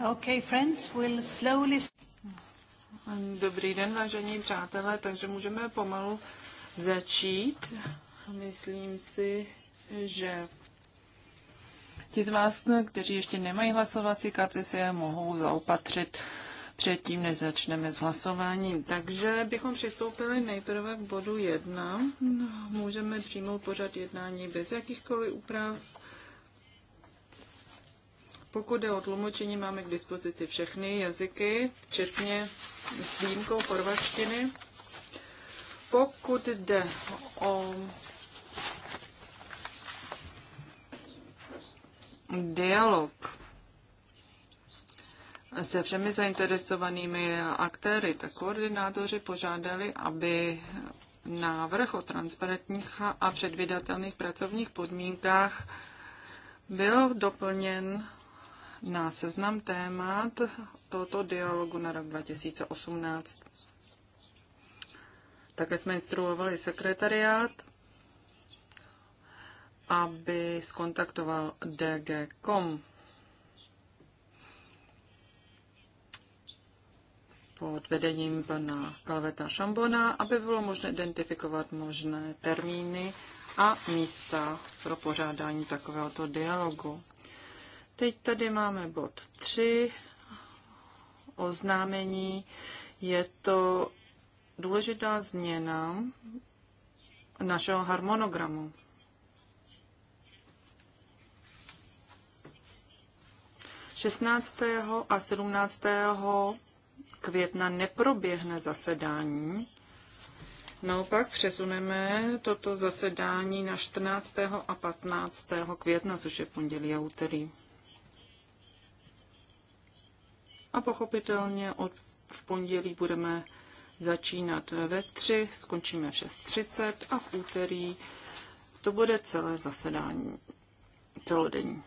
Okay, friends, we'll slowly... Dobrý den, vážení přátelé, takže můžeme pomalu začít. Myslím si, že ti z vás, kteří ještě nemají hlasovací karty, si je mohou zaopatřit předtím, než začneme s hlasováním. Takže bychom přistoupili nejprve k bodu 1. Můžeme přijmout pořad jednání bez jakýchkoliv úprav pokud je o tlumočení, máme k dispozici všechny jazyky, včetně s výjimkou chorvačtiny. Pokud jde o dialog se všemi zainteresovanými aktéry, tak koordinátoři požádali, aby návrh o transparentních a předvydatelných pracovních podmínkách byl doplněn na seznam témat tohoto dialogu na rok 2018. Také jsme instruovali sekretariát, aby skontaktoval DG.com. pod vedením pana Kalveta Šambona, aby bylo možné identifikovat možné termíny a místa pro pořádání takovéhoto dialogu. Teď tady máme bod 3, oznámení. Je to důležitá změna našeho harmonogramu. Šestnáctého a 17. května neproběhne zasedání. Naopak přesuneme toto zasedání na 14. a 15. května, což je pondělí a úterý. A pochopitelně od v pondělí budeme začínat ve 3, skončíme v 6.30 a v úterý to bude celé zasedání, celodenní.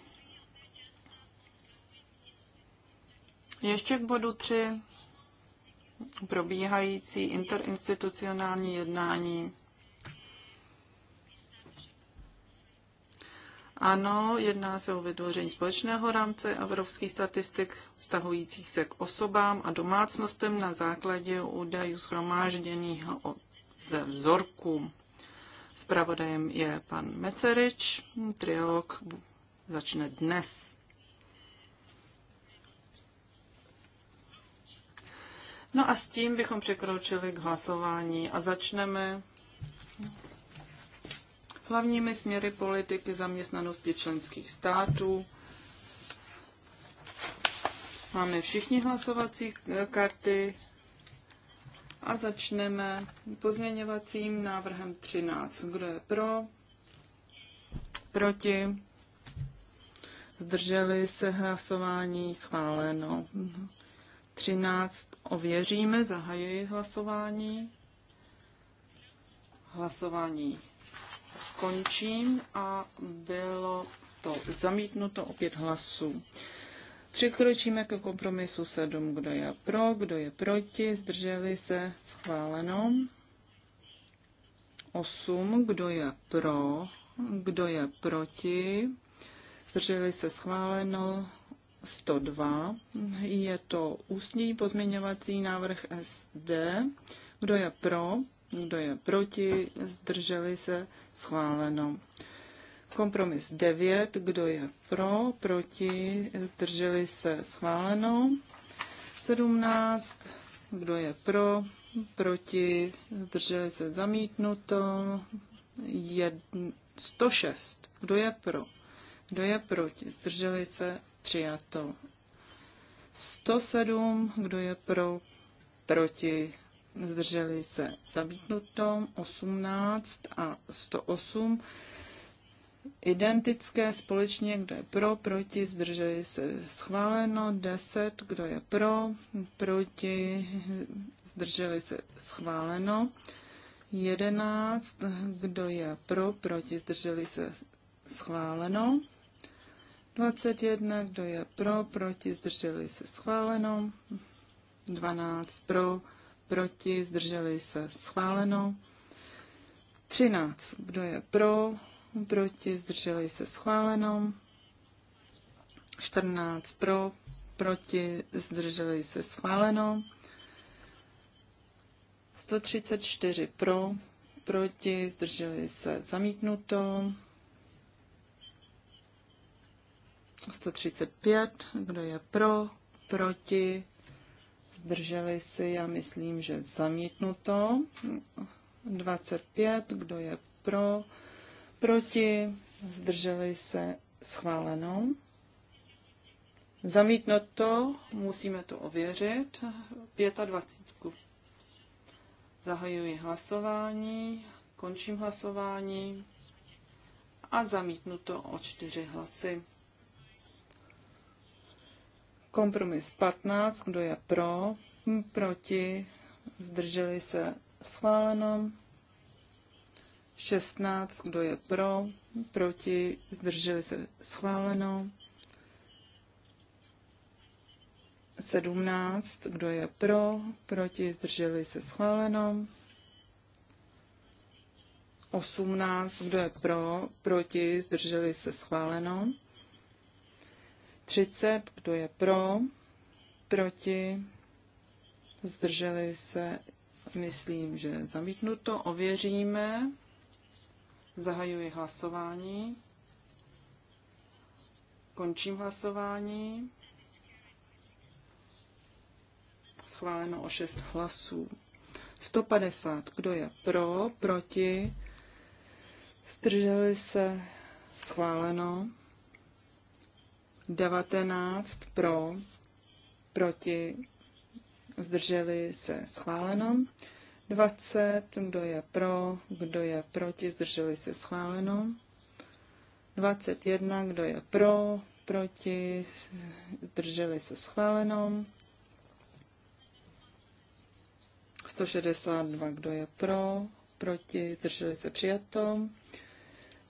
Ještě k bodu 3 probíhající interinstitucionální jednání Ano, jedná se o vytvoření společného rámce evropských statistik vztahujících se k osobám a domácnostem na základě údajů schromážděných ze vzorků. Spravodajem je pan Mecerič, trialog začne dnes. No a s tím bychom překročili k hlasování a začneme hlavními směry politiky zaměstnanosti členských států. Máme všichni hlasovací karty a začneme pozměňovacím návrhem 13. Kdo je pro? Proti? Zdrželi se hlasování schváleno. 13. Ověříme, zahajuji hlasování. Hlasování končím a bylo to zamítnuto o pět hlasů. Překročíme ke kompromisu 7. Kdo je pro, kdo je proti, zdrželi se, schváleno. 8. Kdo je pro, kdo je proti, zdrželi se, schváleno. 102. Je to ústní pozměňovací návrh SD. Kdo je pro, kdo je proti? Zdrželi se? Schváleno. Kompromis 9. Kdo je pro? Proti? Zdrželi se? Schváleno. 17. Kdo je pro? Proti? Zdrželi se? Zamítnuto. Jed... 106. Kdo je pro? Kdo je proti? Zdrželi se? Přijato. 107. Kdo je pro? Proti? zdrželi se zamítnuto, 18 a 108 identické společně, kdo je pro, proti, zdrželi se schváleno, 10, kdo je pro, proti, zdrželi se schváleno, 11, kdo je pro, proti, zdrželi se schváleno, 21, kdo je pro, proti, zdrželi se schváleno, 12 pro, proti, zdrželi se, schváleno. 13. Kdo je pro, proti, zdrželi se, schváleno. 14. Pro, proti, zdrželi se, schváleno. 134 pro, proti, zdrželi se, zamítnuto. 135, kdo je pro, proti, zdrželi se, já myslím, že zamítnuto. 25, kdo je pro, proti, zdrželi se, schváleno. Zamítnuto, musíme to ověřit. 25. Zahajuji hlasování, končím hlasování a zamítnuto o čtyři hlasy. Kompromis 15, hm, hm, kdo je pro, proti, zdrželi se schváleno. 16, kdo je pro, proti, zdrželi se schváleno. 17, kdo je pro, proti, zdrželi se schváleno. 18, kdo je pro, proti, zdrželi se schváleno. 30, kdo je pro, proti, zdrželi se, myslím, že zamítnuto, ověříme, zahajuji hlasování, končím hlasování, schváleno o 6 hlasů. 150, kdo je pro, proti, zdrželi se, schváleno. 19 pro, proti, zdrželi se schváleno. 20, kdo je pro, kdo je proti, zdrželi se schváleno. 21, kdo je pro, proti, zdrželi se schváleno. 162, kdo je pro, proti, zdrželi se přijato.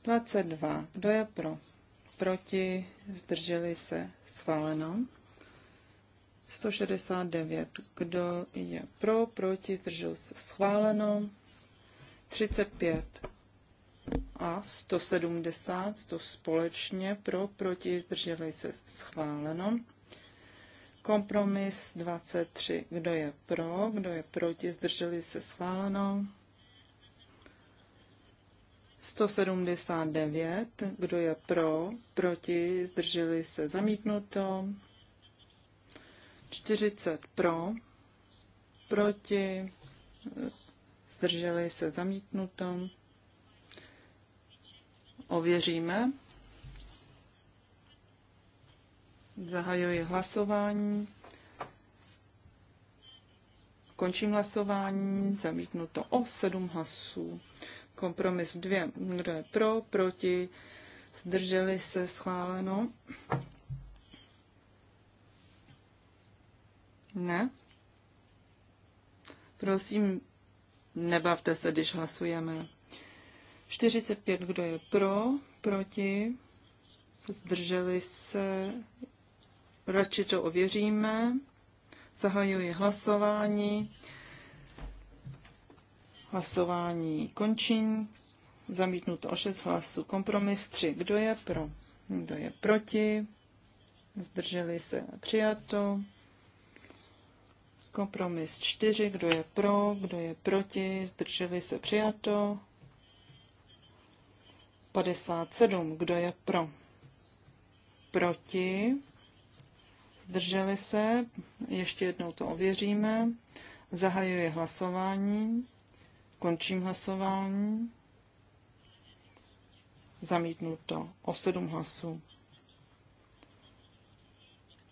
22, kdo je pro, proti, zdrželi se, schváleno. 169, kdo je pro, proti, zdržel se, schváleno. 35 a 170, to společně, pro, proti, zdrželi se, schváleno. Kompromis 23, kdo je pro, kdo je proti, zdrželi se, schváleno. 179, kdo je pro, proti, zdrželi se zamítnuto, 40 pro, proti, zdrželi se zamítnuto, ověříme, zahajuji hlasování, končím hlasování, zamítnuto o 7 hlasů. Kompromis 2. Kdo je pro, proti, zdrželi se, schváleno. Ne? Prosím, nebavte se, když hlasujeme. 45, kdo je pro, proti, zdrželi se, radši to ověříme. Zahajuji hlasování. Hlasování končím. Zamítnuto o 6 hlasů. Kompromis 3. Kdo je pro? Kdo je proti? Zdrželi se přijato. Kompromis 4. Kdo je pro? Kdo je proti? Zdrželi se přijato. 57. Kdo je pro? Proti? Zdrželi se? Ještě jednou to ověříme. Zahajuji hlasování. Končím hlasování. Zamítnuto o 7 hlasů.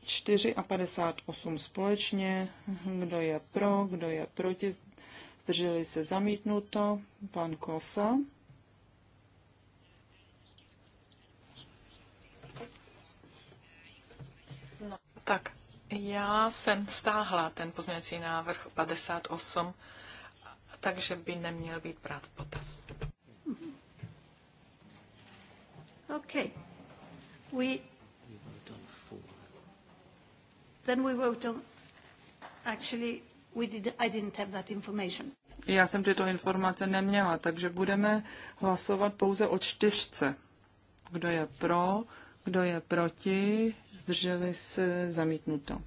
4 a 58 společně. Kdo je pro, kdo je proti? Zdrželi se zamítnuto. Pan Kosa. No, tak, já jsem stáhla ten pozměňovací návrh 58 takže by neměl být brát v potaz. Okay. We Then we vote on actually we did I didn't have that information. Já jsem tyto informace neměla, takže budeme hlasovat pouze o čtyřce. Kdo je pro, kdo je proti, zdrželi se zamítnuto.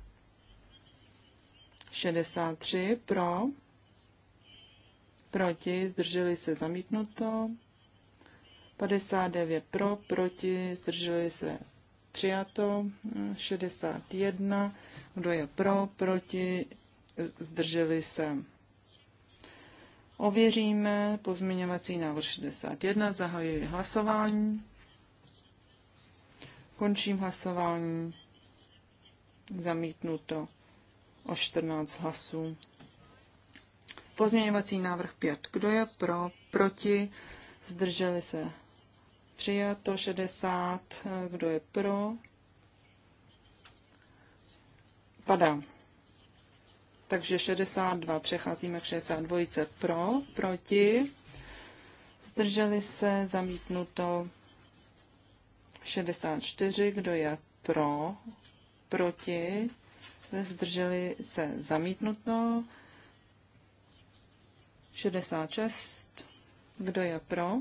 63 pro, proti, zdrželi se zamítnuto, 59 pro, proti, zdrželi se přijato, 61, kdo je pro, proti, zdrželi se. Ověříme pozměňovací návrh 61, zahajuji hlasování, končím hlasování, zamítnuto o 14 hlasů. Pozměňovací návrh 5. Kdo je pro? Proti? Zdrželi se? Přijato 60. Kdo je pro? Padá. Takže 62. Přecházíme k 62. Pro? Proti? Zdrželi se? Zamítnuto 64. Kdo je pro? Proti? Zdrželi se? Zamítnuto 66. Kdo je pro?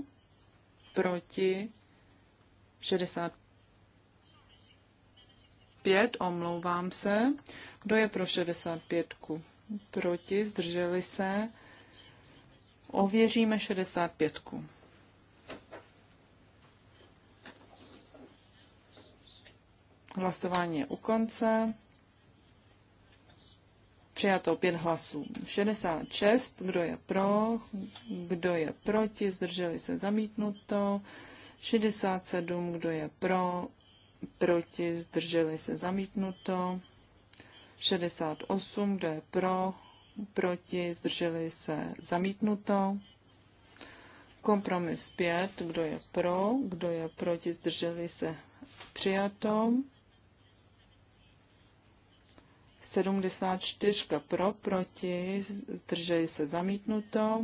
Proti? 65. Omlouvám se. Kdo je pro 65? Proti? Zdrželi se? Ověříme 65. Hlasování je u konce. Přijato pět hlasů. 66, kdo je pro, kdo je proti, zdrželi se zamítnuto. 67, kdo je pro, proti, zdrželi se zamítnuto. 68, kdo je pro, proti, zdrželi se zamítnuto. Kompromis 5, kdo je pro, kdo je proti, zdrželi se přijatom. 74 pro, proti, zdrželi se zamítnuto.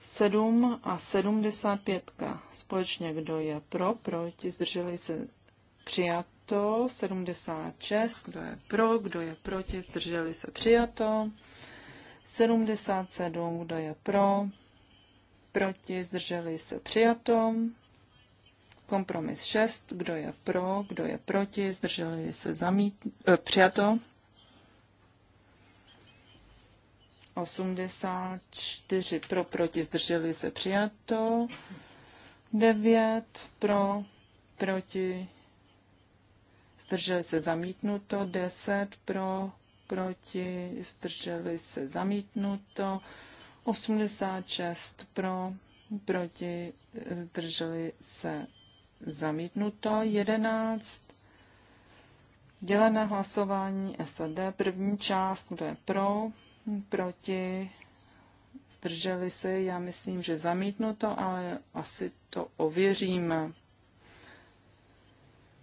7 a 75 společně, kdo je pro, proti, zdrželi se přijato. 76, kdo je pro, kdo je proti, zdrželi se přijato. 77, kdo je pro, proti, zdrželi se přijato. Kompromis 6. Kdo je pro, kdo je proti, zdrželi se zamít, e, přijato. 84 pro, proti, zdrželi se přijato. 9 pro, proti, zdrželi se zamítnuto. 10 pro, proti, zdrželi se zamítnuto. 86 pro, proti, zdrželi se zamítnuto. 11. Dělené hlasování SAD. První část, kdo je pro, proti, zdrželi se. Já myslím, že zamítnuto, ale asi to ověříme.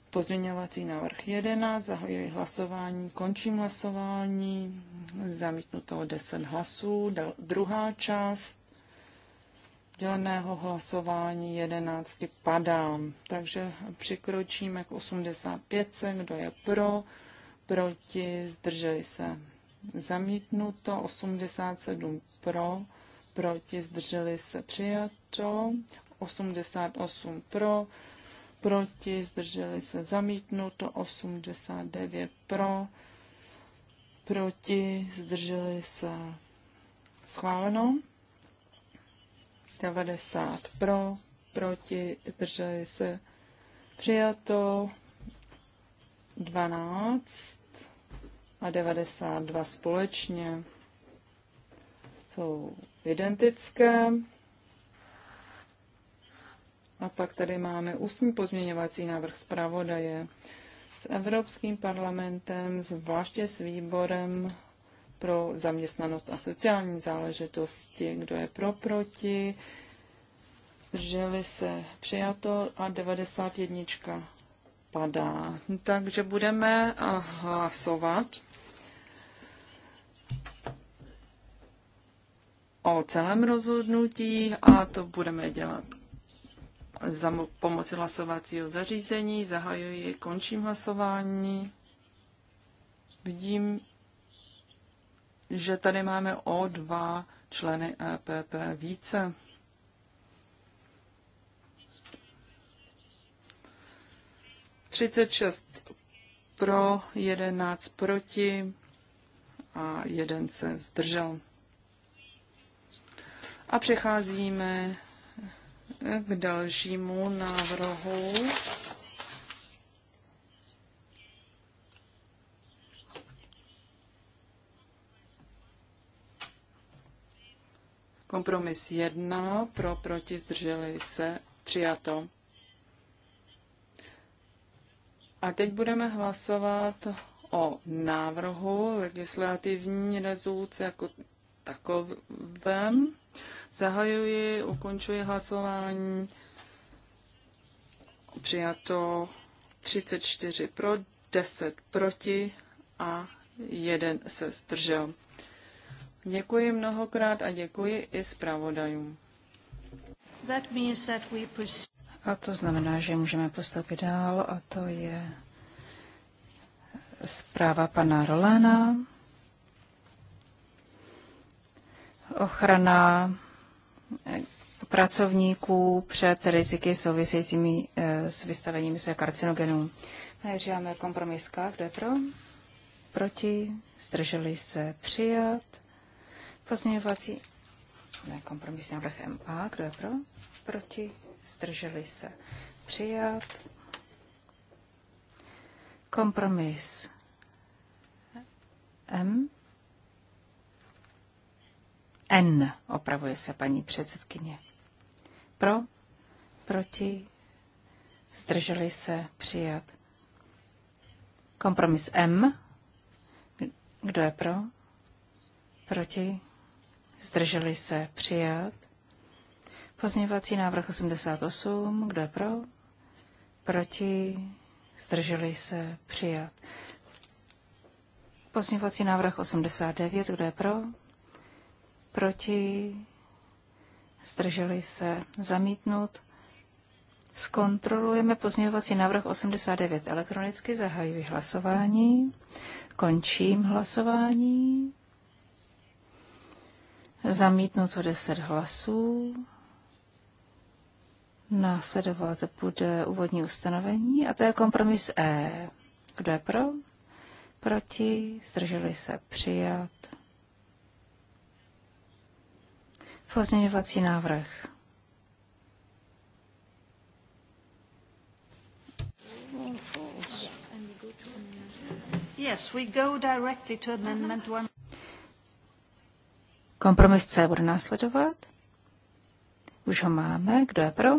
Pozměňovací návrh 11, zahajuji hlasování, končím hlasování, zamítnuto 10 hlasů, druhá část, děleného hlasování 11 padá. Takže přikročíme k 85. Kdo je pro? Proti? Zdrželi se? Zamítnuto. 87 pro? Proti? Zdrželi se? Přijato. 88 pro? Proti? Zdrželi se? Zamítnuto. 89 pro? Proti? Zdrželi se? Schváleno. 90 pro, proti, zdrželi se přijato 12 a 92 společně. Jsou identické. A pak tady máme ústní pozměňovací návrh zpravodaje s Evropským parlamentem, zvláště s výborem pro zaměstnanost a sociální záležitosti, kdo je pro, proti, drželi se přijato a 91 padá. Takže budeme eh, hlasovat o celém rozhodnutí a to budeme dělat za pomoci hlasovacího zařízení. Zahajuji, končím hlasování. Vidím, že tady máme o dva členy EPP více. Třicet šest pro, jedenáct proti a jeden se zdržel. A přecházíme k dalšímu návrhu Kompromis 1 pro, proti, zdrželi se, přijato. A teď budeme hlasovat o návrhu legislativní rezoluce jako takovém. Zahajuji, ukončuji hlasování. Přijato 34 pro, 10 proti a jeden se zdržel. Děkuji mnohokrát a děkuji i zpravodajům. A to znamená, že můžeme postoupit dál a to je zpráva pana Rolana. Ochrana eh, pracovníků před riziky souvisejícími eh, s vystavením se karcinogenů. Nejdříve máme kompromis K, kdo je pro? Proti? Zdrželi se přijat? Pozměňovací ne, kompromis návrh MA. Kdo je pro? Proti? Zdrželi se. Přijat. Kompromis M. N. Opravuje se paní předsedkyně. Pro? Proti? Zdrželi se. Přijat. Kompromis M. Kdo je pro? Proti? zdrželi se přijat. Pozměňovací návrh 88, kdo je pro, proti, zdrželi se přijat. Pozměňovací návrh 89, kdo je pro, proti, zdrželi se zamítnout. Zkontrolujeme pozměňovací návrh 89 elektronicky, zahajuji hlasování, končím hlasování. Zamítnuto 10 hlasů. Následovat bude úvodní ustanovení a to je kompromis E. Kdo je pro? Proti? Zdrželi se přijat. Pozměňovací návrh. Yes, we go directly to amendment one. Kompromis C bude následovat. Už ho máme. Kdo je pro?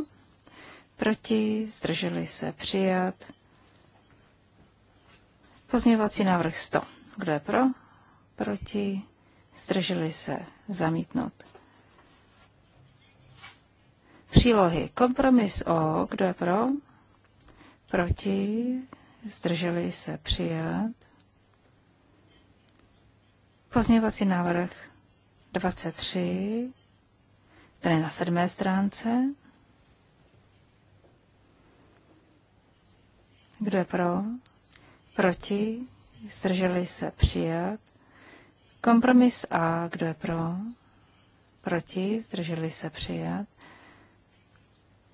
Proti? Zdrželi se přijat. Pozměňovací návrh 100. Kdo je pro? Proti? Zdrželi se zamítnout. Přílohy. Kompromis O. Kdo je pro? Proti? Zdrželi se přijat. Pozměňovací návrh 23, které je na sedmé stránce. Kdo je pro? Proti? Zdrželi se přijat. Kompromis A. Kdo je pro? Proti? Zdrželi se přijat.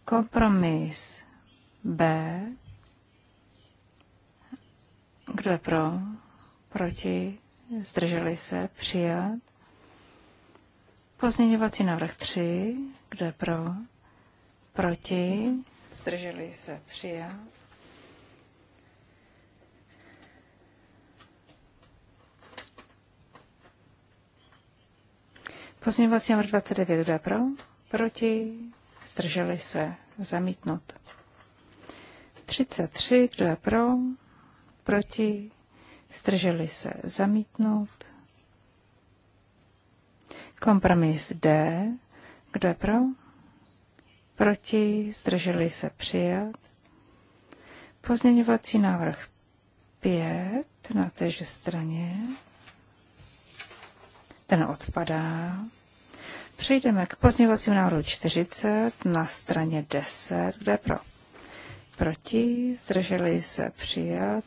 Kompromis B. Kdo je pro? Proti? Zdrželi se přijat. Pozměňovací návrh 3, kdo je pro, proti, zdrželi se přijat. Pozměňovací návrh 29, kdo je pro, proti, zdrželi se Zamítnut. 33, kdo je pro, proti, zdrželi se zamítnout. Kompromis D. Kdo je pro? Proti? Zdrželi se přijat. Pozměňovací návrh 5 na téže straně. Ten odpadá. Přejdeme k pozměňovacímu návrhu 40 na straně 10. Kde pro? Proti? Zdrželi se přijat.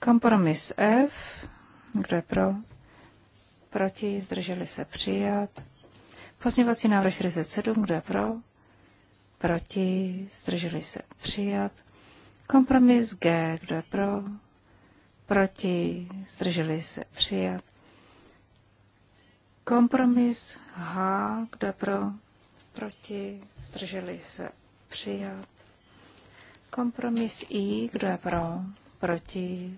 Kompromis F. Kdo je pro? proti, zdrželi se přijat. Pozměňovací návrh 47, kdo je pro, proti, zdrželi se přijat. Kompromis G, kdo je pro, proti, zdrželi se přijat. Kompromis H, kdo je pro, proti, zdrželi se přijat. Kompromis I, kdo je pro, proti,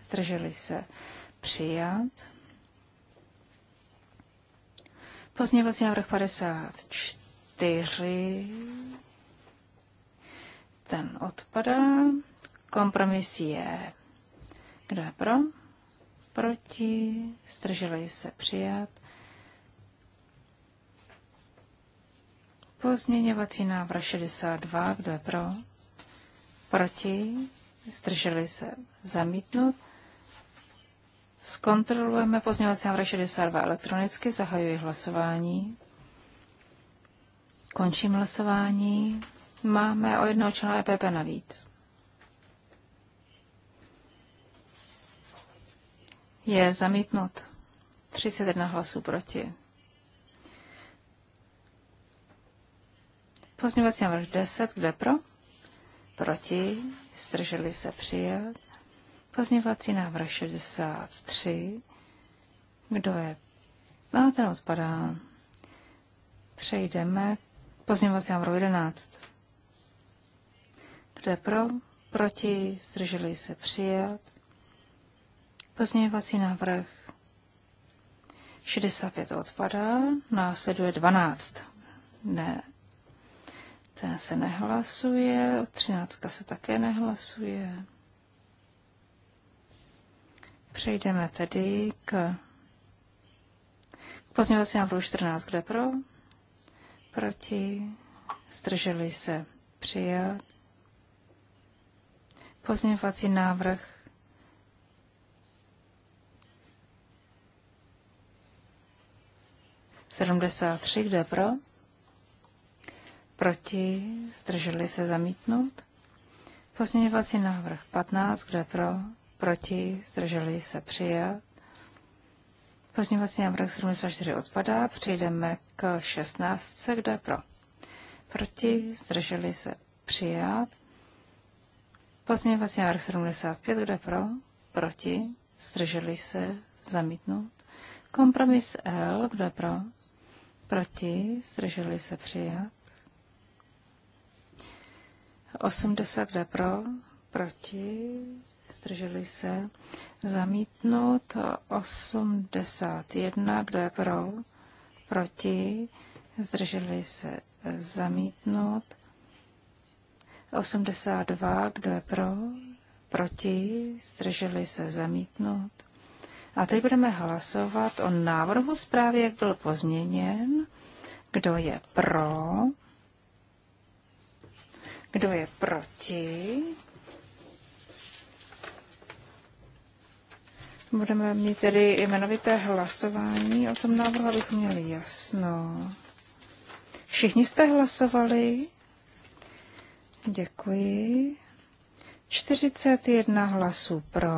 zdrželi se přijat. Pozměňovací návrh 54, ten odpadá. Kompromis je, kdo je pro, proti, zdrželi se přijat. Pozměňovací návrh 62, kdo je pro, proti, zdrželi se zamítnout. Zkontrolujeme pozměňovací návrh 62 elektronicky, zahajuji hlasování. Končím hlasování. Máme o jednoho člena EPP navíc. Je zamítnut 31 hlasů proti. Pozměňovací návrh 10, kde pro? Proti, zdrželi se přijat. Pozměňovací návrh 63. Kdo je? No, ten odpadá. Přejdeme k pozměňovací návrhu 11. Kdo je pro? Proti? Zdrželi se přijat. Pozměňovací návrh 65 odpadá. Následuje 12. Ne. Ten se nehlasuje. 13 se také nehlasuje. Přejdeme tedy k, k pozměňovací návrhu 14. Kde pro? Proti? Zdrželi se? Přijat. Pozměňovací návrh Sedmdesát tři, kde pro? Proti, zdrželi se zamítnout. Pozměňovací návrh 15, kde pro? proti, zdrželi se přijat. Pozměňovací návrh 74 odpadá, přejdeme k 16, Kdo je pro. Proti, zdrželi se přijat. Pozměňovací návrh 75, kdo je pro, proti, zdrželi se zamítnout. Kompromis L, kdo je pro, proti, zdrželi se přijat. 80, kdo je pro, proti, zdrželi se, zamítnout 81, kdo je pro, proti, zdrželi se, zamítnout 82, kdo je pro, proti, zdrželi se, zamítnout. A teď budeme hlasovat o návrhu zprávy, jak byl pozměněn. Kdo je pro? Kdo je proti? Budeme mít tedy jmenovité hlasování o tom návrhu, abychom měli jasno. Všichni jste hlasovali? Děkuji. 41 hlasů pro,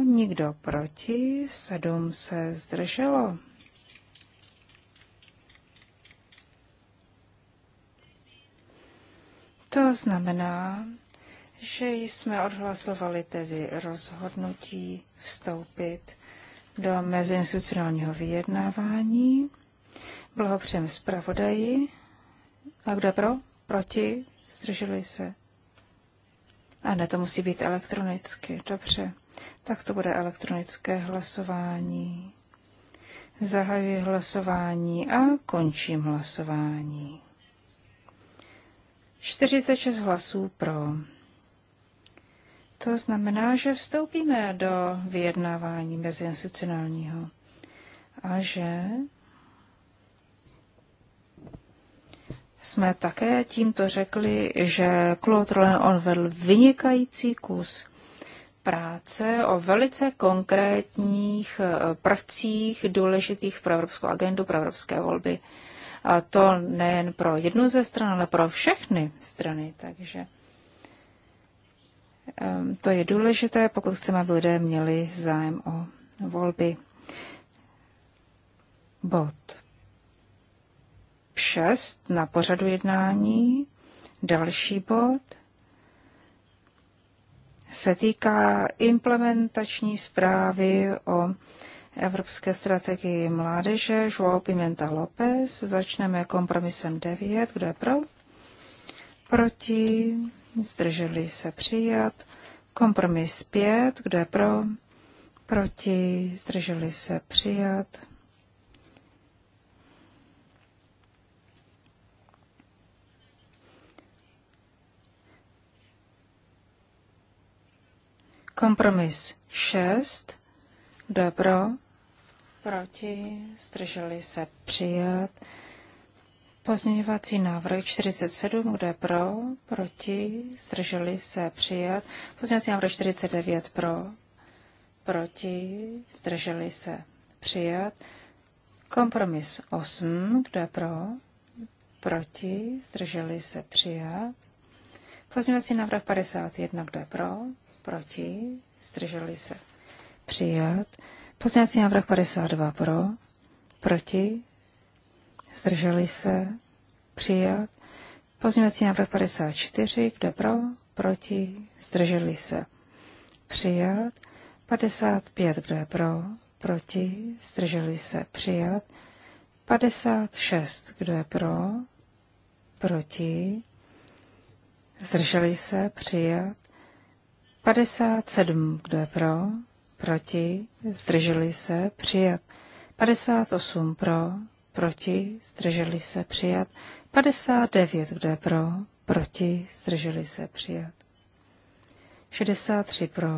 nikdo proti, 7 se zdrželo. To znamená, že jsme odhlasovali tedy rozhodnutí vstoupit do meziinstitucionálního vyjednávání. Blahopřejeme zpravodaji. A kdo pro? Proti? Zdrželi se? A ne, to musí být elektronicky. Dobře. Tak to bude elektronické hlasování. Zahajuji hlasování a končím hlasování. 46 hlasů pro. To znamená, že vstoupíme do vyjednávání mezinstitucionálního a že jsme také tímto řekli, že Claude on odvedl vynikající kus práce o velice konkrétních eh, prvcích důležitých pro evropskou agendu, pro evropské volby. A to nejen pro jednu ze stran, ale pro všechny strany. Takže Ehm, to je důležité, pokud chceme, aby lidé měli zájem o volby. Bod 6 na pořadu jednání. Další bod se týká implementační zprávy o Evropské strategii mládeže João Pimenta López. Začneme kompromisem 9. Kdo je pro? Proti? zdrželi se přijat. Kompromis 5, kdo je pro, proti, zdrželi se přijat. Kompromis 6, kdo je pro, proti, zdrželi se přijat. Pozměňovací návrh 47, kdo je pro, proti, zdrželi se přijat. Pozměňovací návrh 49 pro, proti, zdrželi se přijat. Kompromis 8, kdo je pro, proti, zdrželi se přijat. Pozměňovací návrh 51, kdo je pro, proti, zdrželi se přijat. Pozměňovací návrh 52 pro, proti, zdrželi se, přijat. Pozměňovací návrh 54, kdo pro, proti, zdrželi se, přijat. 55, kdo je pro, proti, zdrželi se, přijat. 56, kdo je pro, proti, zdrželi se, přijat. 57, kdo je pro, proti, zdrželi se, přijat. 58 pro, proti, zdrželi se přijat. 59, kdo je pro, proti, zdrželi se přijat. 63 pro,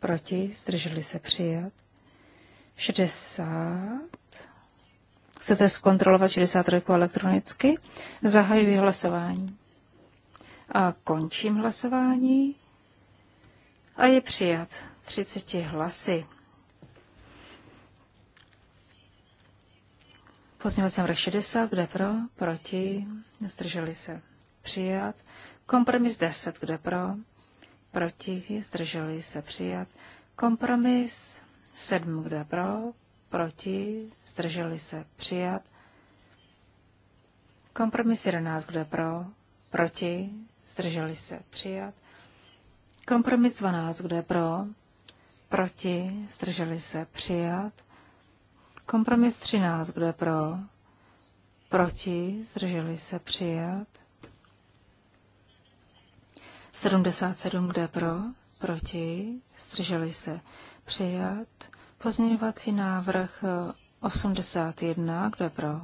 proti, zdrželi se přijat. 60. Chcete zkontrolovat 63 elektronicky? Zahajuji hlasování. A končím hlasování. A je přijat 30 hlasy. Pozměňovací návrh 60, kde pro, proti, zdrželi se přijat. Kompromis 10, kde pro, proti, zdrželi se přijat. Kompromis 7, kde pro, proti, zdrželi se přijat. Kompromis 11, kde pro, proti, zdrželi se přijat. Kompromis 12, kde pro, proti, zdrželi se přijat. Kompromis 13, kdo je pro? Proti, zdrželi se přijat. 77, kdo je pro? Proti, zdrželi se přijat. Pozměňovací návrh 81, kdo je pro?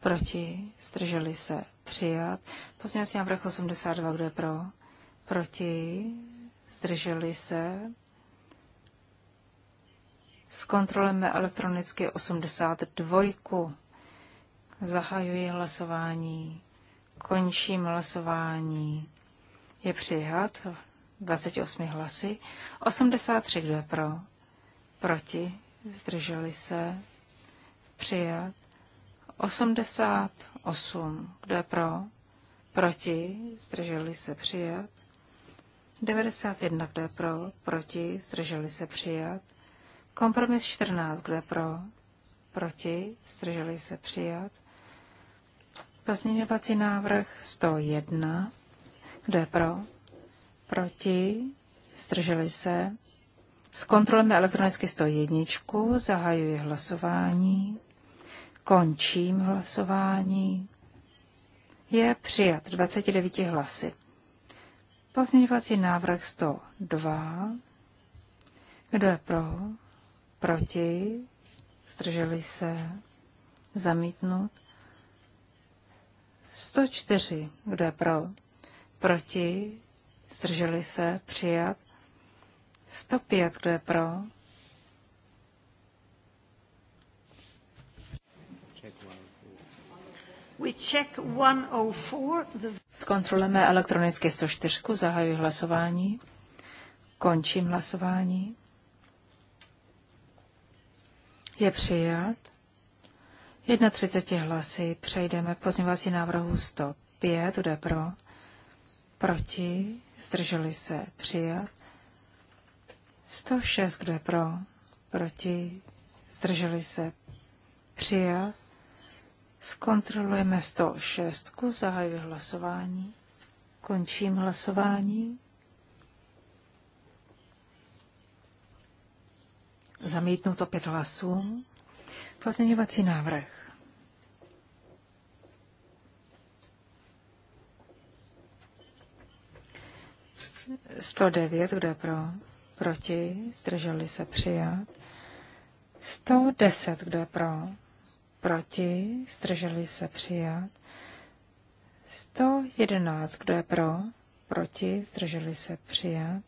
Proti, zdrželi se přijat. Pozměňovací návrh 82, kdo je pro? Proti, zdrželi se Zkontrolujeme elektronicky 82. Zahajuji hlasování. Končím hlasování. Je přijat 28 hlasy. 83 kdo je pro? Proti? Zdrželi se? Přijat. 88 kdo je pro? Proti? Zdrželi se? Přijat. 91 kdo je pro? Proti? Zdrželi se? Přijat. Kompromis 14, kdo je pro, proti, zdrželi se přijat. Pozměňovací návrh 101, kdo je pro, proti, zdrželi se. Zkontrolujeme elektronicky 101, zahajuji hlasování, končím hlasování. Je přijat 29 hlasy. Pozměňovací návrh 102. Kdo je pro? proti, zdrželi se, zamítnut. 104, kdo je pro, proti, zdrželi se, přijat. 105, kdo je pro, oh Zkontrolujeme elektronicky 104, zahajuji hlasování, končím hlasování je přijat. 31 hlasy přejdeme k pozměňovací návrhu 105, Jde pro, proti, zdrželi se přijat. 106, kde pro, proti, zdrželi se přijat. Zkontrolujeme 106, zahajuji hlasování, končím hlasování. Zamítnuto pět hlasů. Pozměňovací návrh. Sto devět, kdo je pro? Proti? Zdrželi se přijat. Sto deset, kdo je pro? Proti? Zdrželi se přijat. Sto jedenáct, kdo je pro? Proti? Zdrželi se přijat.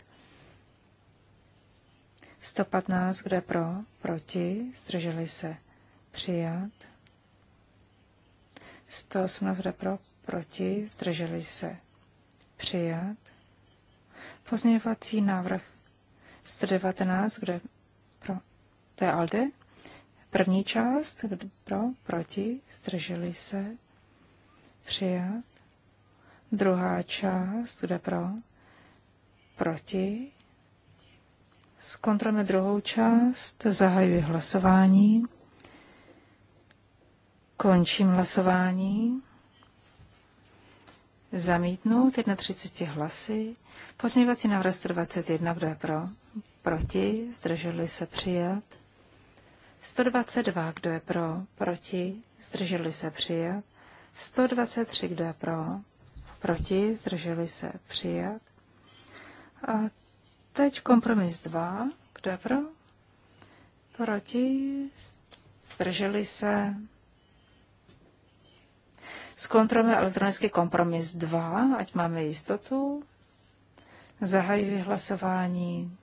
115, kde pro, proti, zdrželi se přijat. 118, kde pro, proti, zdrželi se přijat. Pozměňovací návrh 119, kde pro, to je ALDE. První část, kde pro, proti, zdrželi se přijat. Druhá část, kde pro, proti, Zkontrolujeme druhou část, zahajuji hlasování, končím hlasování, zamítnout 31 hlasy, pozměňovací návrh 121, kdo je pro, proti, zdrželi se přijat, 122, kdo je pro, proti, zdrželi se přijat, 123, kdo je pro, proti, zdrželi se přijat, a Teď kompromis 2. Kdo je pro? Proti? Zdrželi se? Zkontrolujeme elektronický kompromis 2, ať máme jistotu. Zahajuji hlasování.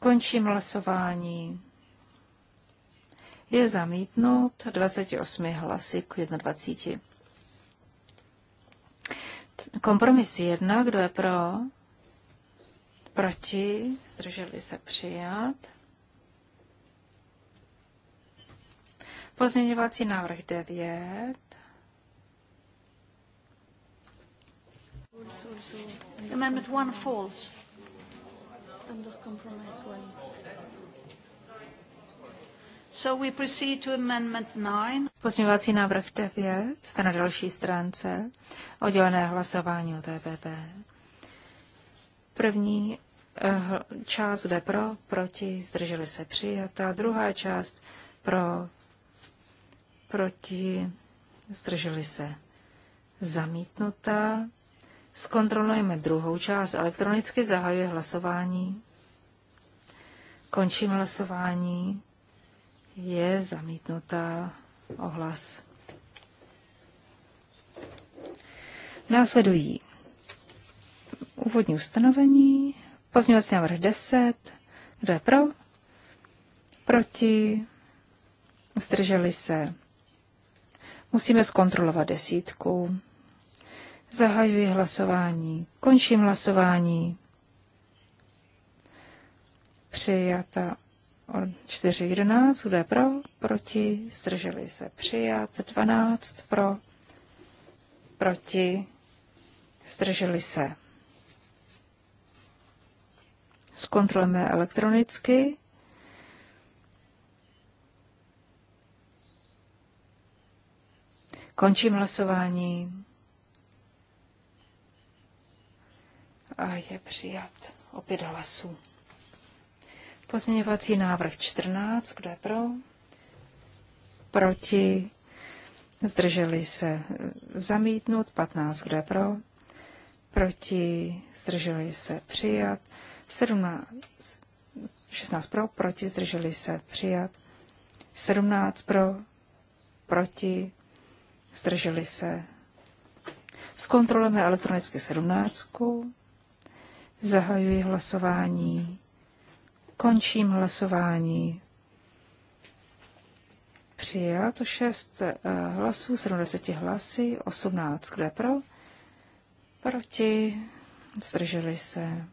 Končím hlasování. Je zamítnut 28 hlasy k 21. Kompromis 1, kdo je pro? Proti? Zdrželi se přijat. Pozměňovací návrh 9. Amendment 1 falls. Under compromise So we proceed to amendment 9. Pozměňovací návrh 9 jste na další stránce. Oddělené hlasování o TPP. První Eh, část, jde pro, proti, zdrželi se přijata. Druhá část pro, proti, zdrželi se zamítnutá. Zkontrolujeme druhou část. Elektronicky zahajuje hlasování. Končím hlasování. Je zamítnutá ohlas. Následují úvodní ustanovení, Pozměňovací návrh 10. Kdo je pro? Proti? Zdrželi se. Musíme zkontrolovat desítku. Zahajuji hlasování. Končím hlasování. Přijata o 4, 11. Kdo je pro? Proti? Zdrželi se. Přijat 12. Pro? Proti? Zdrželi se zkontrolujeme elektronicky. Končím hlasování. A je přijat opět hlasů. Pozměňovací návrh 14, kdo je pro? Proti? Zdrželi se zamítnout 15, kdo je pro? Proti? Zdrželi se přijat 17, 16 pro, proti, zdrželi se, přijat. 17 pro, proti, zdrželi se. Zkontrolujeme elektronicky 17. Zahajuji hlasování. Končím hlasování. Přijato 6 eh, hlasů, 70 hlasy, 18 kde pro, proti, zdrželi se.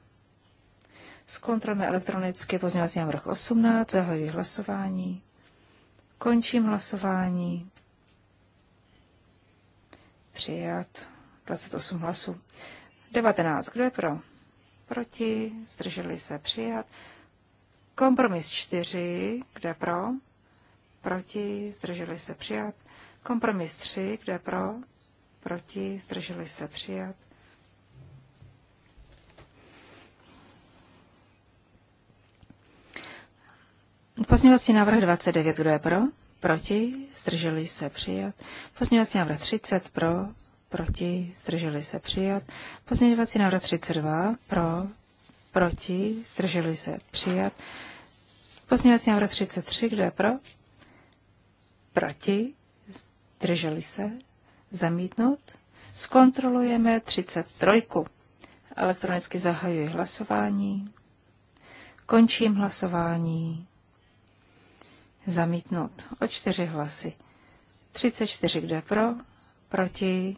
Zkontrolujeme elektronicky pozměňovací návrh 18, zahajuji hlasování. Končím hlasování. Přijat 28 hlasů. 19. Kdo je pro? Proti. Zdrželi se přijat. Kompromis 4. Kdo je pro? Proti. Zdrželi se přijat. Kompromis 3. Kdo je pro? Proti. Zdrželi se přijat. Pozměňovací návrh 29, kdo je pro? Proti? Zdrželi se přijat. Pozměňovací návrh 30, pro? Proti? Zdrželi se přijat. Pozměňovací návrh 32, pro? Proti? Zdrželi se přijat. Pozměňovací návrh 33, kdo je pro? Proti? Zdrželi se? Zamítnout? Zkontrolujeme 33. Elektronicky zahajuji hlasování. Končím hlasování. Zamítnut o čtyři hlasy. 34, kde pro, proti,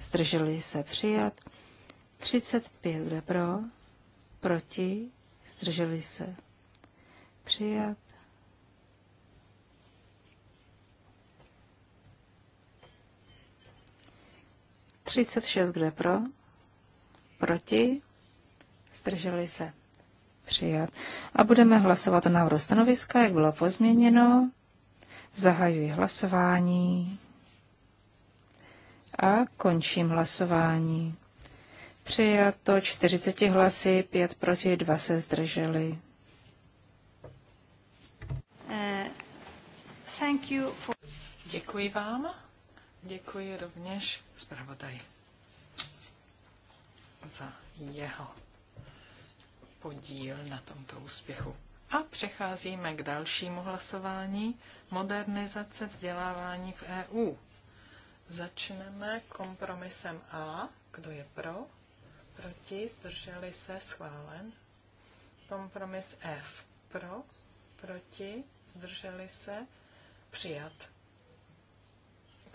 zdrželi se přijat. 35, kde pro, proti, zdrželi se přijat. Třicet šest, kde pro, proti, zdrželi se Přijat. A budeme hlasovat o návrhu stanoviska, jak bylo pozměněno. Zahajuji hlasování a končím hlasování. Přijato 40 hlasy, 5 proti, 2 se zdrželi. Uh, Děkuji vám. Děkuji rovněž zpravodaj za jeho podíl na tomto úspěchu. A přecházíme k dalšímu hlasování modernizace vzdělávání v EU. Začneme kompromisem A. Kdo je pro? Proti? Zdrželi se? Schválen. Kompromis F. Pro? Proti? Zdrželi se? Přijat.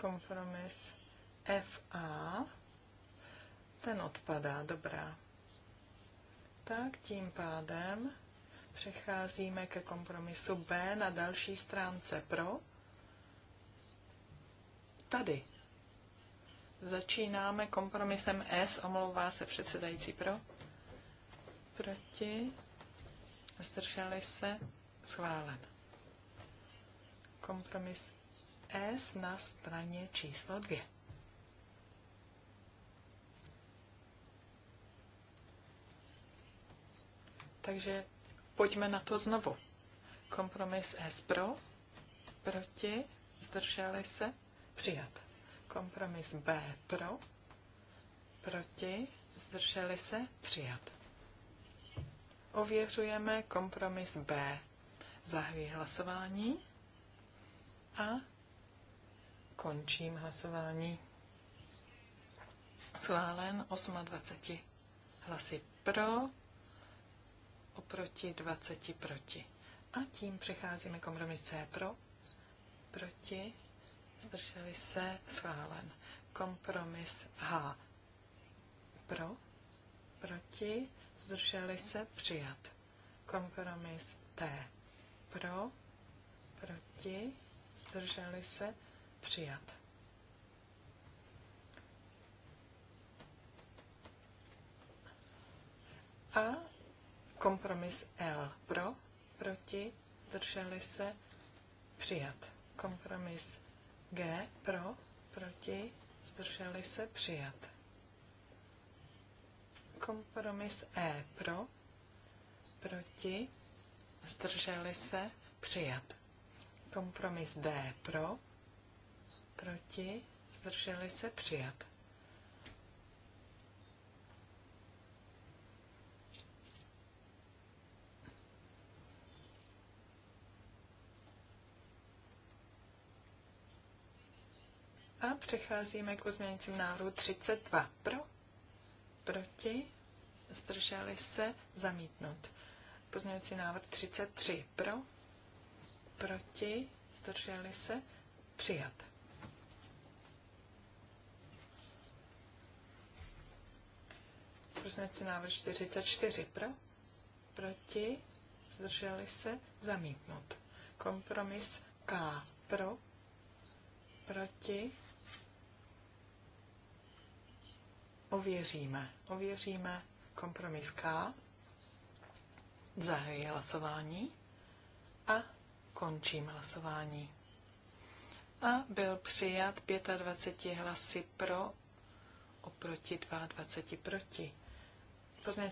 Kompromis FA. Ten odpadá. Dobrá. Tak tím pádem přecházíme ke kompromisu B na další stránce pro. Tady. Začínáme kompromisem S, omlouvá se předsedající pro. Proti. Zdrželi se. Schválen. Kompromis S na straně číslo 2. Takže pojďme na to znovu. Kompromis S pro, proti, zdrželi se, přijat. Kompromis B pro, proti, zdrželi se, přijat. Ověřujeme kompromis B. Zahajuji hlasování a končím hlasování. Schválen 28 hlasy pro, oproti 20 proti. A tím přecházíme kompromis C pro, proti, zdrželi se, schválen. Kompromis H pro, proti, zdrželi se, přijat. Kompromis T pro, proti, zdrželi se, přijat. A Kompromis L pro, proti, zdrželi se, přijat. Kompromis G pro, proti, zdrželi se, přijat. Kompromis E pro, proti, zdrželi se, přijat. Kompromis D pro, proti, zdrželi se, přijat. A přecházíme k pozměňujícím návrhu 32. Pro, proti, zdrželi se, zamítnout. Pozměňující návrh 33. Pro, proti, zdrželi se, přijat. Pozměňující návrh 44. Pro, proti, zdrželi se, zamítnout. Kompromis K. Pro, proti, Ověříme. Ověříme kompromis K. Zahajuji hlasování a končím hlasování. A byl přijat 25 hlasy pro, oproti 22 proti. Poznám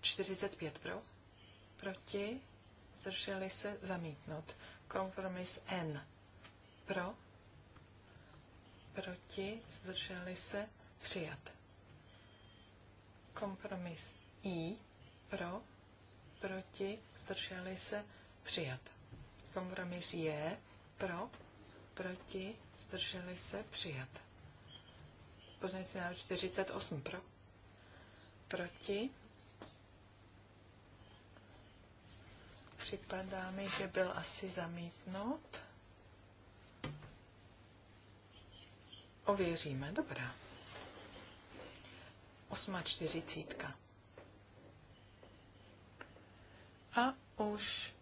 45 pro, proti, zdrželi se zamítnout. Kompromis N pro, proti, zdrželi se přijat. Kompromis I pro, proti, zdrželi se, přijat. Kompromis je pro, proti, zdrželi se, přijat. Poznací návrh 48 pro, proti. Připadá mi, že byl asi zamítnut. Ověříme, dobrá osmačtyřicítka. A už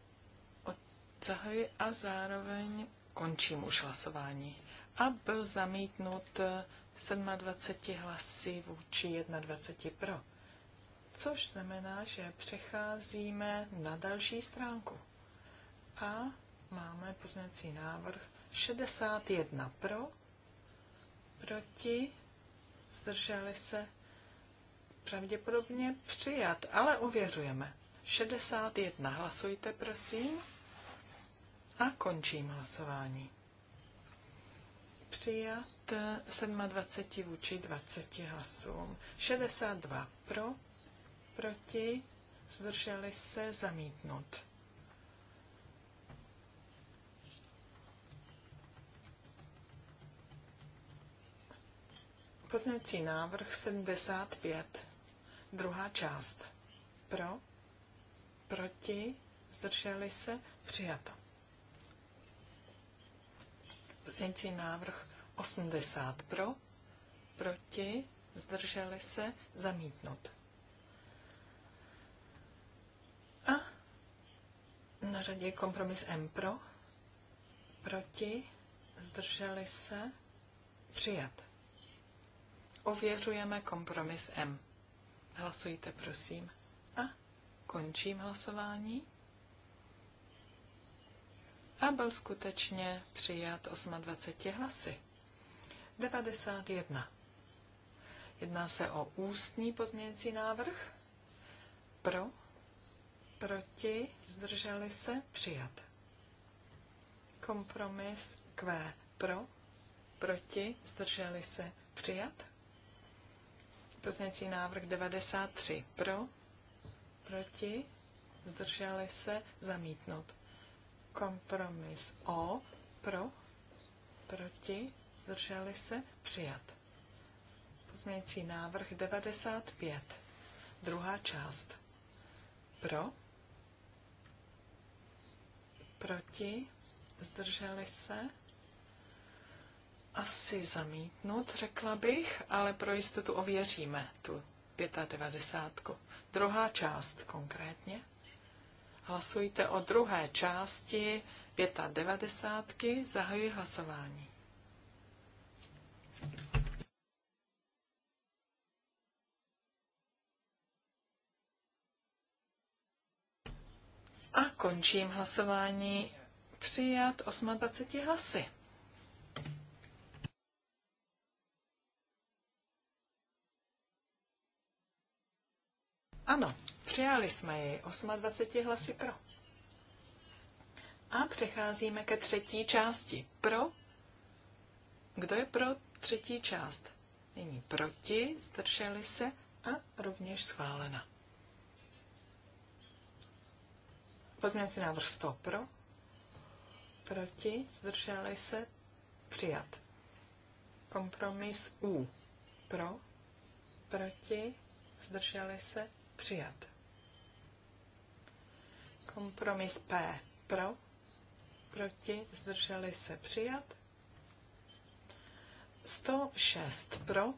odzahuji a zároveň končím už hlasování. A byl zamítnut 27 hlasy vůči 21 pro. Což znamená, že přecházíme na další stránku. A máme poznací návrh 61 pro, proti, zdrželi se pravděpodobně přijat, ale uvěřujeme. 61. Hlasujte, prosím. A končím hlasování. Přijat 27 vůči 20 hlasům. 62 pro, proti, zdrželi se zamítnout. Poznací návrh 75 Druhá část. Pro, proti, zdrželi se, přijato. Pozměňující návrh 80 pro, proti, zdrželi se, zamítnout. A na řadě kompromis M pro, proti, zdrželi se, přijat. Ověřujeme kompromis M. Hlasujte, prosím. A končím hlasování. A byl skutečně přijat 28 hlasy. 91. Jedná se o ústní pozměňující návrh. Pro, proti, zdrželi se, přijat. Kompromis Q. Pro, proti, zdrželi se, přijat. Pozměňovací návrh 93. Pro? Proti? Zdrželi se? Zamítnout. Kompromis O. Pro? Proti? Zdrželi se? Přijat. Pozměňovací návrh 95. Druhá část. Pro? Proti? Zdrželi se? asi zamítnut, řekla bych, ale pro jistotu ověříme tu 95. Druhá část konkrétně. Hlasujte o druhé části 95. Zahajuji hlasování. A končím hlasování přijat 28 hlasy. Ano, přijali jsme ji 28 hlasy pro. A přecházíme ke třetí části. Pro. Kdo je pro třetí část? Nyní proti, zdrželi se a rovněž schválena. Pozměňovací návrh 100 pro, proti, zdrželi se, přijat. Kompromis U pro, proti, zdrželi se, Přijat. Kompromis P. Pro. Proti. Zdrželi se. Přijat. 106 pro,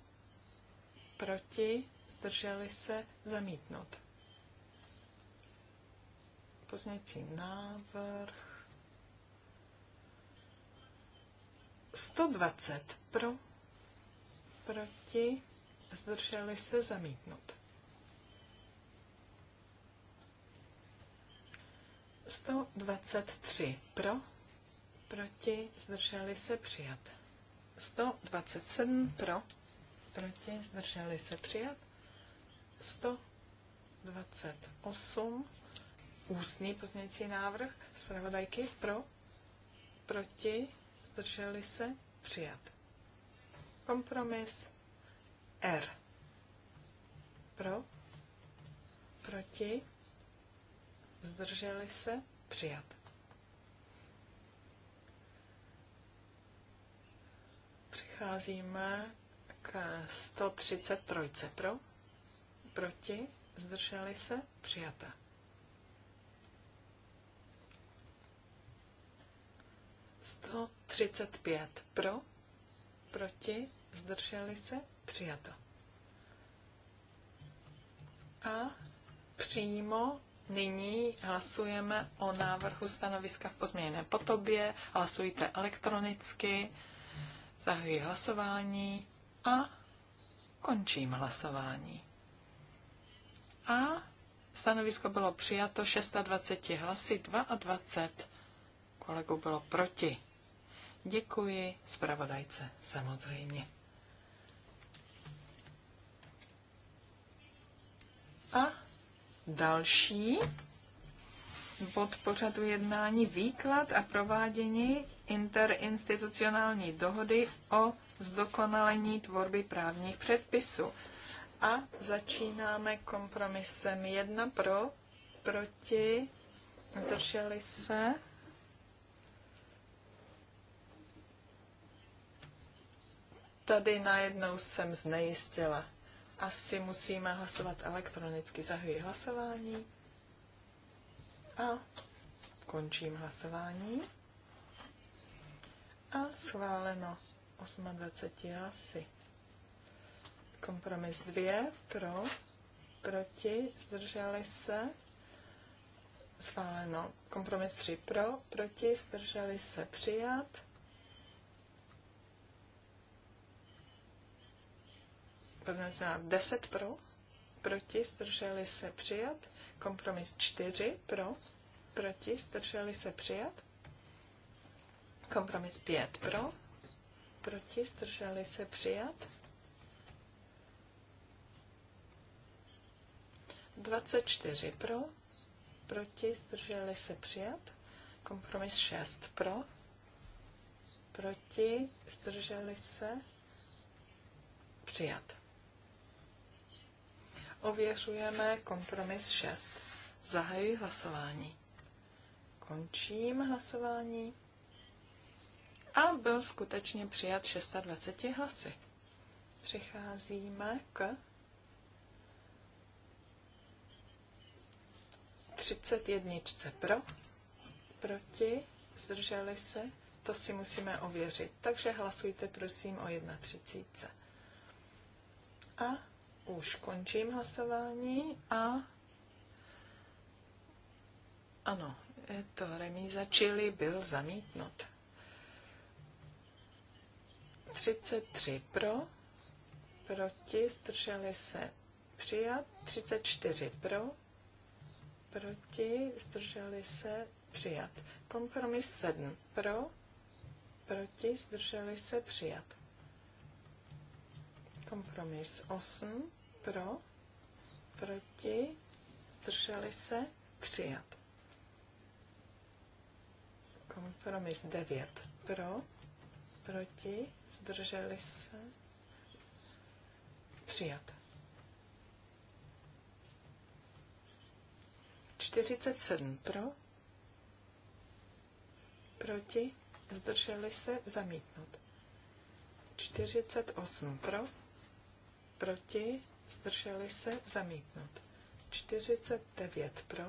proti, zdrželi se, zamítnout. Pozměcí návrh. 120 pro, proti, zdrželi se, zamítnout. 123 pro, proti, zdrželi se přijat. 127 pro, proti, zdrželi se přijat. 128 ústní pozměňující návrh zpravodajky pro, proti, zdrželi se přijat. Kompromis R. Pro, proti, zdrželi se, přijat. Přicházíme k 133 pro, proti, zdrželi se, přijata. Sto třicet pět pro, proti, zdrželi se, přijato. A přímo Nyní hlasujeme o návrhu stanoviska v pozměněné potobě. Hlasujte elektronicky. Zahajuji hlasování a končím hlasování. A stanovisko bylo přijato 26 hlasy, 22 kolegů bylo proti. Děkuji zpravodajce samozřejmě. A Další bod pořadu jednání výklad a provádění interinstitucionální dohody o zdokonalení tvorby právních předpisů. A začínáme kompromisem jedna pro, proti, drželi se. Tady najednou jsem znejistila asi musíme hlasovat elektronicky. Zahuji hlasování a končím hlasování. A schváleno 28 hlasy. Kompromis 2 pro, proti, zdrželi se. Schváleno. Kompromis 3 pro, proti, zdrželi se přijat. Pozměňovací návrh 10 pro, proti, zdrželi se přijat. Kompromis 4 pro, proti, zdrželi se přijat. Kompromis 5 pro, proti, zdrželi se přijat. 24 pro, proti, zdrželi se přijat. Kompromis 6 pro, proti, zdrželi se přijat. Ověřujeme kompromis 6. Zahajuji hlasování. Končím hlasování. A byl skutečně přijat 620 hlasy. Přicházíme k 31 pro, proti, zdrželi se, to si musíme ověřit. Takže hlasujte prosím o 31. A už končím hlasování a ano, to remíza čili byl zamítnut. 33 pro, proti, zdrželi se přijat, 34 pro, proti, zdrželi se přijat. Kompromis 7 pro, proti, zdrželi se přijat. Kompromis 8 pro, proti, zdrželi se, přijat. Kompromis 9 pro, proti, zdrželi se, přijat. 47 pro, proti, zdrželi se, zamítnout. 48 pro, proti, zdrželi se, zamítnout. 49 pro,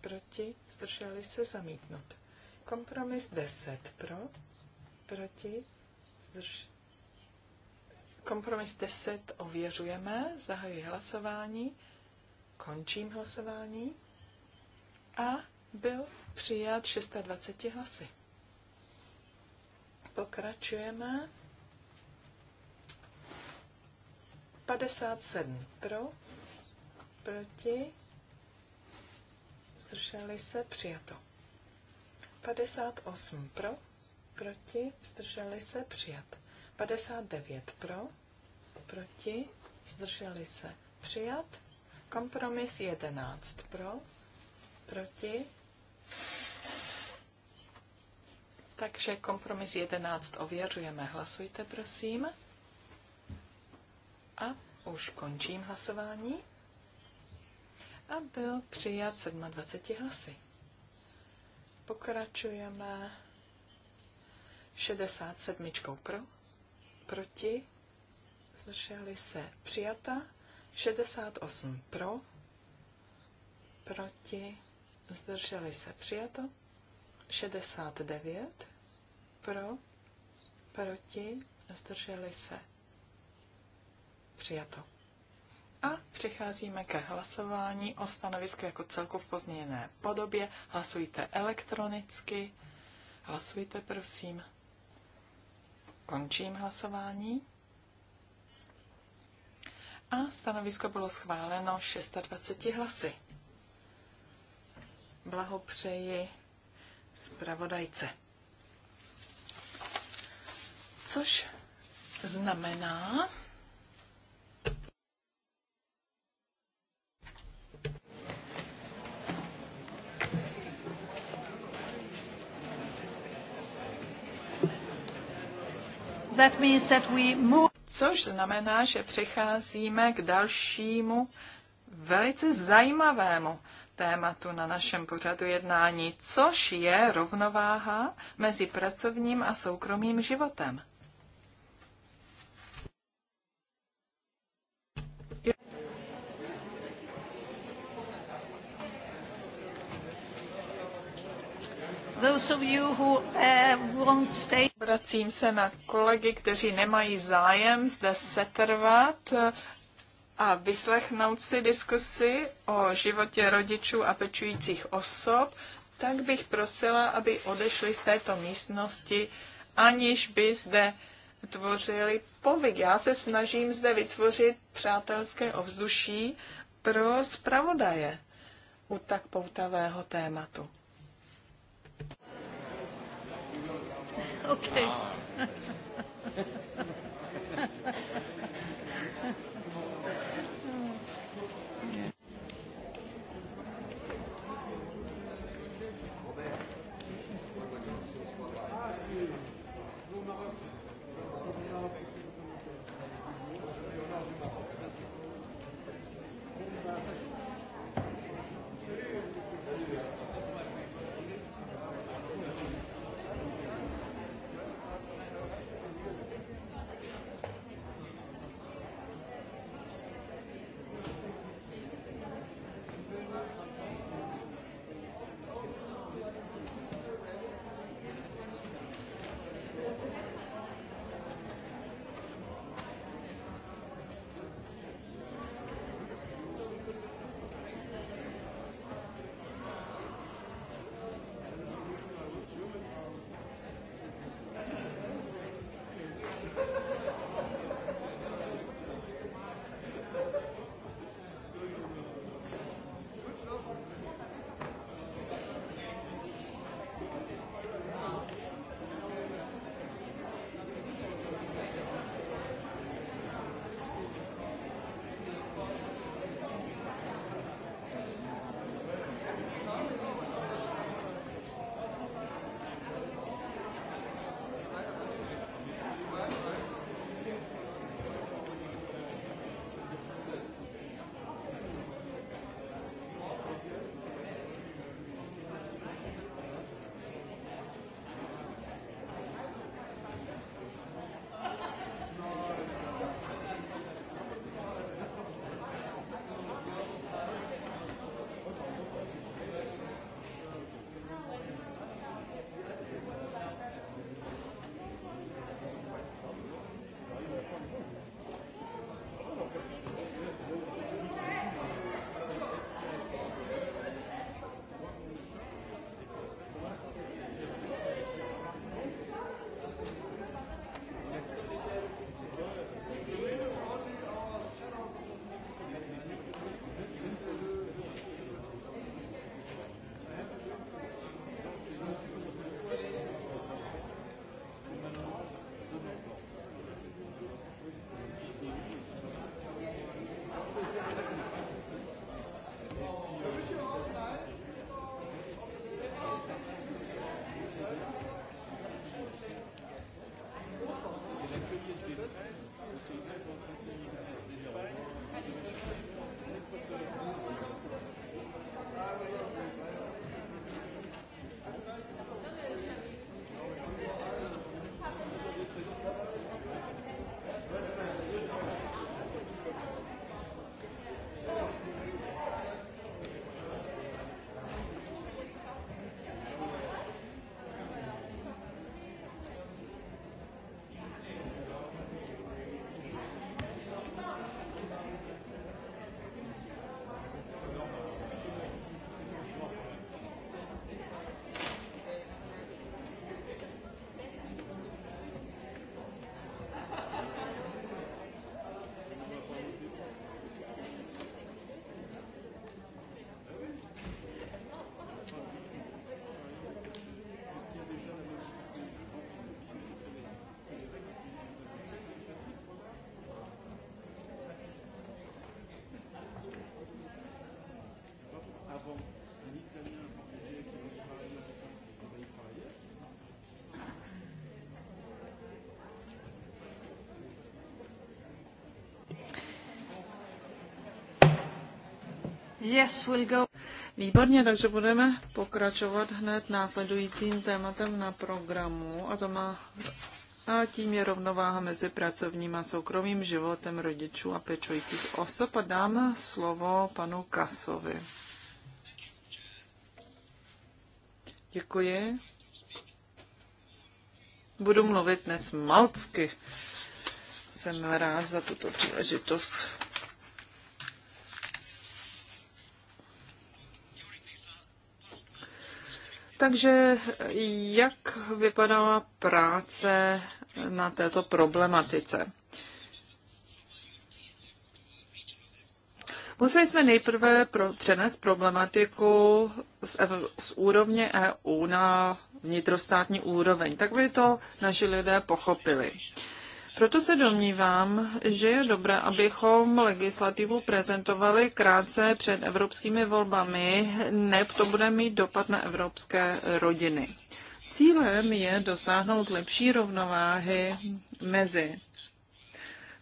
proti, zdrželi se, zamítnout. Kompromis 10 pro, proti, zdrž... Kompromis 10 ověřujeme, zahajuji hlasování, končím hlasování a byl přijat 620 hlasy. Pokračujeme 57 pro, proti, zdrželi se, přijato. 58 pro, proti, zdrželi se, přijat. 59 pro, proti, zdrželi se, přijat. Kompromis 11 pro, proti. Takže kompromis 11 ověřujeme. Hlasujte, prosím. A už končím hlasování. A byl přijat 27 hlasy. Pokračujeme 67 pro, proti, zdrželi se přijata, 68 pro, proti, zdrželi se přijato, 69 pro, proti, zdrželi se Přijato. A přecházíme ke hlasování o stanovisku jako celku v pozměněné podobě. Hlasujte elektronicky. Hlasujte, prosím. Končím hlasování. A stanovisko bylo schváleno 26 hlasy. Blahopřeji zpravodajce. Což znamená, Což znamená, že přecházíme k dalšímu velice zajímavému tématu na našem pořadu jednání, což je rovnováha mezi pracovním a soukromým životem. Vracím eh, se na kolegy, kteří nemají zájem zde setrvat a vyslechnout si diskusi o životě rodičů a pečujících osob, tak bych prosila, aby odešli z této místnosti, aniž by zde tvořili povyk. Já se snažím zde vytvořit přátelské ovzduší pro zpravodaje u tak poutavého tématu. okay. Ah. Yes, we'll go. Výborně, takže budeme pokračovat hned následujícím tématem na programu a to má a tím je rovnováha mezi pracovním a soukromým životem rodičů a pečujících osob. A dám slovo panu Kasovi. Děkuji. Budu mluvit dnes malcky. Jsem rád za tuto příležitost. Takže jak vypadala práce na této problematice? Museli jsme nejprve pro, přenést problematiku z, z úrovně EU na vnitrostátní úroveň. Tak by to naši lidé pochopili. Uh, proto se domnívám, že je dobré, abychom legislativu prezentovali krátce před evropskými volbami, neb to bude mít dopad na evropské rodiny. Cílem je dosáhnout lepší rovnováhy mezi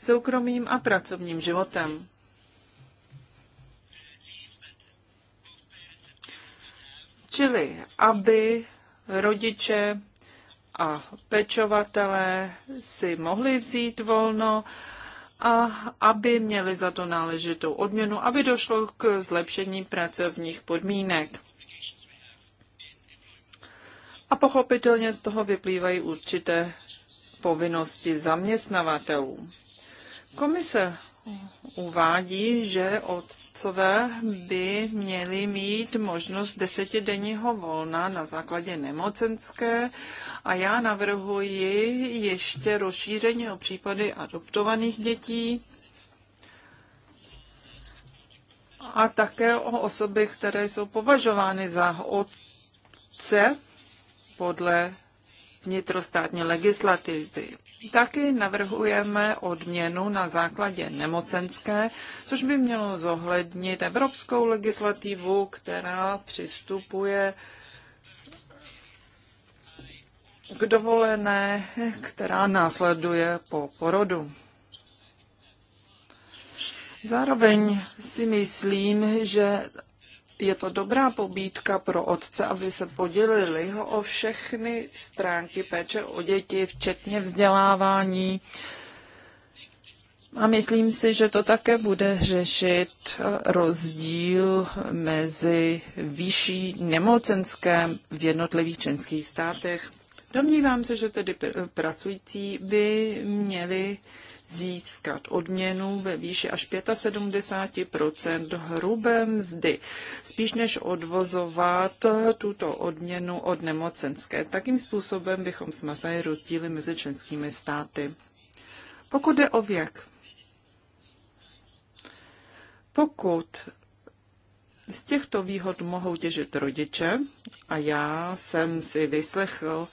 soukromým a pracovním životem. Čili, aby rodiče a pečovatelé si mohli vzít volno a aby měli za to náležitou odměnu, aby došlo k zlepšení pracovních podmínek. A pochopitelně z toho vyplývají určité povinnosti zaměstnavatelů. Komise uvádí, že otcové by měli mít možnost desetidenního volna na základě nemocenské a já navrhuji ještě rozšíření o případy adoptovaných dětí a také o osoby, které jsou považovány za otce podle vnitrostátní legislativy. Taky navrhujeme odměnu na základě nemocenské, což by mělo zohlednit evropskou legislativu, která přistupuje k dovolené, která následuje po porodu. Zároveň si myslím, že je to dobrá pobídka pro otce, aby se podělili ho o všechny stránky péče o děti, včetně vzdělávání. A myslím si, že to také bude řešit rozdíl mezi výší nemocenské v jednotlivých členských státech. Domnívám se, že tedy pracující by měli získat odměnu ve výši až 75 hrubé mzdy, spíš než odvozovat tuto odměnu od nemocenské. Takým způsobem bychom smazali rozdíly mezi členskými státy. Pokud jde o věk, pokud z těchto výhod mohou těžit rodiče, a já jsem si vyslechl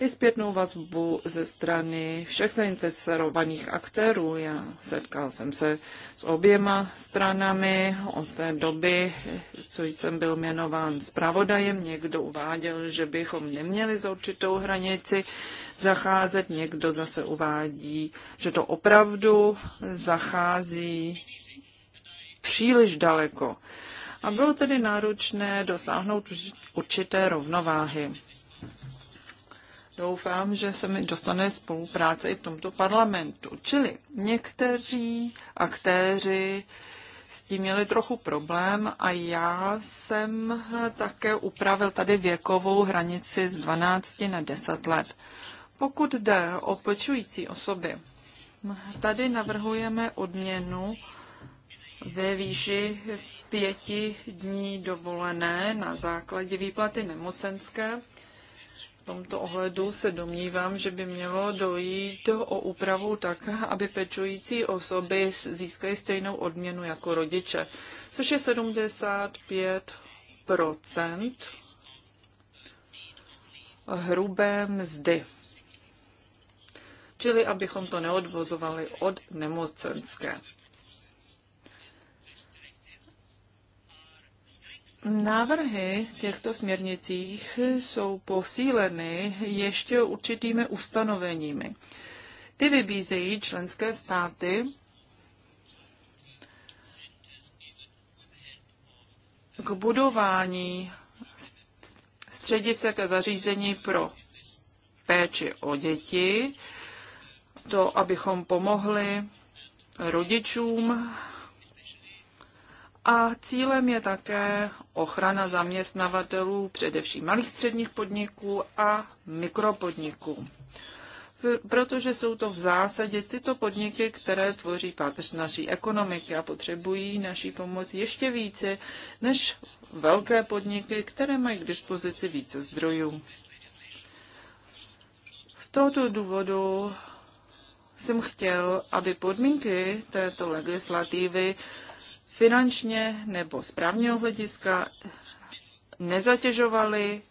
i zpětnou vazbu ze strany všech zainteresovaných aktérů. Já setkal jsem se s oběma stranami od té doby, co jsem byl jmenován zpravodajem. Někdo uváděl, že bychom neměli za určitou hranici zacházet, někdo zase uvádí, že to opravdu zachází příliš daleko. A bylo tedy náročné dosáhnout určité rovnováhy. Doufám, že se mi dostane spolupráce i v tomto parlamentu. Čili někteří aktéři s tím měli trochu problém a já jsem také upravil tady věkovou hranici z 12 na 10 let. Pokud jde o pečující osoby, tady navrhujeme odměnu ve výši pěti dní dovolené na základě výplaty nemocenské tomto ohledu se domnívám, že by mělo dojít o úpravu tak, aby pečující osoby získaly stejnou odměnu jako rodiče, což je 75 hrubé mzdy. Čili abychom to neodvozovali od nemocenské. Návrhy těchto směrnicích jsou posíleny ještě určitými ustanoveními. Ty vybízejí členské státy k budování středisek a zařízení pro péči o děti, to, abychom pomohli rodičům a cílem je také ochrana zaměstnavatelů, především malých středních podniků a mikropodniků. Protože jsou to v zásadě tyto podniky, které tvoří páteř naší ekonomiky a potřebují naší pomoc ještě více než velké podniky, které mají k dispozici více zdrojů. Z tohoto důvodu jsem chtěl, aby podmínky této legislativy finančně nebo z právního hlediska nezatěžovaly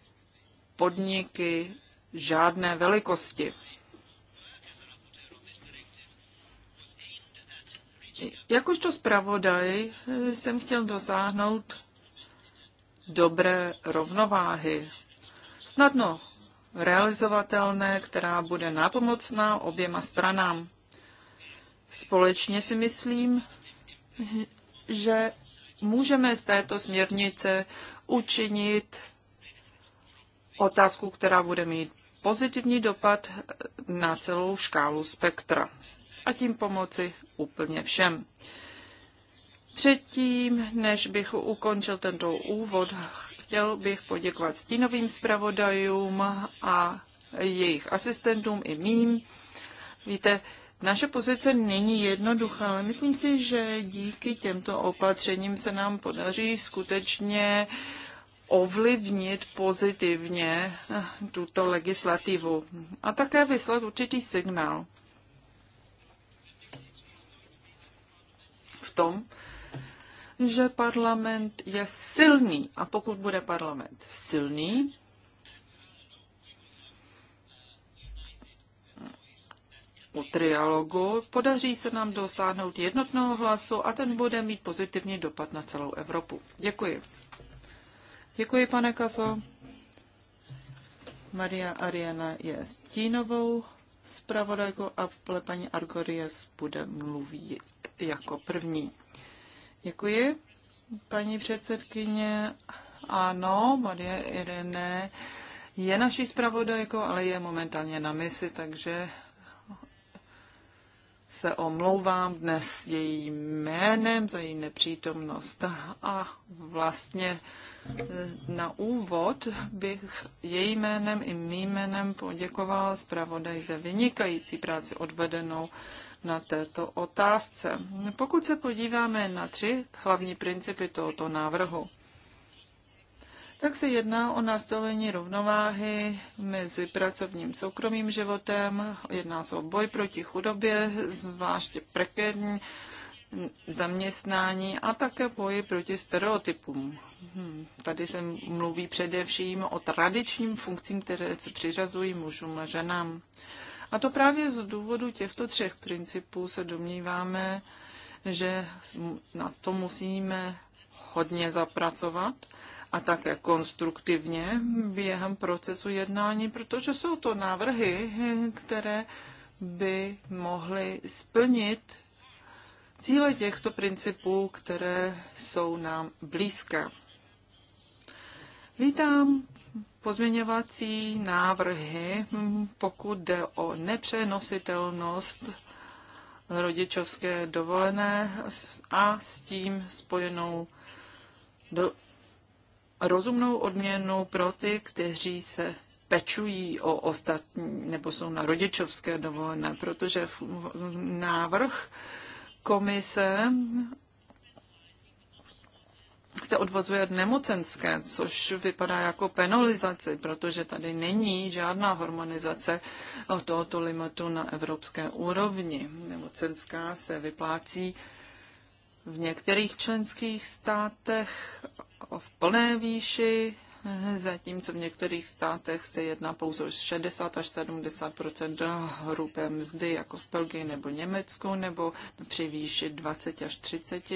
podniky žádné velikosti. Jakožto zpravodaj jsem chtěl dosáhnout dobré rovnováhy, snadno realizovatelné, která bude nápomocná oběma stranám. Společně si myslím, že můžeme z této směrnice učinit otázku, která bude mít pozitivní dopad na celou škálu spektra a tím pomoci úplně všem. Předtím, než bych ukončil tento úvod, chtěl bych poděkovat stínovým zpravodajům a jejich asistentům i mým. Víte, naše pozice není jednoduchá, ale myslím si, že díky těmto opatřením se nám podaří skutečně ovlivnit pozitivně eh, tuto legislativu a také vyslat určitý signál v tom, že parlament je silný. A pokud bude parlament silný, U trialogu. Podaří se nám dosáhnout jednotného hlasu a ten bude mít pozitivní dopad na celou Evropu. Děkuji. Děkuji, pane Kaso. Maria Ariana je stínovou zpravodajkou a paní Argorias bude mluvit jako první. Děkuji, paní předsedkyně. Ano, Maria Irene je naší zpravodajkou, ale je momentálně na misi, takže se omlouvám dnes jejím jménem za její nepřítomnost. A vlastně eh, na úvod bych její jménem i mým jménem poděkovala zpravodaj za vynikající práci odvedenou na této otázce. Pokud se podíváme na tři hlavní principy tohoto návrhu tak se jedná o nastolení rovnováhy mezi pracovním soukromým životem, jedná se o boj proti chudobě, zvláště prekérní zaměstnání a také boji proti stereotypům. Hmm, tady se mluví především o tradičním funkcím, které se přiřazují mužům a ženám. A to právě z důvodu těchto třech principů se domníváme, že na to musíme hodně zapracovat a také konstruktivně během procesu jednání, protože jsou to návrhy, které by mohly splnit cíle těchto principů, které jsou nám blízké. Vítám pozměňovací návrhy, pokud jde o nepřenositelnost rodičovské dovolené a s tím spojenou do, rozumnou odměnu pro ty, kteří se pečují o ostatní nebo jsou na rodičovské dovolené, protože návrh komise se odvozuje od nemocenské, což vypadá jako penalizace, protože tady není žádná harmonizace tohoto limitu na evropské úrovni. Nemocenská se vyplácí v některých členských státech v plné výši, zatímco v některých státech se jedná pouze o 60 až 70 hrubé mzdy, jako v Belgii nebo Německu, nebo při výši 20 až 30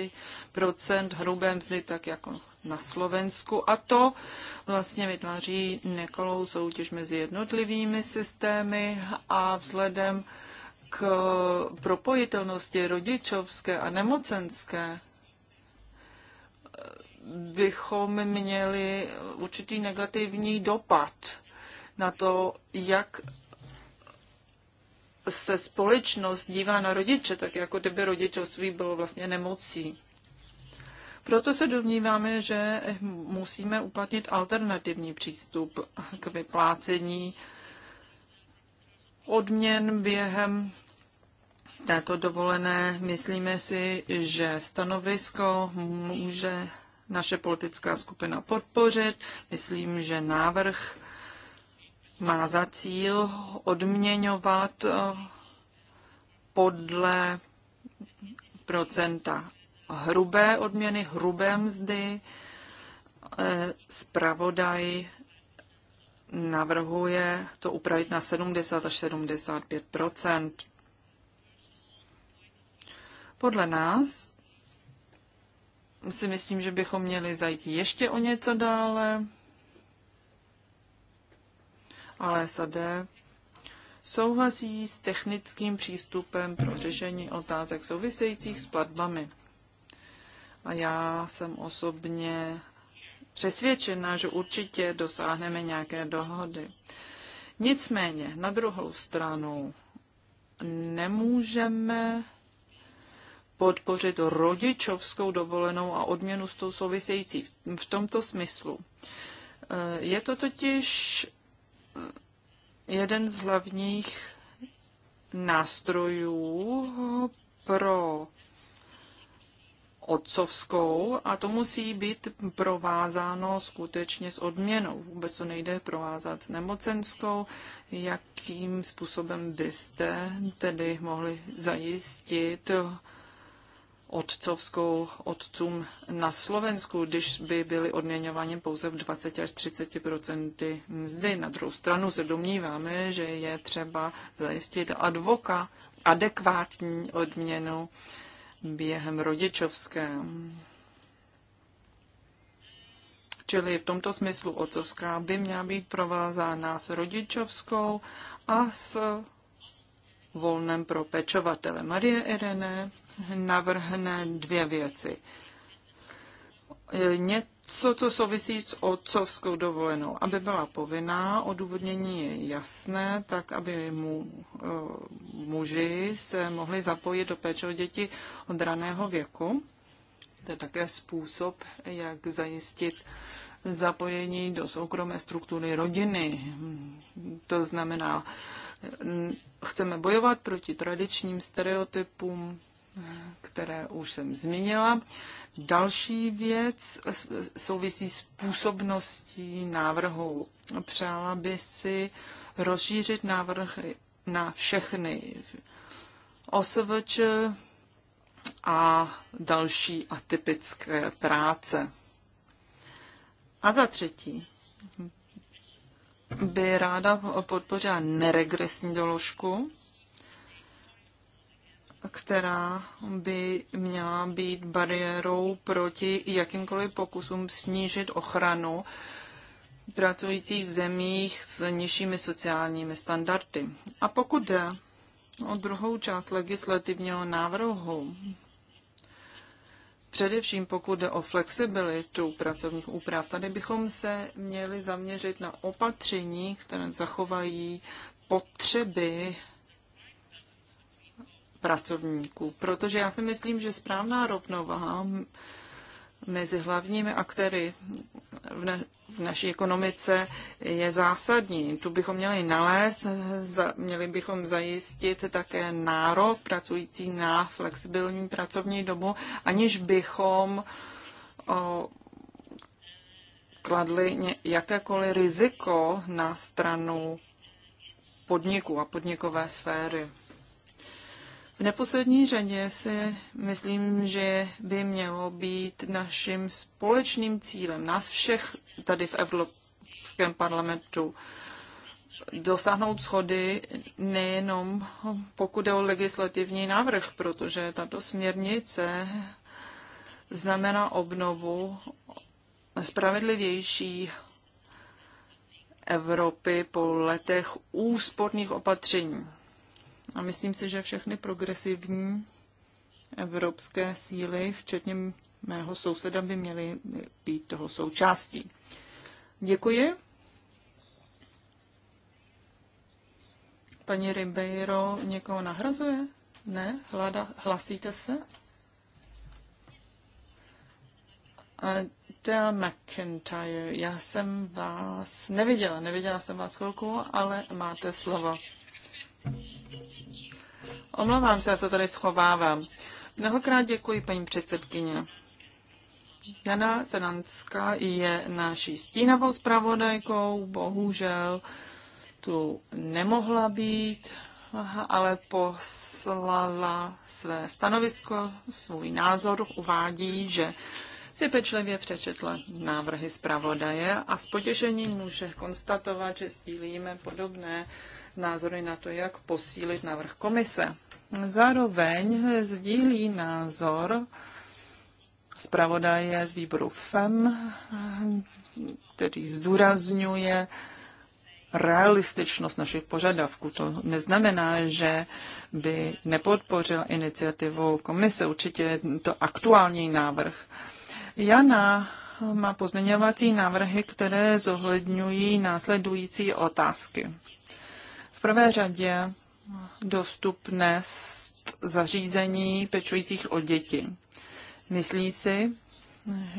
hrubé mzdy, tak jako na Slovensku. A to vlastně vytváří nekalou soutěž mezi jednotlivými systémy a vzhledem k eh, propojitelnosti rodičovské a nemocenské eh, bychom měli určitý negativní dopad na to, jak se společnost dívá na rodiče, tak jako kdyby rodičovství bylo vlastně nemocí. Proto se domníváme, že musíme uplatnit alternativní přístup k vyplácení odměn během této dovolené. Myslíme si, že stanovisko může naše politická skupina podpořit. Myslím, že návrh má za cíl odměňovat eh, podle procenta hrubé odměny, hrubé mzdy. Spravodaj eh, navrhuje to upravit na 70 až 75 podle nás si myslím, že bychom měli zajít ještě o něco dále, ale SAD souhlasí s technickým přístupem pro řešení otázek souvisejících s platbami. A já jsem osobně přesvědčena, že určitě dosáhneme nějaké dohody. Nicméně, na druhou stranu, nemůžeme podpořit rodičovskou dovolenou a odměnu s tou související v tomto smyslu. Eh, je to totiž eh, jeden z hlavních nástrojů pro otcovskou a to musí být provázáno skutečně s odměnou. Vůbec to nejde provázat s nemocenskou. Jakým způsobem byste tedy mohli zajistit otcovskou otcům na Slovensku, když by byli odměňováni pouze v 20 až 30 mzdy. Na druhou stranu se domníváme, že je třeba zajistit advoka adekvátní odměnu během rodičovské. Čili v tomto smyslu otcovská by měla být provázána s rodičovskou a s volném pro pečovatele. Marie Irene navrhne dvě věci. E, něco, co souvisí s otcovskou dovolenou, aby byla povinná, odůvodnění je jasné, tak aby mu, e, muži se mohli zapojit do péče o děti od raného věku. To je také způsob, jak zajistit zapojení do soukromé struktury rodiny. To znamená Chceme bojovat proti tradičním stereotypům, které už jsem zmínila. Další věc souvisí s působností návrhu. Přála by si rozšířit návrh na všechny OSVČ a další atypické práce. A za třetí, by ráda podpořila neregresní doložku, která by měla být bariérou proti jakýmkoliv pokusům snížit ochranu pracujících v zemích s nižšími sociálními standardy. A pokud jde o druhou část legislativního návrhu, Především pokud jde o flexibilitu pracovních úprav, tady bychom se měli zaměřit na opatření, které zachovají potřeby pracovníků, protože já si myslím, že správná rovnováha mezi hlavními aktéry v, ne, v naší ekonomice je zásadní. Tu bychom měli nalézt, měli bychom zajistit také nárok pracující na flexibilní pracovní dobu, aniž bychom kladli jakékoliv riziko na stranu podniku a podnikové sféry neposlední řadě si myslím, že by mělo být naším společným cílem nás všech tady v Evropském parlamentu dosáhnout schody nejenom pokud je o legislativní návrh, protože tato směrnice znamená obnovu spravedlivější Evropy po letech úsporných opatření. A myslím si, že všechny progresivní evropské síly, včetně mého souseda, by měly být toho součástí. Děkuji. Paní Ribeiro někoho nahrazuje? Ne? Hlada, hlasíte se? Adele McIntyre, já jsem vás neviděla, neviděla jsem vás chvilku, ale máte slovo. Omlouvám se, já se tady schovávám. Mnohokrát děkuji, paní předsedkyně. Jana Sedanská je naší stínovou zpravodajkou, bohužel tu nemohla být, ale poslala své stanovisko, svůj názor, uvádí, že si pečlivě přečetla návrhy zpravodaje a s potěšením může konstatovat, že sdílíme podobné názory na to, jak posílit návrh komise. Zároveň sdílí názor zpravodaje z výboru FEM, který zdůrazňuje realističnost našich požadavků. To neznamená, že by nepodpořil iniciativu komise. Určitě je to aktuální návrh. Jana má pozměňovací návrhy, které zohledňují následující otázky prvé řadě dostupnost zařízení pečujících o děti. Myslí si,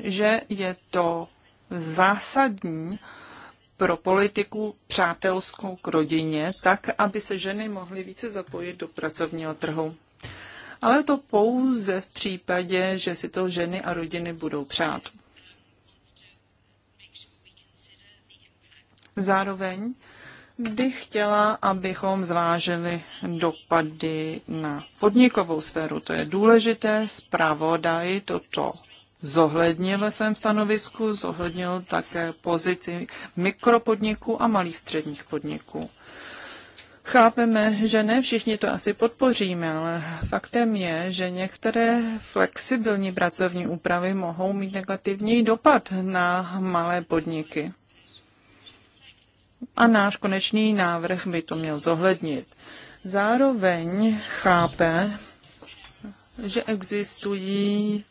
že je to zásadní pro politiku přátelskou k rodině, tak, aby se ženy mohly více zapojit do pracovního trhu. Ale to pouze v případě, že si to ženy a rodiny budou přát. Zároveň bych chtěla, abychom zvážili dopady na podnikovou sféru. To je důležité, zpravodaj toto zohlednil ve svém stanovisku, zohlednil také pozici mikropodniků a malých středních podniků. Chápeme, že ne všichni to asi podpoříme, ale faktem je, že některé flexibilní pracovní úpravy mohou mít negativní dopad na malé podniky a náš konečný návrh by to měl zohlednit. Zároveň chápe, že existují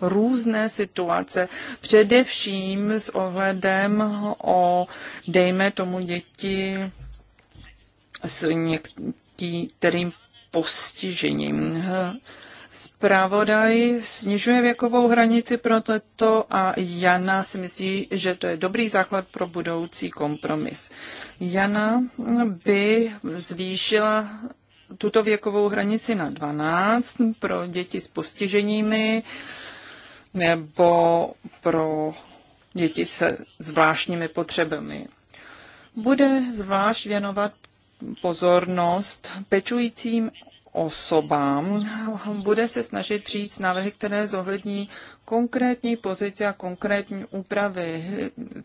různé situace, především s ohledem o, dejme tomu, děti s některým postižením. Zpravodaj snižuje věkovou hranici pro toto a Jana si myslí, že to je dobrý základ pro budoucí kompromis. Jana by zvýšila tuto věkovou hranici na 12 pro děti s postiženími nebo pro děti se zvláštními potřebami. Bude zvlášť věnovat pozornost pečujícím osobám, bude se snažit říct návrhy, které zohlední konkrétní pozice a konkrétní úpravy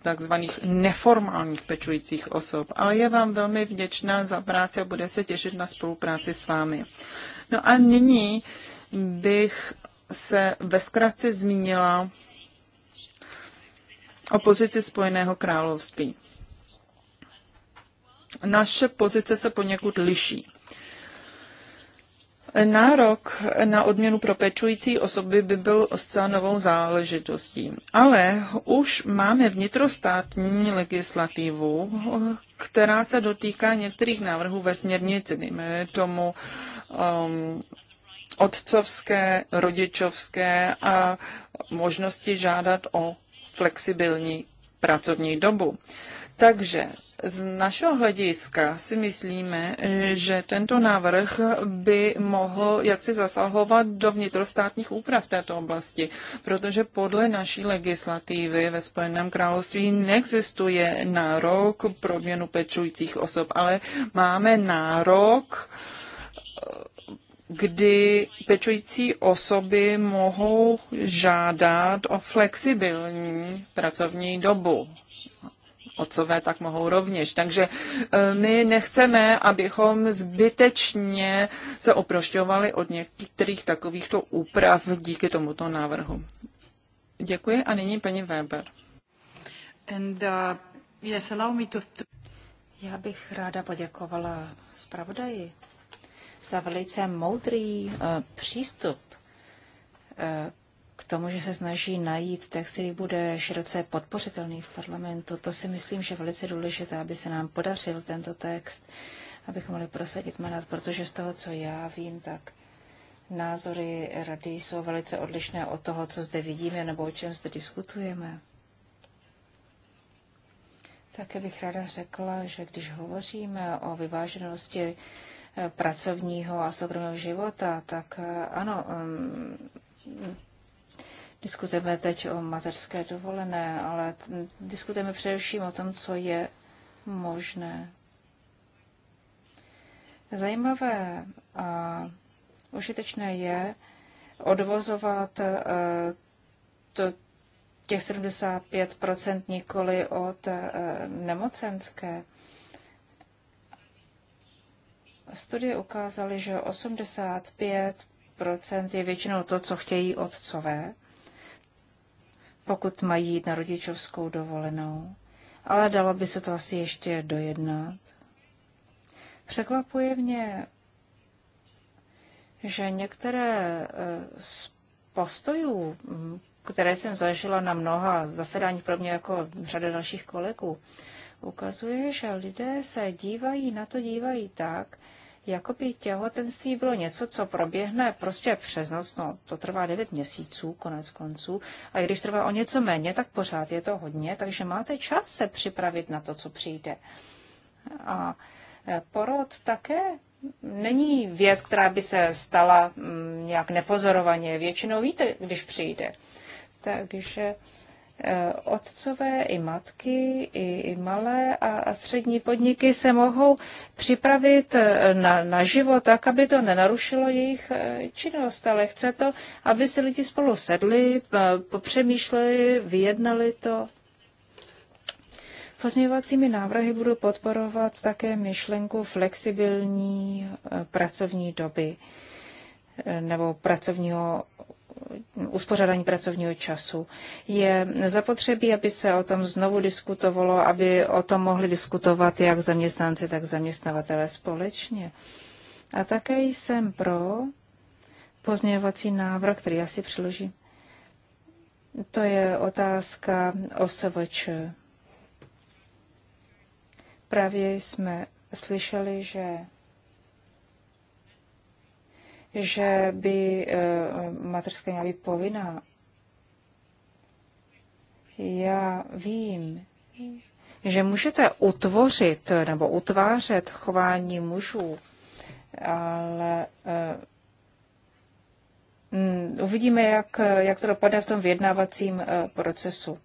takzvaných neformálních pečujících osob. Ale je vám velmi vděčná za práci a bude se těšit na spolupráci s vámi. No a nyní bych se ve zkratce zmínila o pozici Spojeného království. Naše pozice se poněkud liší. Nárok na odměnu pro pečující osoby by byl zcela novou záležitostí, ale už máme vnitrostátní legislativu, která se dotýká některých návrhů ve směrnici, dejme tomu um, otcovské, rodičovské a možnosti žádat o flexibilní pracovní dobu. Takže z našeho hlediska si myslíme, že tento návrh by mohl jaksi zasahovat do vnitrostátních úprav v této oblasti, protože podle naší legislativy ve Spojeném království neexistuje nárok pro měnu pečujících osob, ale máme nárok kdy pečující osoby mohou žádat o flexibilní pracovní dobu otcové tak mohou rovněž. Takže e, my nechceme, abychom zbytečně se oprošťovali od některých takovýchto úprav díky tomuto návrhu. Děkuji a nyní paní Weber. And, uh, yes, allow me to... Já bych ráda poděkovala zpravodaji za velice moudrý uh, přístup uh, k tomu, že se snaží najít text, který bude široce podpořitelný v parlamentu. To si myslím, že je velice důležité, aby se nám podařil tento text, abychom mohli prosadit mandát, protože z toho, co já vím, tak názory rady jsou velice odlišné od toho, co zde vidíme nebo o čem zde diskutujeme. Také bych ráda řekla, že když hovoříme o vyváženosti eh, pracovního a soukromého života, tak eh, ano, mm, Diskutujeme teď o mateřské dovolené, ale diskutujeme především o tom, co je možné. Zajímavé a užitečné je odvozovat eh, to, těch 75 nikoli od eh, nemocenské. Studie ukázaly, že 85 je většinou to, co chtějí otcové pokud mají jít na rodičovskou dovolenou. Ale dalo by se to asi ještě dojednat. Překvapuje mě, že některé e, z postojů, které jsem zažila na mnoha zasedání, pro mě jako řada dalších kolegů, ukazuje, že lidé se dívají na to, dívají tak, jako by těhotenství bylo něco, co proběhne prostě přes noc, no to trvá 9 měsíců konec konců, a když trvá o něco méně, tak pořád je to hodně, takže máte čas se připravit na to, co přijde. A e, porod také není věc, která by se stala mm, nějak nepozorovaně. Většinou víte, když přijde. Takže Eh, otcové i matky, i, i malé a, a střední podniky se mohou připravit eh, na, na život tak, aby to nenarušilo jejich eh, činnost, ale chce to, aby si lidi spolu sedli, popřemýšleli, vyjednali to. Pozměňovacími návrhy budu podporovat také myšlenku flexibilní pracovní doby nebo pracovního uspořádání pracovního času. Je zapotřebí, aby se o tom znovu diskutovalo, aby o tom mohli diskutovat jak zaměstnanci, tak zaměstnavatele společně. A také jsem pro pozměňovací návrh, který já si přiložím. To je otázka SVČ. Právě jsme slyšeli, že že by eh, materská měla být povinná. Já vím, že můžete utvořit nebo utvářet chování mužů, ale eh, mm, uvidíme, jak, jak to dopadne v tom vyjednávacím eh, procesu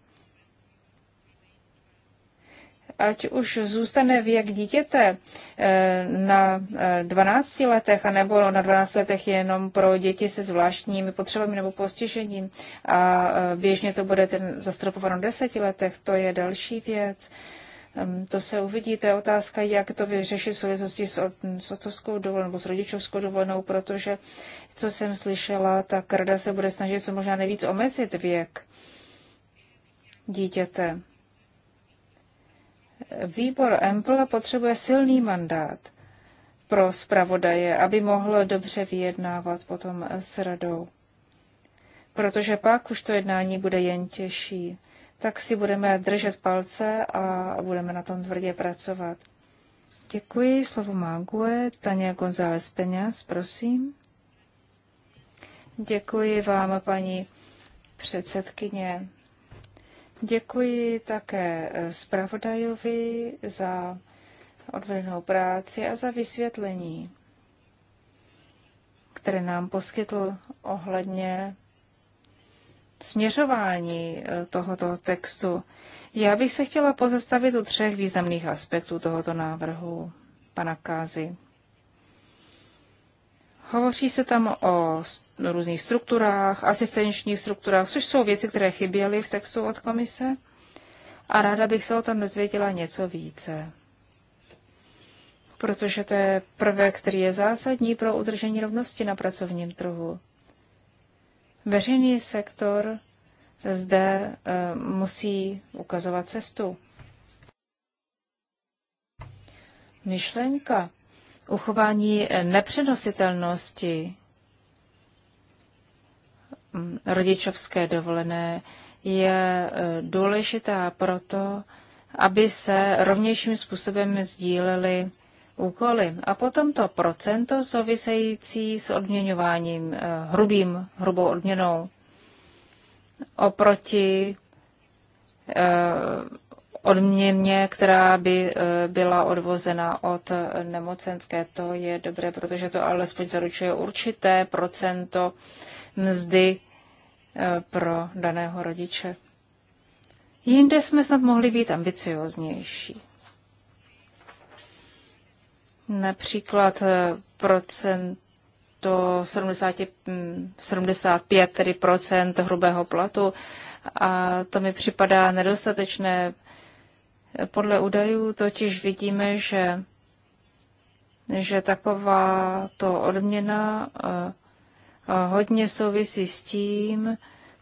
ať už zůstane věk dítěte eh, na 12 eh, letech, anebo na 12 letech jenom pro děti se zvláštními potřebami nebo postižením a eh, běžně to bude ten zastropováno 10 letech, to je další věc. Ehm, to se uvidí, to je otázka, jak to vyřešit v souvislosti s, s otcovskou dovolenou nebo s rodičovskou dovolenou, protože, co jsem slyšela, tak rada se bude snažit co možná nejvíc omezit věk dítěte. Výbor EMPL potřebuje silný mandát pro zpravodaje, aby mohl dobře vyjednávat potom s radou. Protože pak už to jednání bude jen těžší. Tak si budeme držet palce a budeme na tom tvrdě pracovat. Děkuji, slovo má Gue. Tania González Peňaz, prosím. Děkuji vám, paní předsedkyně. Děkuji také eh, zpravodajovi za odvedenou práci a za vysvětlení, které nám poskytl ohledně směřování eh, tohoto textu. Já bych se chtěla pozastavit u třech významných aspektů tohoto návrhu pana Kázy. Hovoří se tam o různých strukturách, asistenčních strukturách, což jsou věci, které chyběly v textu od komise. A ráda bych se o tom dozvěděla něco více. Protože to je prvek, který je zásadní pro udržení rovnosti na pracovním trhu. Veřejný sektor zde e, musí ukazovat cestu. Myšlenka uchování eh, nepřenositelnosti mm, rodičovské dovolené je eh, důležitá proto, aby se rovnějším způsobem sdílely úkoly. A potom to procento související s odměňováním, eh, hrubým, hrubou odměnou, oproti odměně, která by eh, byla odvozena od nemocenské. To je dobré, protože to alespoň zaručuje určité procento mzdy eh, pro daného rodiče. Jinde jsme snad mohli být ambicioznější. Například procent 70, 75 tedy procent hrubého platu. A to mi připadá nedostatečné podle údajů totiž vidíme, že, že taková to odměna eh, eh, hodně souvisí s tím,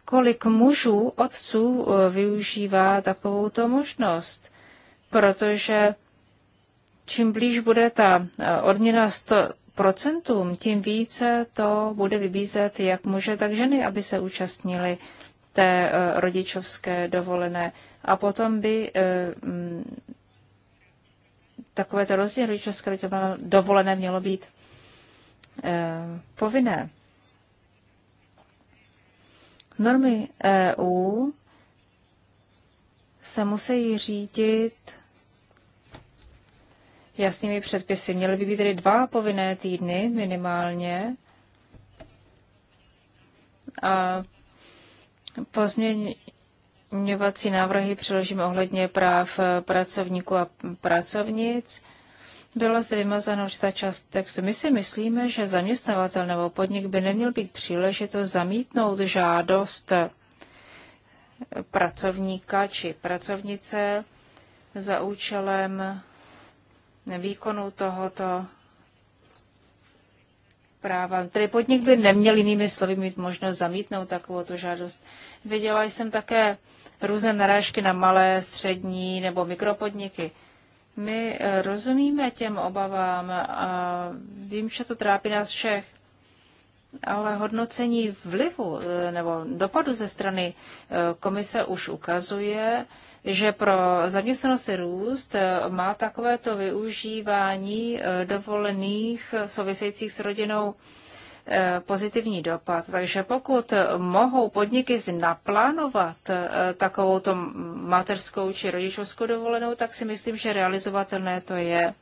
kolik mužů, otců eh, využívá takovouto možnost. Protože čím blíž bude ta odměna 100%, tím více to bude vybízet jak muže, tak ženy, aby se účastnili té rodičovské dovolené. A potom by eh, mm, takové to rozdíl rodičovské dovolené mělo být eh, povinné. Normy EU se musí řídit jasnými předpisy. Měly by být tedy dva povinné týdny minimálně. A pozměň, pozměňovací návrhy přiložím ohledně práv eh, pracovníků a pracovnic. Byla zde vymazána určitá část textu. My si myslíme, že zaměstnavatel nebo podnik by neměl být příležitost zamítnout žádost eh, pracovníka či pracovnice za účelem výkonu tohoto práva. Tedy podnik by neměl jinými slovy mít možnost zamítnout takovou žádost. Viděla jsem také různé narážky na malé, střední nebo mikropodniky. My eh, rozumíme těm obavám a vím, že to trápí nás všech, ale hodnocení vlivu eh, nebo dopadu ze strany eh, komise už ukazuje, že pro zaměstnanost růst má takovéto využívání dovolených souvisejících s rodinou Eh, pozitivní dopad. Takže pokud mohou podniky naplánovat eh, takovou mateřskou či rodičovskou dovolenou, tak si myslím, že realizovatelné to je.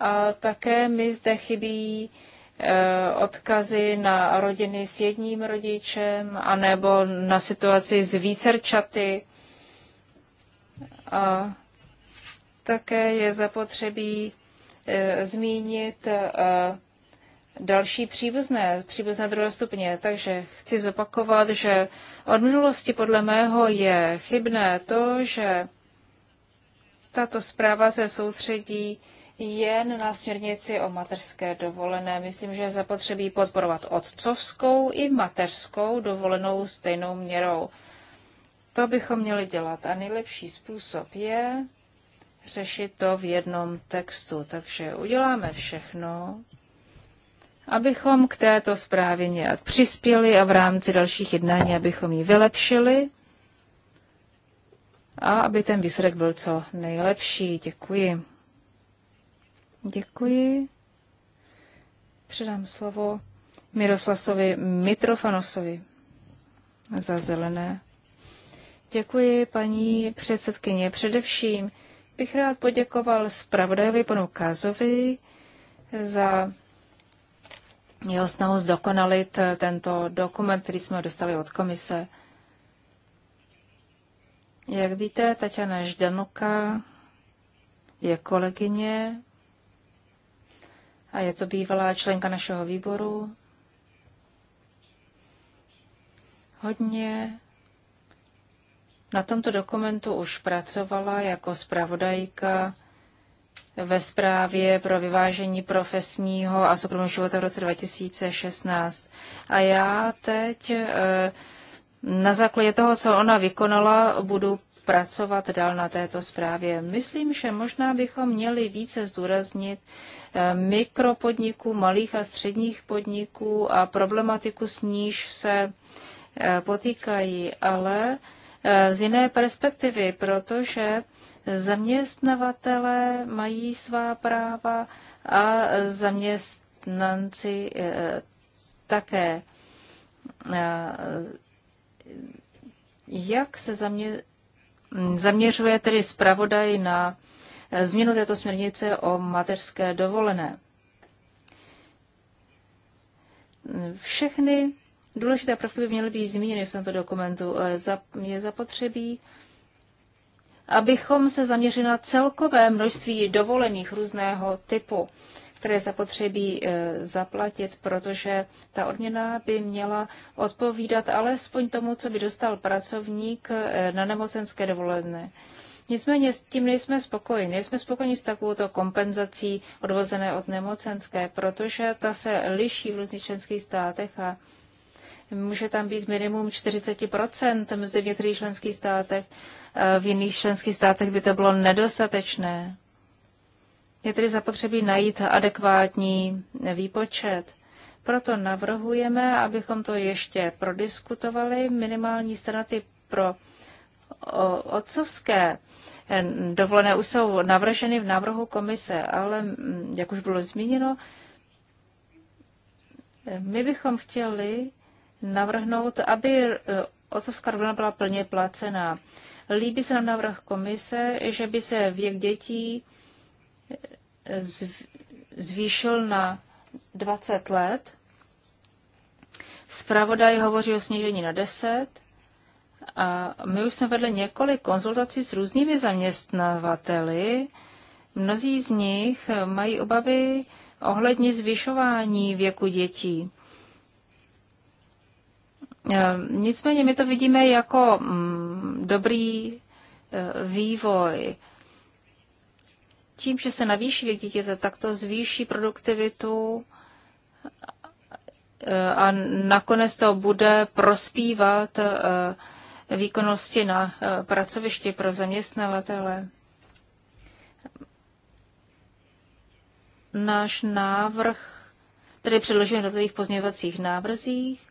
A také mi zde chybí eh, odkazy na rodiny s jedním rodičem, anebo na situaci s vícerčaty. A také je zapotřebí zmínit další příbuzné, příbuzné druhého stupně. Takže chci zopakovat, že od minulosti podle mého je chybné to, že tato zpráva se soustředí jen na směrnici o mateřské dovolené. Myslím, že zapotřebí podporovat otcovskou i mateřskou dovolenou stejnou měrou. To bychom měli dělat a nejlepší způsob je řešit to v jednom textu. Takže uděláme všechno, abychom k této zprávě nějak přispěli a v rámci dalších jednání, abychom ji vylepšili a aby ten výsledek byl co nejlepší. Děkuji. Děkuji. Předám slovo Miroslasovi Mitrofanosovi za zelené. Děkuji, paní předsedkyně. Především bych rád poděkoval zpravodajovi panu Kazovi za jeho snahu zdokonalit eh, tento dokument, který jsme dostali od komise. Jak víte, Tatiana Ždanuka je kolegyně a je to bývalá členka našeho výboru. Hodně na tomto dokumentu už pracovala jako zpravodajka ve zprávě pro vyvážení profesního a soukromého života v roce 2016. A já teď eh, na základě toho, co ona vykonala, budu pracovat dál na této zprávě. Myslím, že možná bychom měli více zdůraznit eh, mikropodniků, malých a středních podniků a problematiku, s níž se eh, potýkají, ale z jiné perspektivy, protože Zaměstnavatele mají svá práva a zaměstnanci eh, také. Jak se zamě, zaměřuje tedy zpravodaj na eh, změnu této směrnice o mateřské dovolené? Všechny důležité prvky by měly být zmíněny v tomto dokumentu. Eh, je zapotřebí abychom se zaměřili na celkové množství dovolených různého typu, které zapotřebí eh, zaplatit, protože ta odměna by měla odpovídat alespoň tomu, co by dostal pracovník eh, na nemocenské dovolené. Nicméně s tím nejsme spokojeni. Nejsme spokojeni s takovouto kompenzací odvozené od nemocenské, protože ta se liší v různých členských státech a může tam být minimum 40 mzdy v některých členských státech v jiných členských státech by to bylo nedostatečné. Je tedy zapotřebí najít adekvátní výpočet. Proto navrhujeme, abychom to ještě prodiskutovali. Minimální straty pro otcovské eh, dovolené už jsou navrženy v návrhu komise, ale mm, jak už bylo zmíněno, my bychom chtěli navrhnout, aby eh, otcovská dovolená byla plně placená. Líbí se nám návrh komise, že by se věk dětí eh, zvýšil na 20 let. Zpravodaj hovoří o snížení na 10. A my už jsme vedli několik konzultací s různými zaměstnavateli. Mnozí z nich mají obavy ohledně zvyšování věku dětí. Ehm, nicméně my to vidíme jako mm, dobrý eh, vývoj. Tím, že se navýší věk dítěte, tak to zvýší produktivitu eh, a nakonec to bude prospívat eh, výkonnosti na pracovišti pro zaměstnavatele. Náš návrh, tedy předložíme do těch pozměňovacích návrzích,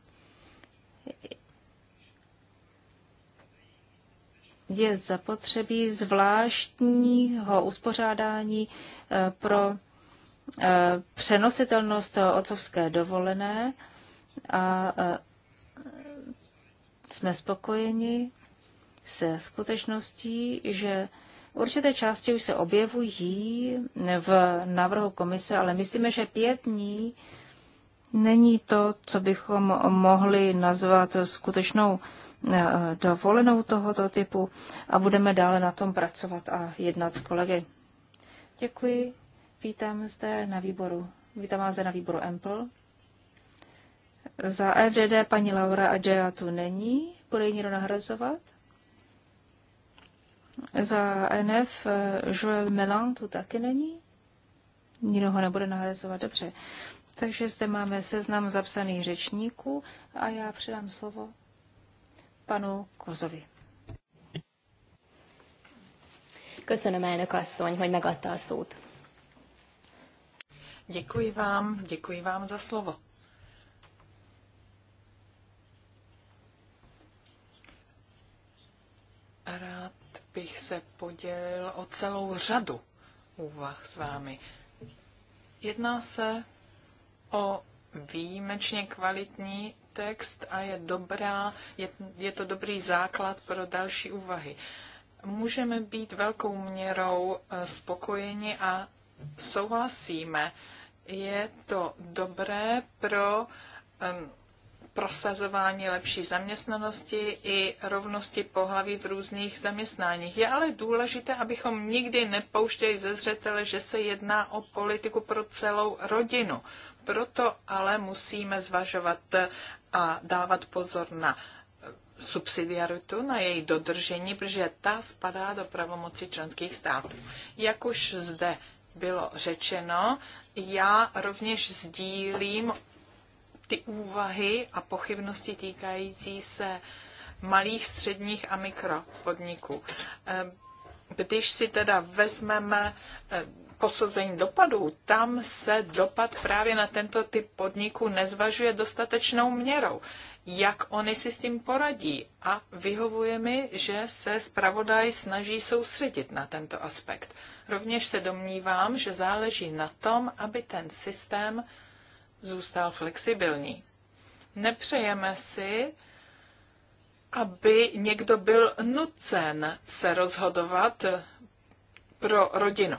je zapotřebí zvláštního uspořádání eh, pro eh, přenositelnost otcovské dovolené a eh, jsme spokojeni se skutečností, že určité části už se objevují v návrhu komise, ale myslíme, že pět dní není to, co bychom mohli nazvat skutečnou Eh, dovolenou tohoto typu a budeme dále na tom pracovat a jednat s kolegy. Děkuji. Vítám zde na výboru. Vítám vás zde na výboru EMPL. Za FDD paní Laura Adjaya tu není. Bude ji někdo nahrazovat? Za NF eh, Joel Melan tu taky není. Nikdo ho nebude nahrazovat. Dobře. Takže zde máme seznam zapsaných řečníků a já předám slovo panu Kozovi. Köszönöm, elnök asszony, hogy megadta a szót. Děkuji vám, děkuji vám za slovo. Rád bych se podělil o celou řadu úvah s vámi. Jedná se o výjimečně kvalitní text a je dobrá, je, je to dobrý základ pro další úvahy. Můžeme být velkou měrou eh, spokojeni a souhlasíme. Je to dobré pro um, prosazování lepší zaměstnanosti i rovnosti pohlaví v různých zaměstnáních. Je ale důležité, abychom nikdy nepouštěli ze zřetele, že se jedná o politiku pro celou rodinu. Proto ale musíme zvažovat a dávat pozor na subsidiaritu, na její dodržení, protože ta spadá do pravomoci členských států. Jak už zde bylo řečeno, já rovněž sdílím ty úvahy a pochybnosti týkající se malých, středních a mikropodniků. Ehm, když si teda vezmeme ehm, posouzení dopadů, tam se dopad právě na tento typ podniku nezvažuje dostatečnou měrou. Jak oni si s tím poradí? A vyhovuje mi, že se zpravodaj snaží soustředit na tento aspekt. Rovněž se domnívám, že záleží na tom, aby ten systém zůstal flexibilní. Nepřejeme si, aby někdo byl nucen se rozhodovat pro rodinu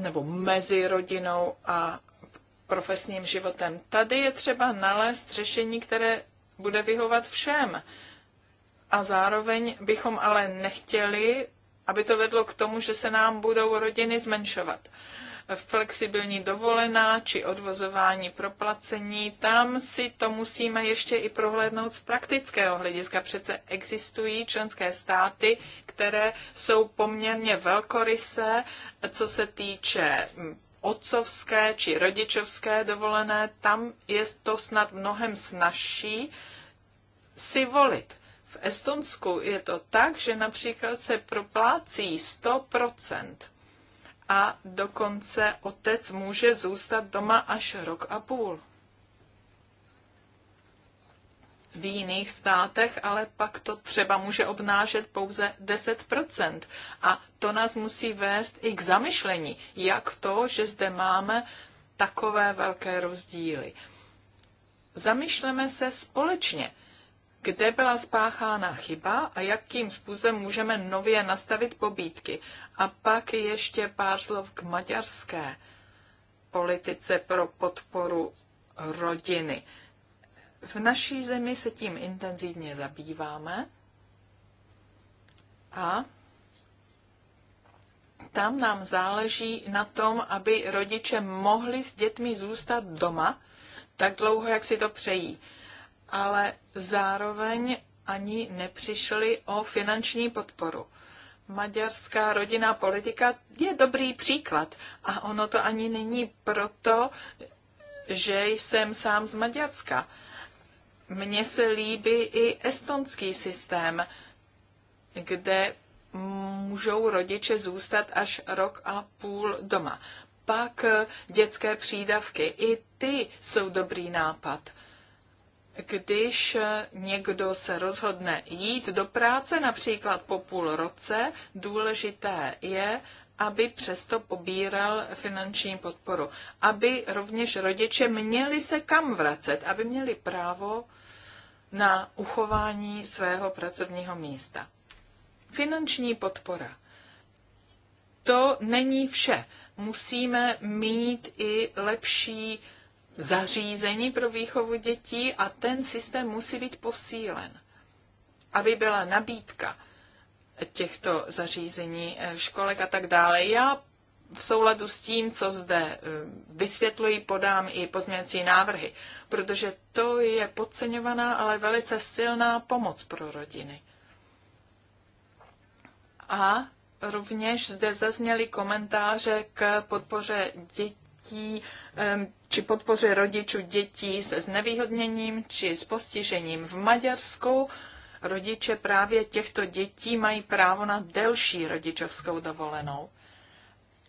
nebo mezi rodinou a profesním životem. Tady je třeba nalézt řešení, které bude vyhovat všem. A zároveň bychom ale nechtěli, aby to vedlo k tomu, že se nám budou rodiny zmenšovat. Uh, flexibilní dovolená či odvozování proplacení, tam si to musíme ještě i prohlédnout z praktického hlediska. Přece existují členské státy, které jsou poměrně velkorysé, co se týče otcovské či rodičovské dovolené, tam je to snad mnohem snažší si volit. V Estonsku je to tak, že například se proplácí 100 a dokonce otec může zůstat doma až rok a půl. V jiných státech ale pak to třeba může obnášet pouze 10%. A to nás musí vést i k zamyšlení, jak to, že zde máme takové velké rozdíly. Zamyšleme se společně kde byla spáchána chyba a jakým způsobem můžeme nově nastavit pobídky. A pak ještě pár slov k maďarské politice pro podporu rodiny. V naší zemi se tím intenzivně zabýváme a tam nám záleží na tom, aby rodiče mohli s dětmi zůstat doma tak dlouho, jak si to přejí ale zároveň ani nepřišli o finanční podporu. Maďarská rodinná politika je dobrý příklad a ono to ani není proto, že jsem sám z Maďarska. Mně se líbí i estonský systém, kde můžou rodiče zůstat až rok a půl doma. Pak dětské přídavky, i ty jsou dobrý nápad když někdo se rozhodne jít do práce například po půl roce, důležité je, aby přesto pobíral finanční podporu, aby rovněž rodiče měli se kam vracet, aby měli právo na uchování svého pracovního místa. Finanční podpora. To není vše. Musíme mít i lepší zařízení pro výchovu dětí a ten systém musí být posílen, aby byla nabídka těchto zařízení, eh, školek a tak dále. Já v souladu s tím, co zde eh, vysvětluji, podám i pozměňovací návrhy, protože to je podceňovaná, ale velice silná pomoc pro rodiny. A rovněž zde zazněly komentáře k podpoře dětí dětí či podpoře rodičů dětí se znevýhodněním či s postižením. V Maďarsku rodiče právě těchto dětí mají právo na delší rodičovskou dovolenou.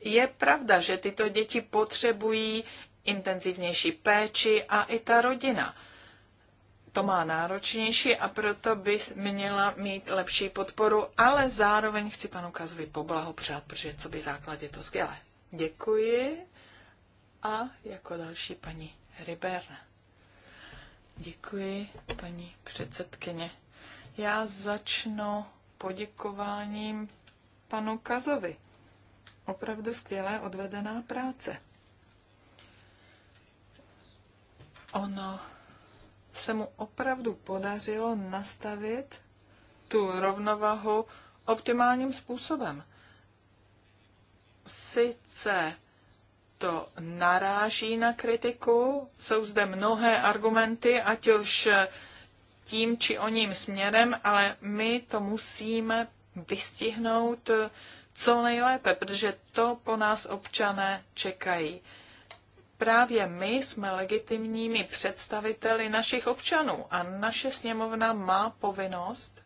Je pravda, že tyto děti potřebují intenzivnější péči a i ta rodina. To má náročnější a proto by měla mít lepší podporu, ale zároveň chci panu Kazovi poblahopřát, protože co by základ je to skvělé. Děkuji. A jako další paní Riber. Děkuji, paní předsedkyně. Já začnu poděkováním panu Kazovi. Opravdu skvělé odvedená práce. Ono se mu opravdu podařilo nastavit tu rovnovahu optimálním způsobem. Sice to naráží na kritiku. Jsou zde mnohé argumenty, ať už tím či o ním směrem, ale my to musíme vystihnout co nejlépe, protože to po nás občané čekají. Právě my jsme legitimními představiteli našich občanů a naše sněmovna má povinnost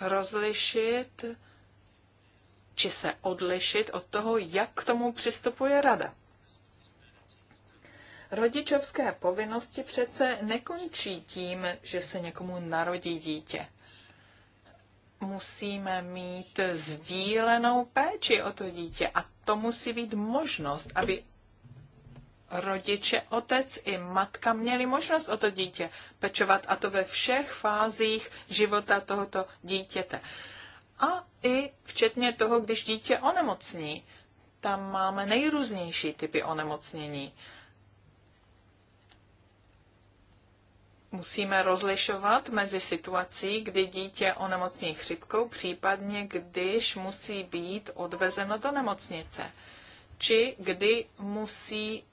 rozlišit či se odlišit od toho, jak k tomu přistupuje rada. Rodičovské povinnosti přece nekončí tím, že se někomu narodí dítě. Musíme mít sdílenou péči o to dítě a to musí být možnost, aby rodiče, otec i matka měli možnost o to dítě pečovat a to ve všech fázích života tohoto dítěte a i včetně toho, když dítě onemocní. Tam máme nejrůznější typy onemocnění. Musíme rozlišovat mezi situací, kdy dítě onemocní chřipkou, případně když musí být odvezeno do nemocnice, či kdy musí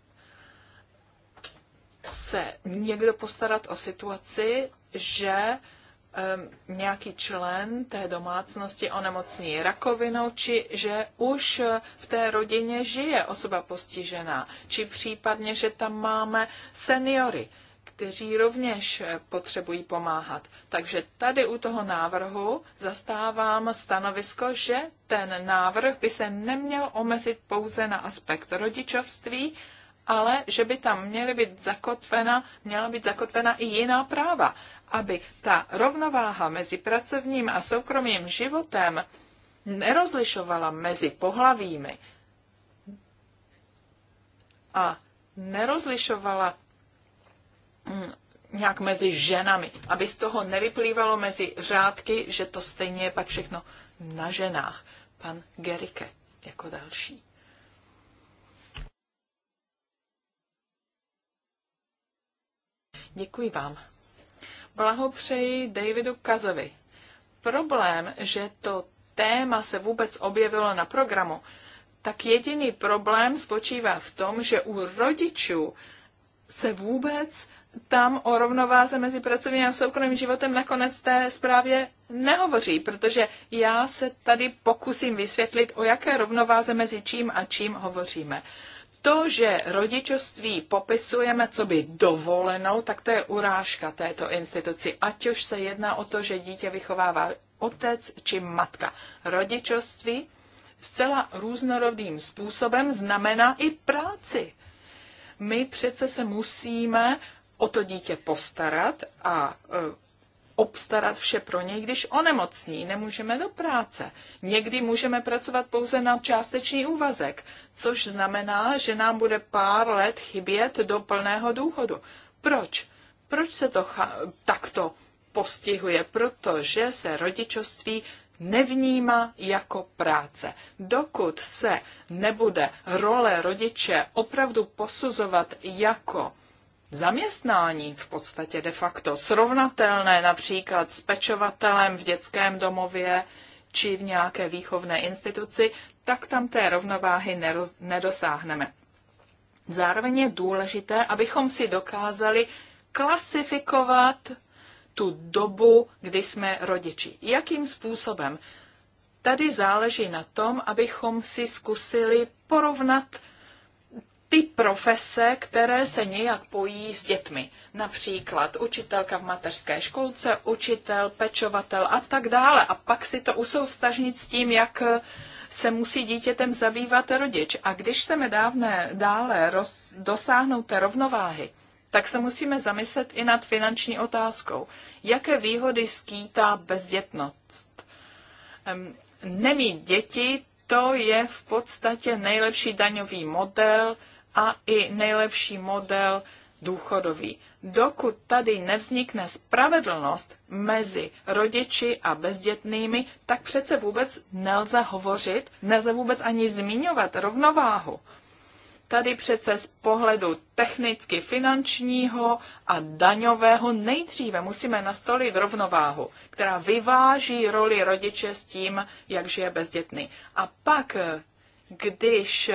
se někdo postarat o situaci, že nějaký člen té domácnosti onemocní rakovinou, či že už eh, v té rodině žije osoba postižená, či případně, že tam máme seniory, kteří rovněž eh, potřebují pomáhat. Takže tady u toho návrhu zastávám stanovisko, že ten návrh by se neměl omezit pouze na aspekt rodičovství, ale že by tam měly být zakotvena, měla být zakotvena i jiná práva aby ta rovnováha mezi pracovním a soukromým životem nerozlišovala mezi pohlavími a nerozlišovala mm, nějak mezi ženami, aby z toho nevyplývalo mezi řádky, že to stejně je pak všechno na ženách. Pan Gerike jako další. Děkuji vám blahopřeji Davidu Kazovi. Problém, že to téma se vůbec objevilo na programu, tak jediný problém spočívá v tom, že u rodičů se vůbec tam o rovnováze mezi pracovním a soukromým životem nakonec té zprávě nehovoří, protože já se tady pokusím vysvětlit, o jaké rovnováze mezi čím a čím hovoříme. Uh, to, že rodičovství popisujeme, co by dovolenou, tak to je urážka této instituci. Ať už se jedná o to, že dítě vychovává otec či matka. Rodičovství zcela různorodým způsobem znamená i práci. My přece se musíme o to dítě postarat a e, obstarat vše pro něj, když onemocní, nemůžeme do práce. Někdy můžeme pracovat pouze na částečný úvazek, což znamená, že nám bude pár let chybět do plného důchodu. Proč? Proč se to takto postihuje? Protože se rodičovství nevnímá jako práce. Dokud se nebude role rodiče opravdu posuzovat jako zaměstnání v podstatě de facto srovnatelné například s pečovatelem v dětském domově či v nějaké výchovné instituci, tak tam té rovnováhy nedosáhneme. Zároveň je důležité, abychom si dokázali klasifikovat tu dobu, kdy jsme rodiči. Jakým způsobem? Tady záleží na tom, abychom si zkusili porovnat ty profese, které se nějak pojí s dětmi. Například učitelka v mateřské školce, učitel, pečovatel a tak dále. A pak si to usou vstažnit s tím, jak eh, se musí dítětem zabývat rodič. A když chceme dávné dále roz, dosáhnout té rovnováhy, tak se musíme zamyslet i nad finanční otázkou. Jaké výhody skýtá bezdětnost? Nemít děti, to je v podstatě nejlepší daňový model, a i nejlepší model důchodový. Dokud tady nevznikne spravedlnost mezi rodiči a bezdětnými, tak přece vůbec nelze hovořit, nelze vůbec ani zmiňovat rovnováhu. Tady přece z pohledu technicky finančního a daňového nejdříve musíme nastolit rovnováhu, která vyváží roli rodiče s tím, jak žije bezdětný. A pak, když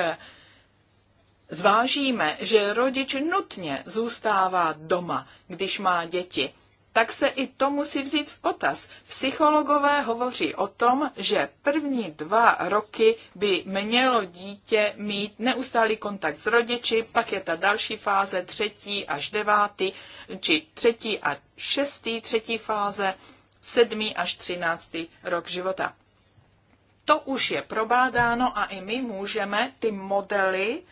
zvážíme, že rodič nutně zůstává doma, když má děti, tak se i to musí vzít v potaz. Psychologové hovoří o tom, že první dva roky by mělo dítě mít neustálý kontakt s rodiči, pak je ta další fáze třetí až devátý, či třetí a šestý, třetí fáze, sedmý až třináctý rok života. To už je probádáno a i my můžeme ty modely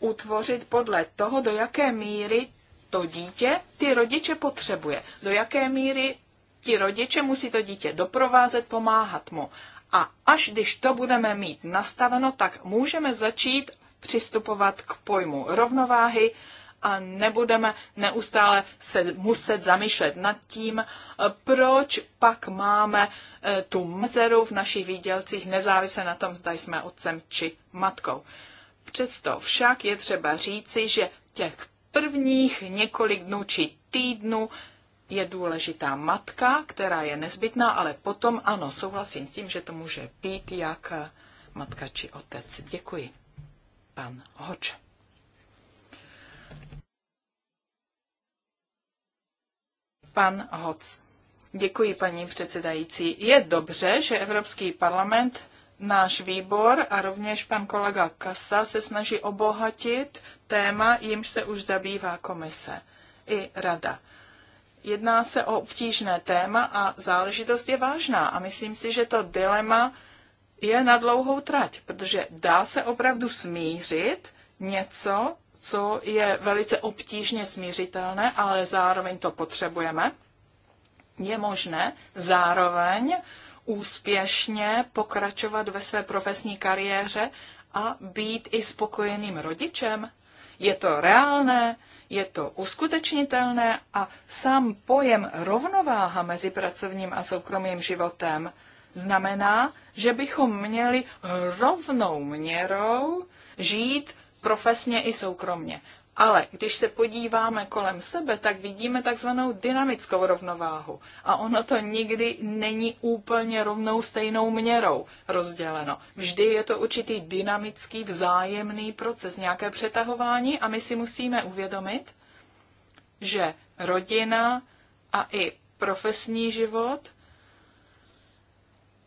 utvořit podle toho, do jaké míry to dítě ty rodiče potřebuje, do jaké míry ti rodiče musí to dítě doprovázet, pomáhat mu. A až když to budeme mít nastaveno, tak můžeme začít přistupovat k pojmu rovnováhy a nebudeme neustále se muset zamýšlet nad tím, eh, proč pak máme eh, tu mezeru v našich výdělcích nezávisle na tom, zda jsme otcem či matkou. Přesto však je třeba říci, že těch prvních několik dnů či týdnů je důležitá matka, která je nezbytná, ale potom ano, souhlasím s tím, že to může být jak matka či otec. Děkuji. Pan Hoč. Pan Hoc. Děkuji, paní předsedající. Je dobře, že Evropský parlament náš výbor a rovněž pan kolega Kasa se snaží obohatit téma, jimž se už zabývá komise i rada. Jedná se o obtížné téma a záležitost je vážná a myslím si, že to dilema je na dlouhou trať, protože dá se opravdu smířit něco, co je velice obtížně smířitelné, ale zároveň to potřebujeme. Je možné zároveň úspěšně pokračovat ve své profesní kariéře a být i spokojeným rodičem? Je to reálné? je to uskutečnitelné a sám pojem rovnováha mezi pracovním a soukromým životem znamená, že bychom měli rovnou měrou žít profesně i soukromně. Ale když se podíváme kolem sebe, tak vidíme takzvanou dynamickou rovnováhu. A ono to nikdy není úplně rovnou stejnou měrou rozděleno. Vždy je to určitý dynamický vzájemný proces, nějaké přetahování a my si musíme uvědomit, že rodina a i profesní život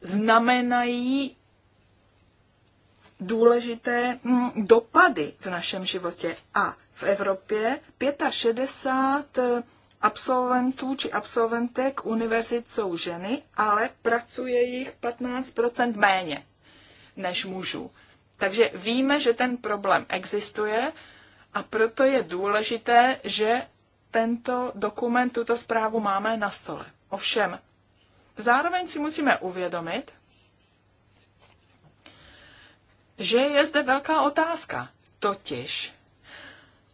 znamenají důležité mm, dopady v našem životě. A v Evropě 65 eh, absolventů či absolventek univerzit jsou ženy, ale pracuje jich 15% méně než mužů. Takže víme, že ten problém existuje a proto je důležité, že tento dokument, tuto zprávu máme na stole. Ovšem, zároveň si musíme uvědomit, že je zde velká otázka, totiž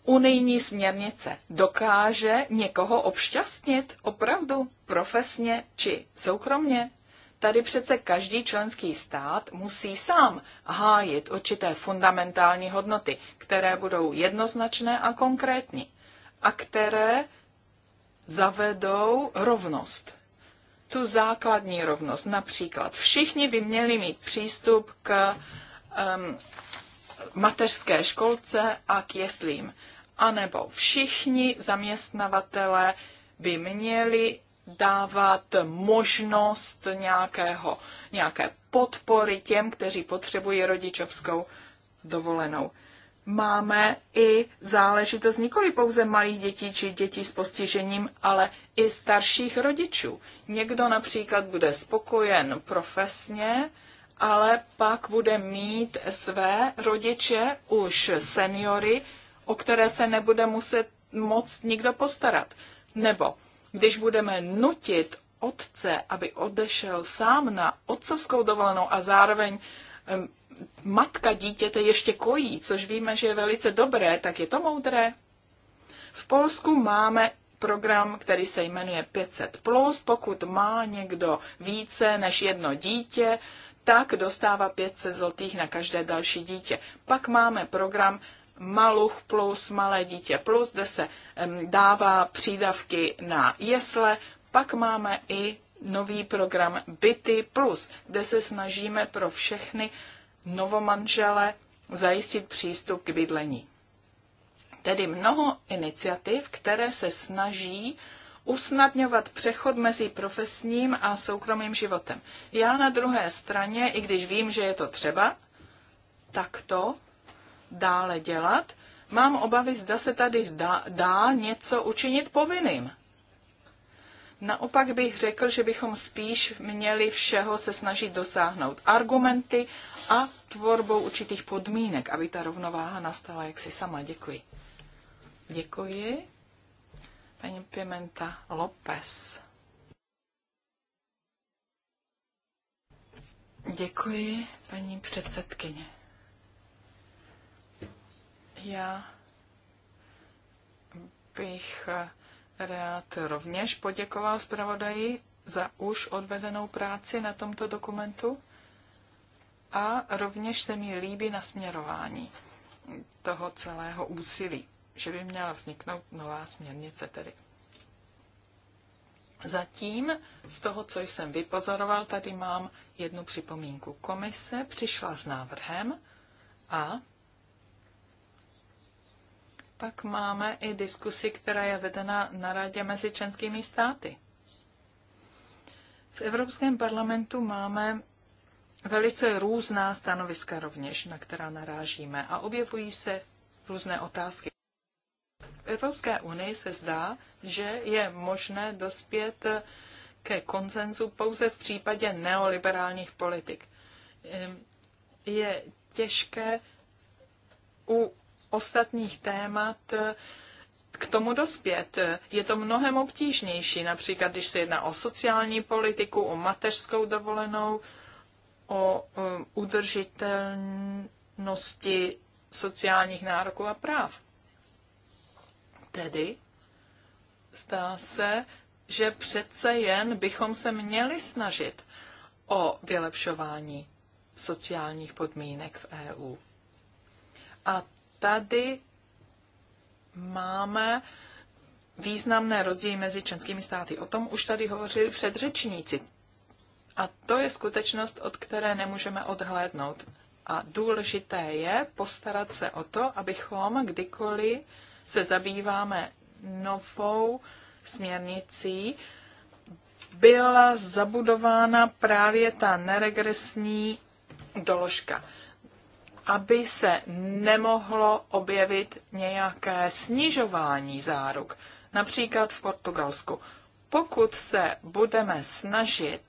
unijní směrnice dokáže někoho obšťastnit opravdu profesně či soukromně? Tady přece každý členský stát musí sám hájit určité fundamentální hodnoty, které budou jednoznačné a konkrétní a které zavedou rovnost. Tu základní rovnost. Například všichni by měli mít přístup k um, mateřské školce a k jeslím anebo všichni zaměstnavatele by měli dávat možnost nějakého, nějaké podpory těm, kteří potřebují rodičovskou dovolenou. Máme i záležitost nikoli pouze malých dětí či dětí s postižením, ale i starších rodičů. Někdo například bude spokojen profesně, ale pak bude mít své rodiče už seniory o které se nebude muset moc nikdo postarat. Nebo když budeme nutit otce, aby odešel sám na otcovskou dovolenou a zároveň matka dítěte ještě kojí, což víme, že je velice dobré, tak je to moudré. V Polsku máme program, který se jmenuje 500 plus. Pokud má někdo více než jedno dítě, tak dostává 500 zlotých na každé další dítě. Pak máme program Maluch plus, malé dítě plus, kde se dává přídavky na jesle. Pak máme i nový program Byty plus, kde se snažíme pro všechny novomanžele zajistit přístup k bydlení. Tedy mnoho iniciativ, které se snaží usnadňovat přechod mezi profesním a soukromým životem. Já na druhé straně, i když vím, že je to třeba, tak to dále dělat, mám obavy, zda se tady zda dá něco učinit povinným. Naopak bych řekl, že bychom spíš měli všeho se snažit dosáhnout argumenty a tvorbou určitých podmínek, aby ta rovnováha nastala Jak si sama. Děkuji. Děkuji. Paní Pimenta López. Děkuji, paní předsedkyně. Já bych eh, rád rovněž poděkoval zpravodaji za už odvedenou práci na tomto dokumentu a rovněž se mi líbí nasměrování toho celého úsilí, že by měla vzniknout nová směrnice tedy. Zatím z toho, co jsem vypozoroval, tady mám jednu připomínku. Komise přišla s návrhem a pak máme i diskusi, která je vedena na radě mezi členskými státy. V Evropském parlamentu máme velice různá stanoviska rovněž, na která narážíme a objevují se různé otázky. V Evropské unii se zdá, že je možné dospět ke konsenzu pouze v případě neoliberálních politik. Ehm, je těžké u ostatních témat eh, k tomu dospět. Je to mnohem obtížnější, například když se jedná o sociální politiku, o mateřskou dovolenou, o eh, udržitelnosti sociálních nároků a práv. Tedy zdá se, že přece jen bychom se měli snažit o vylepšování sociálních podmínek v EU. A tady máme významné rozdíly mezi členskými státy. O tom už tady hovořili předřečníci. A to je skutečnost, od které nemůžeme odhlédnout. A důležité je postarat se o to, abychom kdykoliv se zabýváme novou směrnicí, byla zabudována právě ta neregresní doložka aby se nemohlo objevit nějaké snižování záruk, například v Portugalsku. Pokud se budeme snažit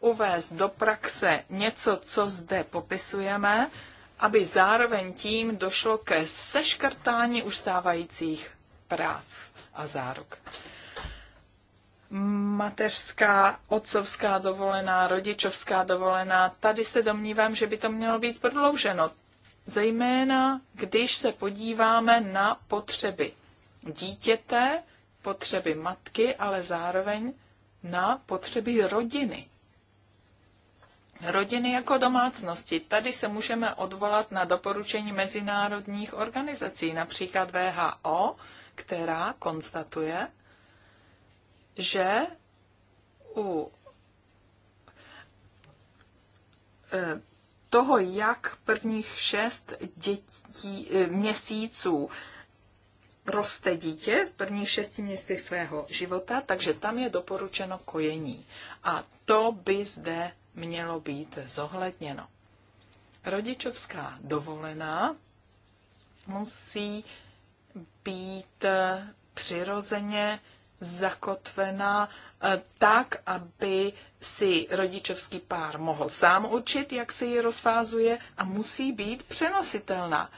uvést do praxe něco, co zde popisujeme, aby zároveň tím došlo ke seškrtání ustávajících práv a záruk. Mateřská, otcovská dovolená, rodičovská dovolená, tady se domnívám, že by to mělo být prodlouženo zejména když se podíváme na potřeby dítěte, potřeby matky, ale zároveň na potřeby rodiny. Rodiny jako domácnosti. Tady se můžeme odvolat na doporučení mezinárodních organizací, například VHO, která konstatuje, že u e, toho, jak prvních šest dětí, eh, měsíců roste dítě v prvních šesti měsících svého života, takže tam je doporučeno kojení. A to by zde mělo být zohledněno. Rodičovská dovolená musí být eh, přirozeně zakotvena eh, tak, aby si rodičovský pár mohl sám učit, jak se ji rozfázuje a musí být přenositelná.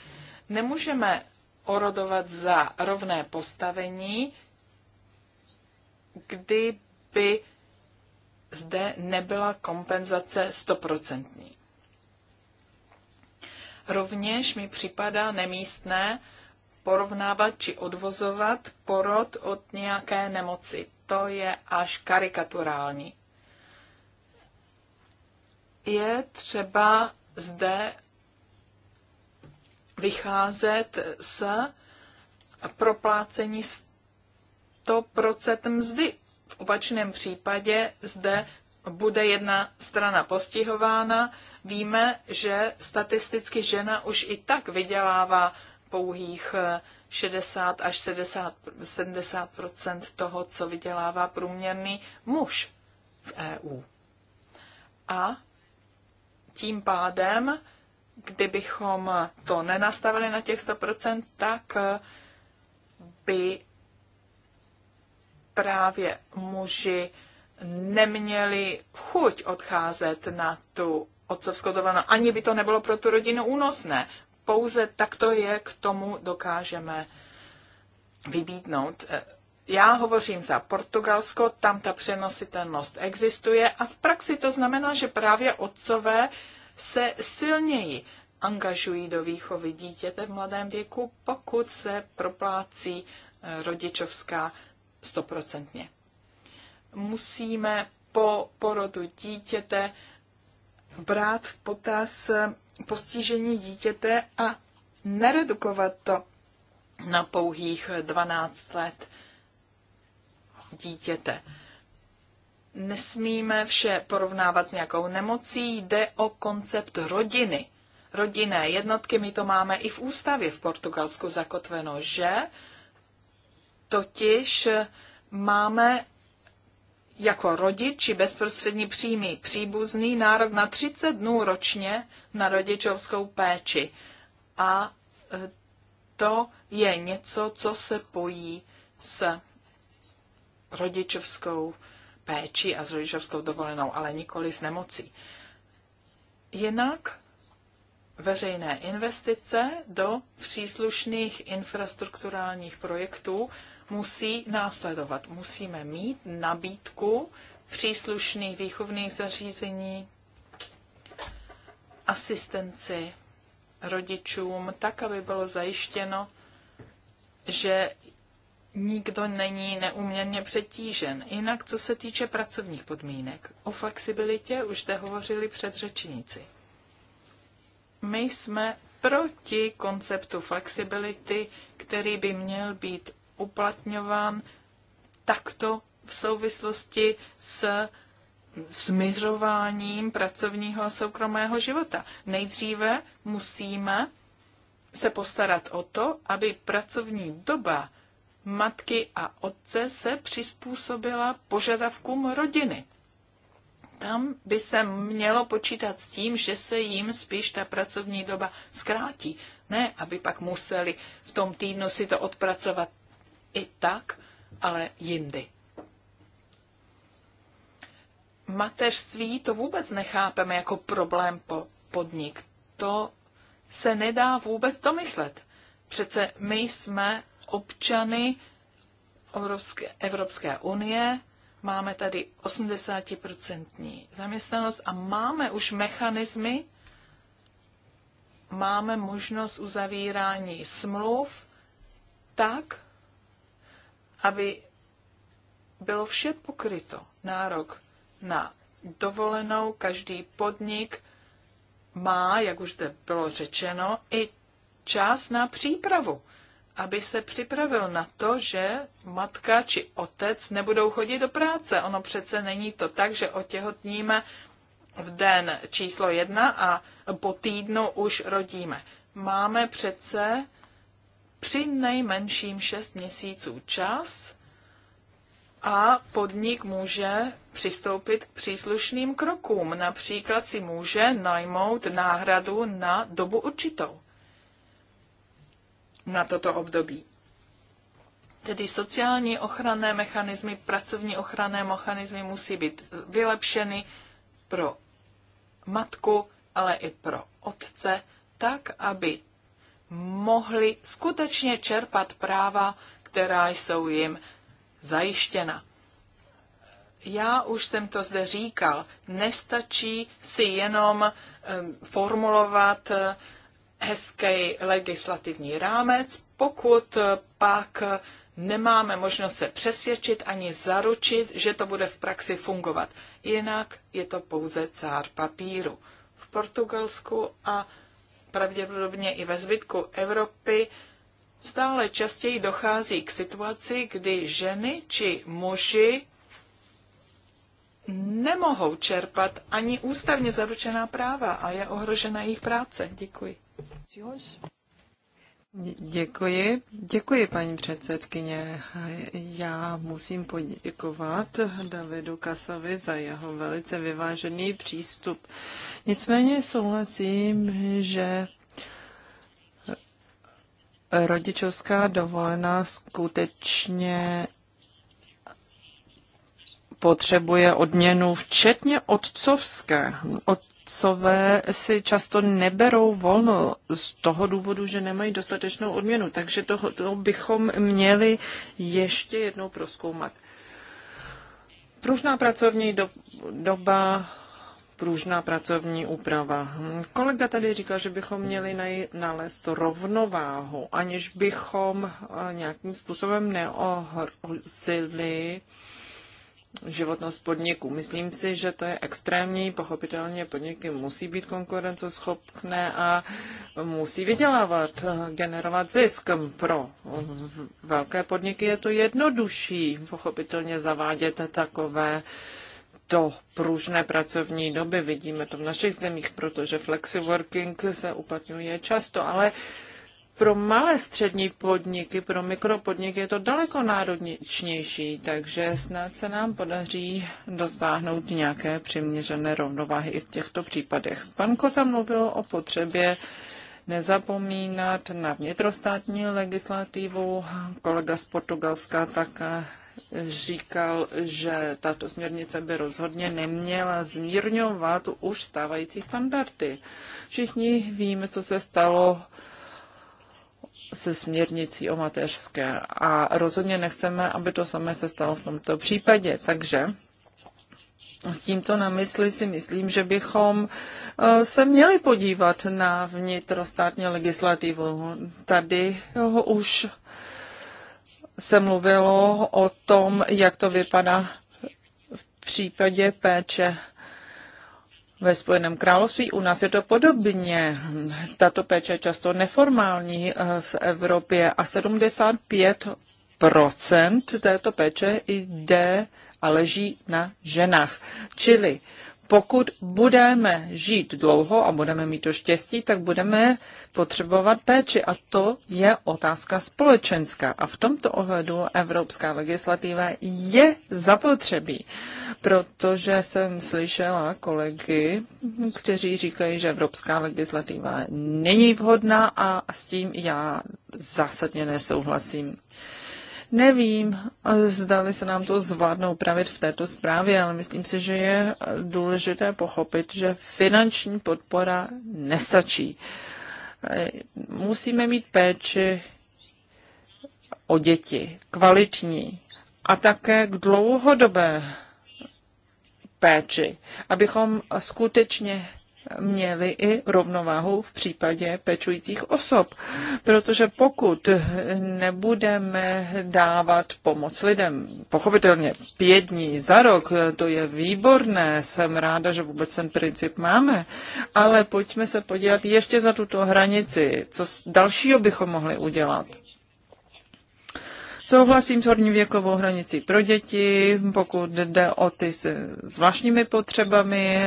Nemůžeme orodovat za rovné postavení, kdyby zde nebyla kompenzace stoprocentní. Rovněž mi připadá nemístné, porovnávat či odvozovat porod od nějaké nemoci. To je až karikaturální. Je třeba zde vycházet s proplácení 100% mzdy. V opačném případě zde bude jedna strana postihována. Víme, že statisticky žena už i tak vydělává pouhých 60 eh, až 70, 70 toho, co vydělává průměrný muž v EU. A tím pádem, kdybychom to nenastavili na těch 100%, tak eh, by právě muži neměli chuť odcházet na tu otcovskou dovolenou. Ani by to nebylo pro tu rodinu únosné pouze takto je k tomu dokážeme vybídnout. Já hovořím za Portugalsko, tam ta přenositelnost existuje a v praxi to znamená, že právě otcové se silněji angažují do výchovy dítěte v mladém věku, pokud se proplácí eh, rodičovská stoprocentně. Musíme po porodu dítěte brát v potaz postižení dítěte a neredukovat to na pouhých 12 let dítěte. Nesmíme vše porovnávat s nějakou nemocí, jde o koncept rodiny. Rodinné jednotky, my to máme i v ústavě v Portugalsku zakotveno, že totiž máme jako rodič či bezprostřední přímý příbuzný nárok na 30 dnů ročně na rodičovskou péči. A e, to je něco, co se pojí s rodičovskou péči a s rodičovskou dovolenou, ale nikoli s nemocí. Jinak veřejné investice do příslušných infrastrukturálních projektů musí následovat. Musíme mít nabídku příslušných výchovných zařízení, asistenci rodičům, tak, aby bylo zajištěno, že nikdo není neuměrně přetížen. Jinak, co se týče pracovních podmínek, o flexibilitě už zde hovořili předřečníci. My jsme proti konceptu flexibility, který by měl být uplatňován takto v souvislosti s smyřováním pracovního a soukromého života. Nejdříve musíme se postarat o to, aby pracovní doba matky a otce se přizpůsobila požadavkům rodiny. Tam by se mělo počítat s tím, že se jim spíš ta pracovní doba zkrátí. Ne, aby pak museli v tom týdnu si to odpracovat i tak, ale jindy. Mateřství to vůbec nechápeme jako problém po podnik. To se nedá vůbec domyslet. Přece my jsme občany Evropské, Evropské unie, máme tady 80% zaměstnanost a máme už mechanismy, máme možnost uzavírání smluv tak, aby bylo vše pokryto. Nárok na dovolenou, každý podnik má, jak už zde bylo řečeno, i čas na přípravu, aby se připravil na to, že matka či otec nebudou chodit do práce. Ono přece není to tak, že otěhotníme v den číslo jedna a po týdnu už rodíme. Máme přece při nejmenším 6 měsíců čas a podnik může přistoupit k příslušným krokům. Například si může najmout náhradu na dobu určitou na toto období. Tedy sociální ochranné mechanismy, pracovní ochranné mechanismy musí být vylepšeny pro matku, ale i pro otce, tak, aby mohli skutečně čerpat práva, která jsou jim zajištěna. Já už jsem to zde říkal, nestačí si jenom eh, formulovat eh, hezký legislativní rámec, pokud eh, pak nemáme možnost se přesvědčit ani zaručit, že to bude v praxi fungovat. Jinak je to pouze cár papíru. V Portugalsku a pravděpodobně i ve zbytku Evropy stále častěji dochází k situaci, kdy ženy či muži nemohou čerpat ani ústavně zaručená práva a je ohrožena jejich práce. Děkuji. Děkuji. Děkuji, paní předsedkyně. Já musím poděkovat Davidu Kasovi za jeho velice vyvážený přístup. Nicméně souhlasím, že rodičovská dovolená skutečně potřebuje odměnu, včetně otcovské. Od otcové si často neberou volno z toho důvodu, že nemají dostatečnou odměnu. Takže to, to bychom měli ještě jednou proskoumat. Pružná pracovní do, doba, pružná pracovní úprava. Hm, kolega tady říkal, že bychom měli nalézt rovnováhu, aniž bychom eh, nějakým způsobem neohrozili životnost podniků. Myslím si, že to je extrémní. Pochopitelně podniky musí být konkurenceschopné a musí vydělávat, generovat zisk. Pro velké podniky je to jednodušší pochopitelně zavádět takové to pružné pracovní doby. Vidíme to v našich zemích, protože flexiworking se uplatňuje často, ale pro malé střední podniky, pro mikropodniky je to daleko národničnější, takže snad se nám podaří dosáhnout nějaké přiměřené rovnováhy i v těchto případech. Pan Koza mluvil o potřebě nezapomínat na vnitrostátní legislativu. Kolega z Portugalska tak říkal, že tato směrnice by rozhodně neměla zmírňovat už stávající standardy. Všichni víme, co se stalo se směrnicí o mateřské. A rozhodně nechceme, aby to samé se stalo v tomto případě. Takže s tímto na mysli si myslím, že bychom eh, se měli podívat na vnitrostátní legislativu. Tady ho eh, už se mluvilo o tom, jak to vypadá v případě péče ve Spojeném království. U nás je to podobně. Tato péče je často neformální eh, v Evropě a 75 této péče jde a leží na ženách. Čili pokud budeme žít dlouho a budeme mít to štěstí, tak budeme potřebovat péči. A to je otázka společenská. A v tomto ohledu evropská legislativa je zapotřebí, protože jsem slyšela kolegy, kteří říkají, že evropská legislativa není vhodná a s tím já zásadně nesouhlasím. Nevím, zdali se nám to zvládnou upravit v této zprávě, ale myslím si, že je důležité pochopit, že finanční podpora nestačí. Musíme mít péči o děti, kvalitní a také k dlouhodobé péči, abychom skutečně měli i rovnováhu v případě pečujících osob. Protože pokud nebudeme dávat pomoc lidem, pochopitelně pět dní za rok, to je výborné, jsem ráda, že vůbec ten princip máme, ale pojďme se podívat ještě za tuto hranici, co dalšího bychom mohli udělat. Souhlasím s horní věkovou hranicí pro děti, pokud jde o ty se zvláštními potřebami.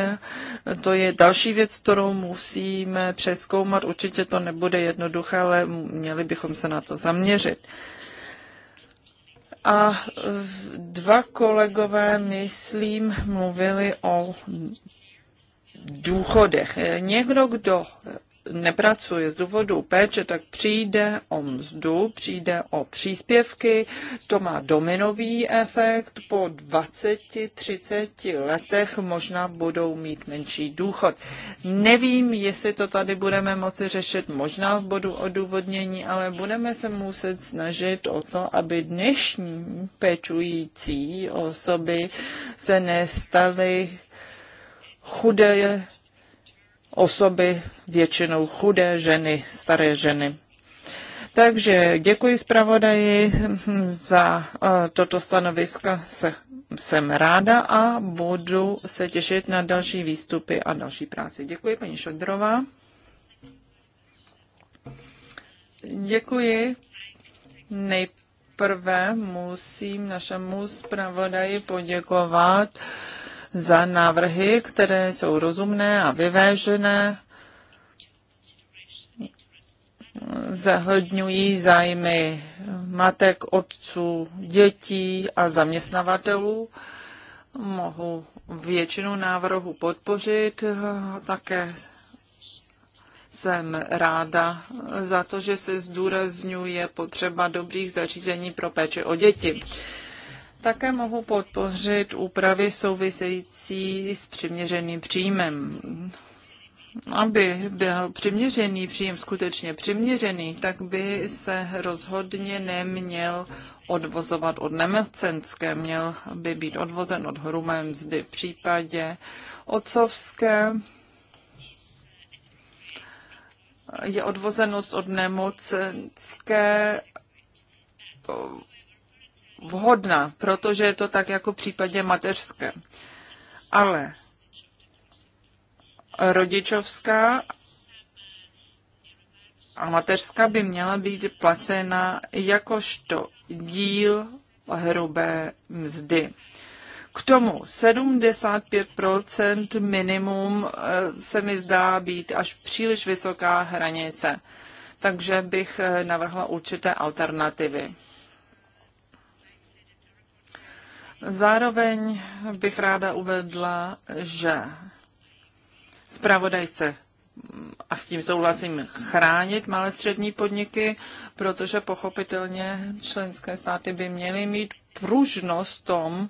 To je další věc, kterou musíme přeskoumat. Určitě to nebude jednoduché, ale měli bychom se na to zaměřit. A dva kolegové, myslím, mluvili o důchodech. Někdo, kdo nepracuje z důvodu péče, tak přijde o mzdu, přijde o příspěvky, to má dominový efekt, po 20-30 letech možná budou mít menší důchod. Nevím, jestli to tady budeme moci řešit možná v bodu odůvodnění, ale budeme se muset snažit o to, aby dnešní pečující osoby se nestaly chudé osoby, většinou chudé ženy, staré ženy. Takže děkuji zpravodaji za eh, toto stanoviska. Jsem ráda a budu se těšit na další výstupy a další práci. Děkuji, paní Šodrová. Děkuji. Nejprve musím našemu zpravodaji poděkovat za návrhy, které jsou rozumné a vyvážené, zahledňují zájmy matek, otců, dětí a zaměstnavatelů. Mohu většinu návrhu podpořit. Také jsem ráda za to, že se zdůrazňuje potřeba dobrých zařízení pro péči o děti. Také mohu podpořit úpravy související s přiměřeným příjmem. Aby byl přiměřený příjem skutečně přiměřený, tak by se rozhodně neměl odvozovat od nemocenské, měl by být odvozen od hrumé mzdy. V případě otcovské je odvozenost od nemocenské vhodná, protože je to tak jako v případě mateřské. Ale rodičovská a mateřská by měla být placena jakožto díl hrubé mzdy. K tomu 75 minimum eh, se mi zdá být až příliš vysoká hranice, takže bych eh, navrhla určité alternativy. Zároveň bych ráda uvedla, že zpravodajce a s tím souhlasím, chránit malé střední podniky, protože pochopitelně členské státy by měly mít pružnost tom,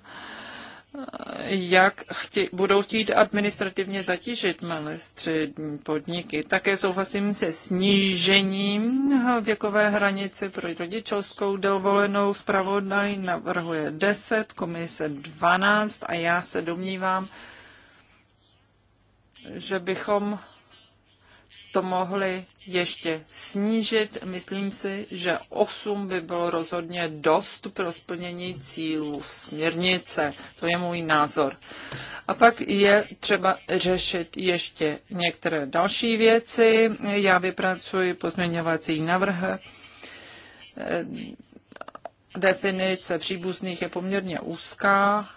jak chtě, budou chtít administrativně zatížit malé střední podniky. Také souhlasím se snížením věkové hranice pro rodičovskou dovolenou. Spravodaj navrhuje 10, komise 12 a já se domnívám, že bychom to mohli ještě snížit. Myslím si, že 8 by bylo rozhodně dost pro splnění cílů směrnice. To je můj názor. A pak je třeba řešit ještě některé další věci. Já vypracuji pozměňovací návrh. Eh, definice příbuzných je poměrně úzká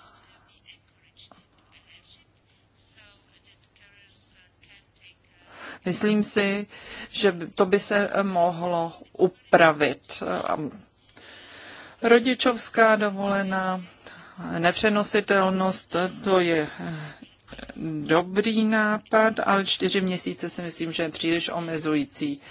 Myslím si, že to by se mohlo upravit. Rodičovská dovolená, nepřenositelnost, to je eh, dobrý nápad, ale čtyři měsíce si myslím, že je příliš omezující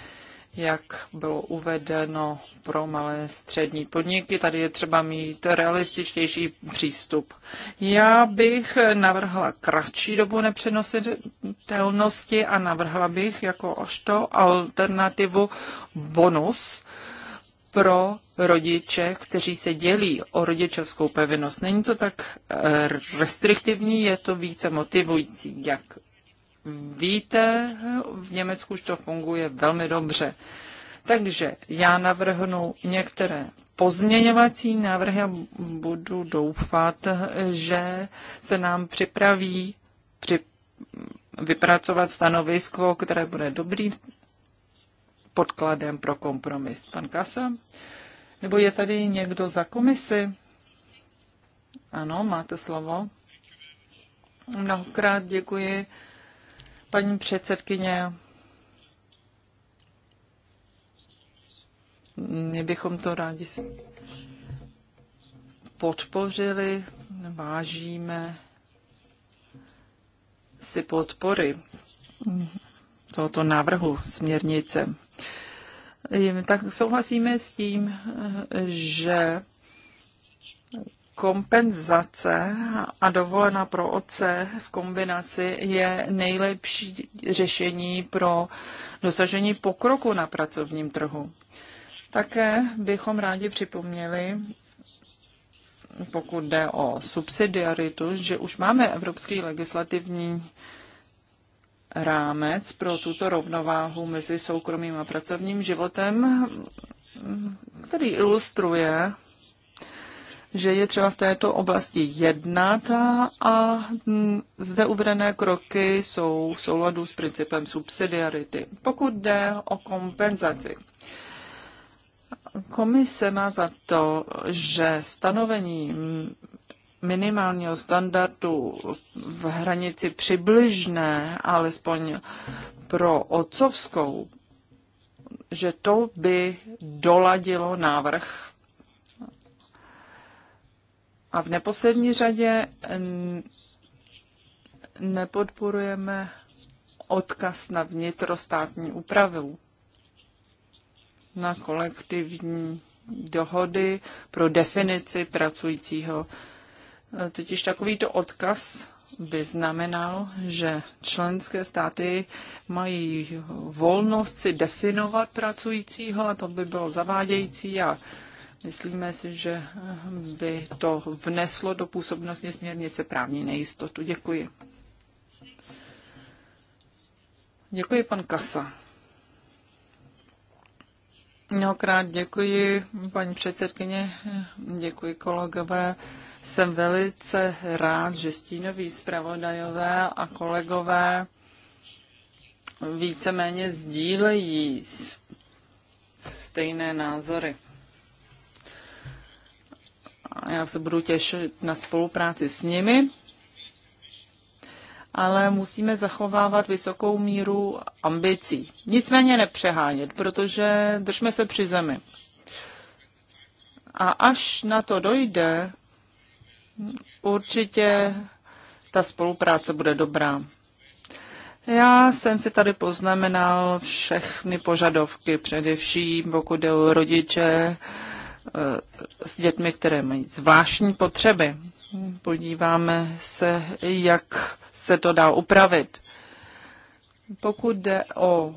jak bylo uvedeno pro malé střední podniky. Tady je třeba mít realističtější přístup. Já bych navrhla kratší dobu nepřenositelnosti a navrhla bych jako ošto alternativu bonus pro rodiče, kteří se dělí o rodičovskou povinnost. Není to tak eh, restriktivní, je to více motivující, jak víte, v Německu už to funguje velmi dobře. Takže já navrhnu některé pozměňovací návrhy a budu doufat, že se nám připraví při, vypracovat stanovisko, které bude dobrým podkladem pro kompromis. Pan Kasa? Nebo je tady někdo za komisi? Ano, máte slovo. Mnohokrát děkuji Paní předsedkyně, my bychom to rádi podpořili, vážíme si podpory tohoto návrhu směrnice. Tak souhlasíme s tím, že kompenzace a dovolena pro otce v kombinaci je nejlepší řešení pro dosažení pokroku na pracovním trhu. Také bychom rádi připomněli, pokud jde o subsidiaritu, že už máme evropský legislativní rámec pro tuto rovnováhu mezi soukromým a pracovním životem, který ilustruje že je třeba v této oblasti jednat a hm, zde uvedené kroky jsou v souladu s principem subsidiarity. Pokud jde o kompenzaci, komise má za to, že stanovení minimálního standardu v hranici přibližné, alespoň pro otcovskou, že to by doladilo návrh a v neposlední řadě nepodporujeme odkaz na vnitrostátní úpravu, na kolektivní dohody pro definici pracujícího. Totiž takovýto odkaz by znamenal, že členské státy mají volnost si definovat pracujícího a to by bylo zavádějící a Myslíme si, že by to vneslo do působnosti směrnice právní nejistotu. Děkuji. Děkuji, pan Kasa. Mnohokrát děkuji, paní předsedkyně, děkuji kolegové. Jsem velice rád, že stínoví zpravodajové a kolegové víceméně sdílejí stejné názory já se budu těšit na spolupráci s nimi, ale musíme zachovávat vysokou míru ambicí. Nicméně nepřehánět, protože držme se při zemi. A až na to dojde, určitě ta spolupráce bude dobrá. Já jsem si tady poznamenal všechny požadovky, především pokud jde o rodiče, Eh, s dětmi, které mají zvláštní potřeby. Podíváme se, jak se to dá upravit. Pokud jde o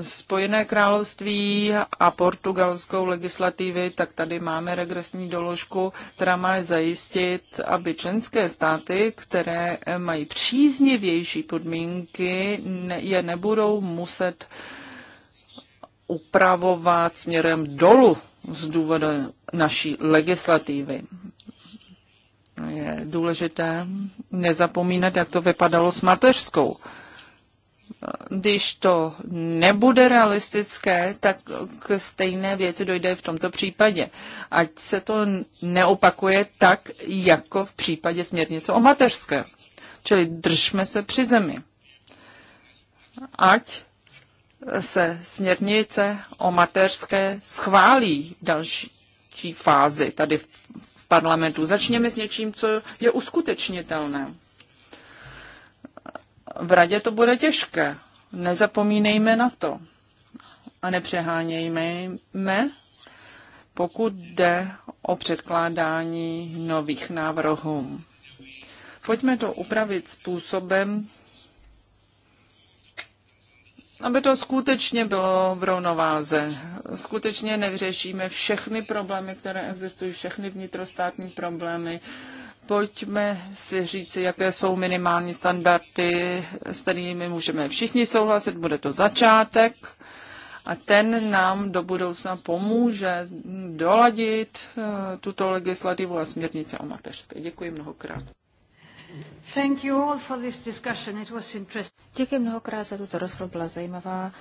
Spojené království a portugalskou legislativy, tak tady máme regresní doložku, která má zajistit, aby členské státy, které mají příznivější podmínky, je nebudou muset upravovat směrem dolů z důvodu naší legislativy. Je důležité nezapomínat, jak to vypadalo s mateřskou. Když to nebude realistické, tak k stejné věci dojde v tomto případě. Ať se to neopakuje tak, jako v případě směrnice o mateřské. Čili držme se při zemi. Ať se směrnice o mateřské schválí další fázi tady v parlamentu. Začněme s něčím, co je uskutečnitelné. V radě to bude těžké. Nezapomínejme na to. A nepřehánějme, pokud jde o předkládání nových návrhů. Pojďme to upravit způsobem, aby to skutečně bylo v rovnováze. Skutečně nevyřešíme všechny problémy, které existují, všechny vnitrostátní problémy. Pojďme si říci, jaké jsou minimální standardy, s kterými můžeme všichni souhlasit. Bude to začátek a ten nám do budoucna pomůže doladit eh, tuto legislativu a směrnice o mateřské. Děkuji mnohokrát. Thank you all for this discussion. It was interesting. Děkuji mnohokrát za tuto rozhovor, byla zajímavá.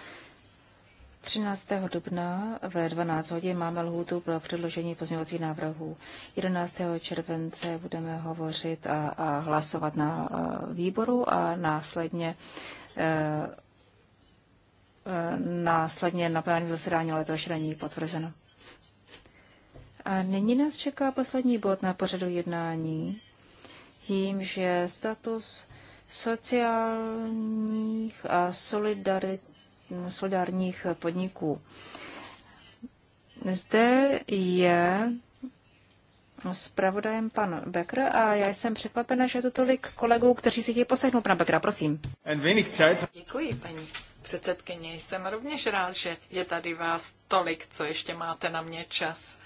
13. dubna ve 12 hodin máme lhůtu pro předložení pozměňovacích návrhů. 11. července budeme hovořit a, a hlasovat na a, eh, výboru a následně e, následně na plánním zasedání, ale to není potvrzeno. A nyní nás čeká poslední bod na pořadu jednání tím, že status sociálních a solidárních podniků. Zde je zpravodajem pan Becker a já jsem překvapena, že je to tolik kolegů, kteří si chtějí poslechnout pana Beckera. Prosím. Děkuji, paní předsedkyně. Jsem rovněž rád, že je tady vás tolik, co ještě máte na mě čas.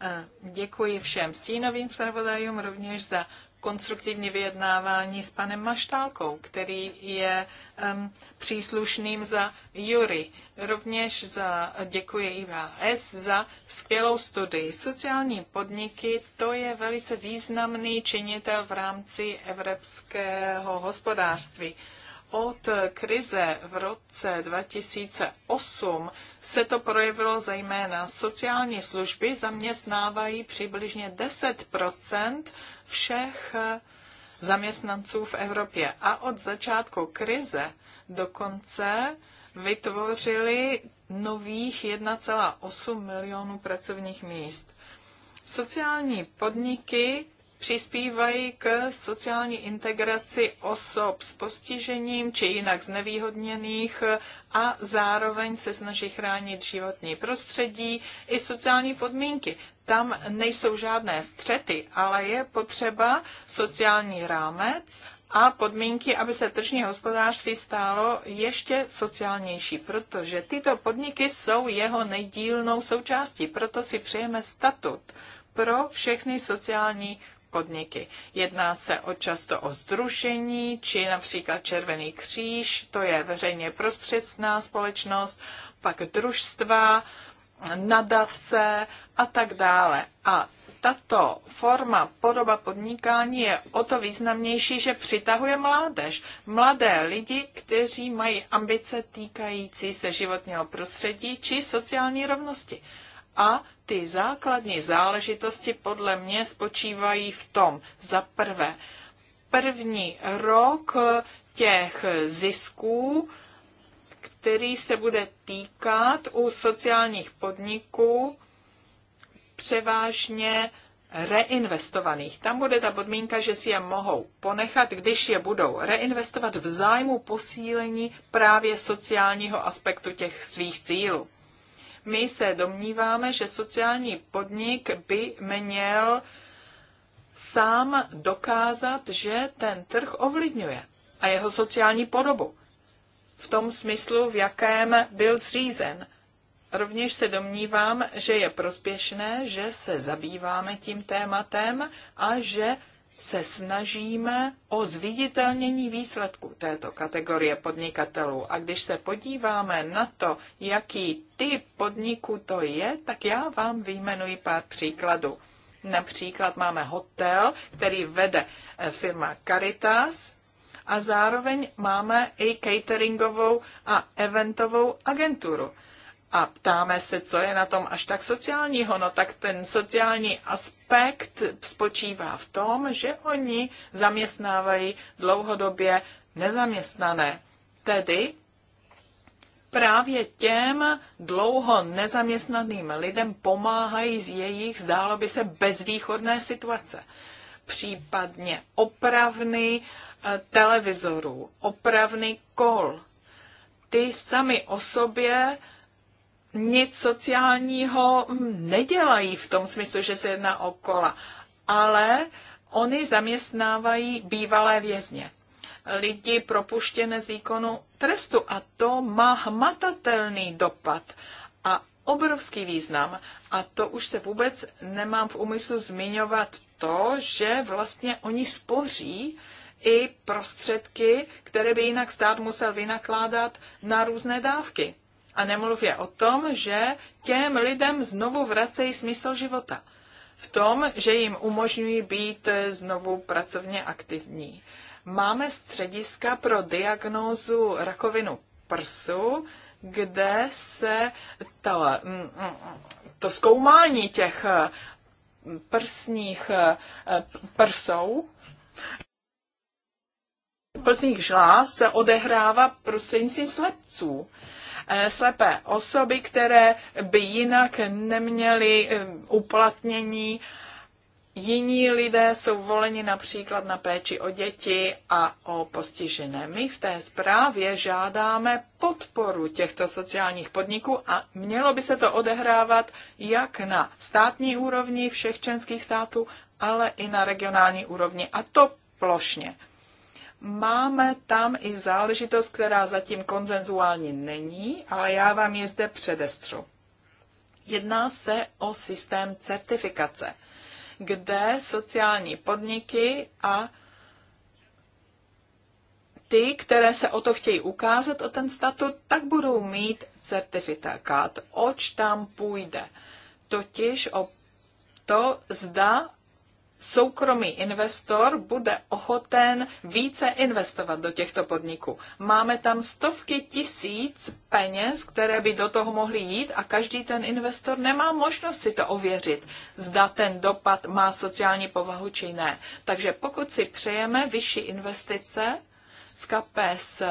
Eh, děkuji všem stínovým zpravodajům rovněž za konstruktivní vyjednávání s panem Maštálkou, který je um, příslušným za Jury. Rovněž za, děkuji IVS za skvělou studii. Sociální podniky, to je velice významný činitel v rámci evropského hospodářství od krize v roce 2008 se to projevilo zejména. Sociální služby zaměstnávají přibližně 10 všech zaměstnanců v Evropě. A od začátku krize dokonce vytvořili nových 1,8 milionů pracovních míst. Sociální podniky přispívají k sociální integraci osob s postižením či jinak znevýhodněných a zároveň se snaží chránit životní prostředí i sociální podmínky. Tam nejsou žádné střety, ale je potřeba sociální rámec a podmínky, aby se tržní hospodářství stálo ještě sociálnější, protože tyto podniky jsou jeho nejdílnou součástí. Proto si přejeme statut pro všechny sociální podniky. Jedná se o často o zrušení, či například Červený kříž, to je veřejně prospřecná společnost, pak družstva, nadace a tak dále. A tato forma, podoba podnikání je o to významnější, že přitahuje mládež. Mladé lidi, kteří mají ambice týkající se životního prostředí či sociální rovnosti. A ty základní záležitosti podle mě spočívají v tom, za prvé, první rok těch zisků, který se bude týkat u sociálních podniků převážně reinvestovaných. Tam bude ta podmínka, že si je mohou ponechat, když je budou reinvestovat v zájmu posílení právě sociálního aspektu těch svých cílů. My se domníváme, že sociální podnik by měl sám dokázat, že ten trh ovlivňuje a jeho sociální podobu. V tom smyslu, v jakém byl zřízen. Rovněž se domnívám, že je prospěšné, že se zabýváme tím tématem a že se snažíme o zviditelnění výsledků této kategorie podnikatelů. A když se podíváme na to, jaký typ podniku to je, tak já vám vyjmenuji pár příkladů. Například máme hotel, který vede eh, firma Caritas a zároveň máme i cateringovou a eventovou agenturu a ptáme se, co je na tom až tak sociálního, no tak ten sociální aspekt spočívá v tom, že oni zaměstnávají dlouhodobě nezaměstnané. Tedy právě těm dlouho nezaměstnaným lidem pomáhají z jejich, zdálo by se, bezvýchodné situace. Případně opravny eh, televizorů, opravny kol. Ty sami o sobě nic sociálního hm, nedělají v tom smyslu, že se jedná o kola, ale oni zaměstnávají bývalé vězně lidi propuštěné z výkonu trestu a to má hmatatelný dopad a obrovský význam a to už se vůbec nemám v úmyslu zmiňovat to, že vlastně oni spoří i prostředky, které by jinak stát musel vynakládat na různé dávky. A nemluvě o tom, že těm lidem znovu vracejí smysl života. V tom, že jim umožňují být znovu pracovně aktivní. Máme střediska pro diagnózu rakovinu prsu, kde se to, mm, mm, mm, to zkoumání těch eh, prsních eh, prsou, prsních žláz se odehrává prostřednictvím slepců. Eh, slepé osoby, které by jinak neměly eh, uplatnění. Jiní lidé jsou voleni například na péči o děti a o postižené. My v té zprávě žádáme podporu těchto sociálních podniků a mělo by se to odehrávat jak na státní úrovni všech členských států, ale i na regionální úrovni a to plošně máme tam i záležitost, která zatím konzenzuálně není, ale já vám je zde předestřu. Jedná se o systém certifikace, kde sociální podniky a ty, které se o to chtějí ukázat, o ten statut, tak budou mít certifikát. Oč tam půjde? Totiž o to, zda soukromý investor bude ochoten více investovat do těchto podniků. Máme tam stovky tisíc peněz, které by do toho mohly jít a každý ten investor nemá možnost si to ověřit, zda ten dopad má sociální povahu či ne. Takže pokud si přejeme vyšší investice z kapes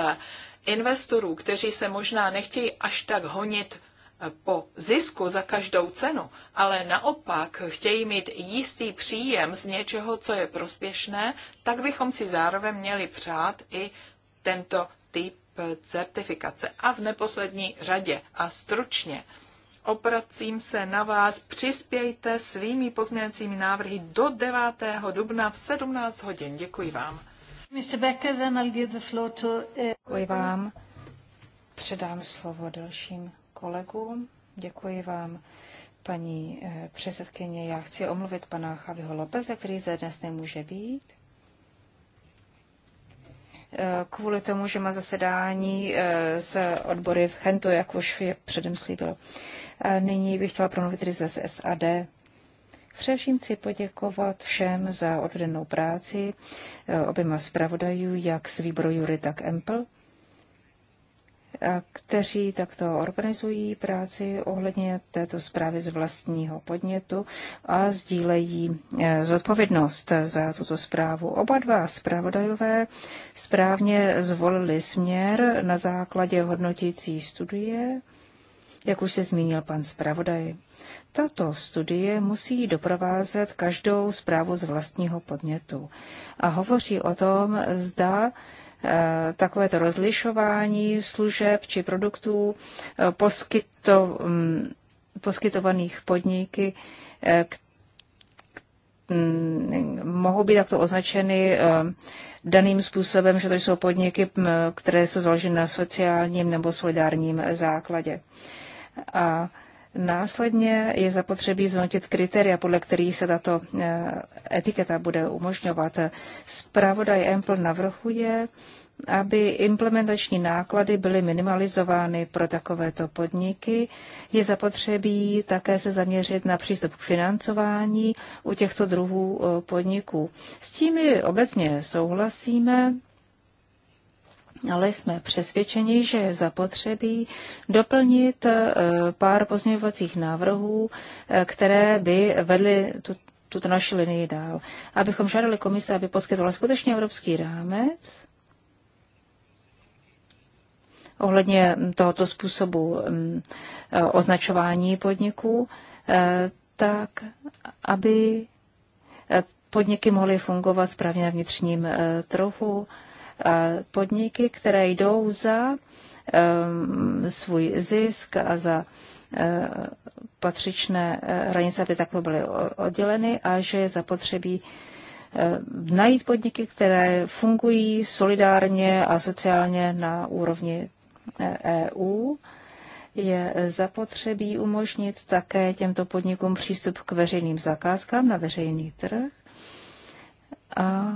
investorů, kteří se možná nechtějí až tak honit po zisku za každou cenu, ale naopak chtějí mít jistý příjem z něčeho, co je prospěšné, tak bychom si zároveň měli přát i tento typ certifikace. A v neposlední řadě a stručně opracím se na vás, přispějte svými pozměňujícími návrhy do 9. dubna v 17 hodin. Děkuji vám. Eh, Děkuji vám. Předám slovo dalším kolegům. Děkuji vám, paní eh, předsedkyně. Já chci omluvit pana Chaviho Lopeze, který zde dnes nemůže být. Eh, kvůli tomu, že má zasedání z eh, odbory v Chentu, jak už je předem slíbil. Nyní bych chtěla promluvit tedy ze SAD. Především chci poděkovat všem za odvedenou práci, oběma zpravodajů, jak z výboru Jury, tak Empl kteří takto organizují práci ohledně této zprávy z vlastního podnětu a sdílejí eh, zodpovědnost za tuto zprávu. Oba dva zpravodajové správně zvolili směr na základě hodnotící studie, jak už se zmínil pan zpravodaj. Tato studie musí doprovázet každou zprávu z vlastního podnětu a hovoří o tom, zda Eh, takovéto rozlišování služeb či produktů eh, poskyto, mm, poskytovaných podniky, eh, mm, mohou být takto označeny daným způsobem, že to jsou podniky, mm, které jsou založeny na sociálním nebo solidárním základě. A Následně je zapotřebí zhodnotit kritéria, podle kterých se tato eh, etiketa bude umožňovat. Zpravodaj Ample navrhuje, aby implementační náklady byly minimalizovány pro takovéto podniky. Je zapotřebí také se zaměřit na přístup k financování u těchto druhů eh, podniků. S tím obecně souhlasíme ale jsme přesvědčeni, že je zapotřebí doplnit eh, pár pozměňovacích návrhů, eh, které by vedly tu, tuto naši linii dál. Abychom žádali komise, aby poskytovala skutečně evropský rámec ohledně tohoto způsobu mm, eh, označování podniků, tak aby podniky mohly fungovat správně na vnitřním trhu, a podniky, které jdou za ehm, svůj zisk a za e, patřičné e, hranice, aby takto byly odděleny a že je zapotřebí e, najít podniky, které fungují solidárně a sociálně na úrovni EU. Je zapotřebí umožnit také těmto podnikům přístup k veřejným zakázkám na veřejný trh a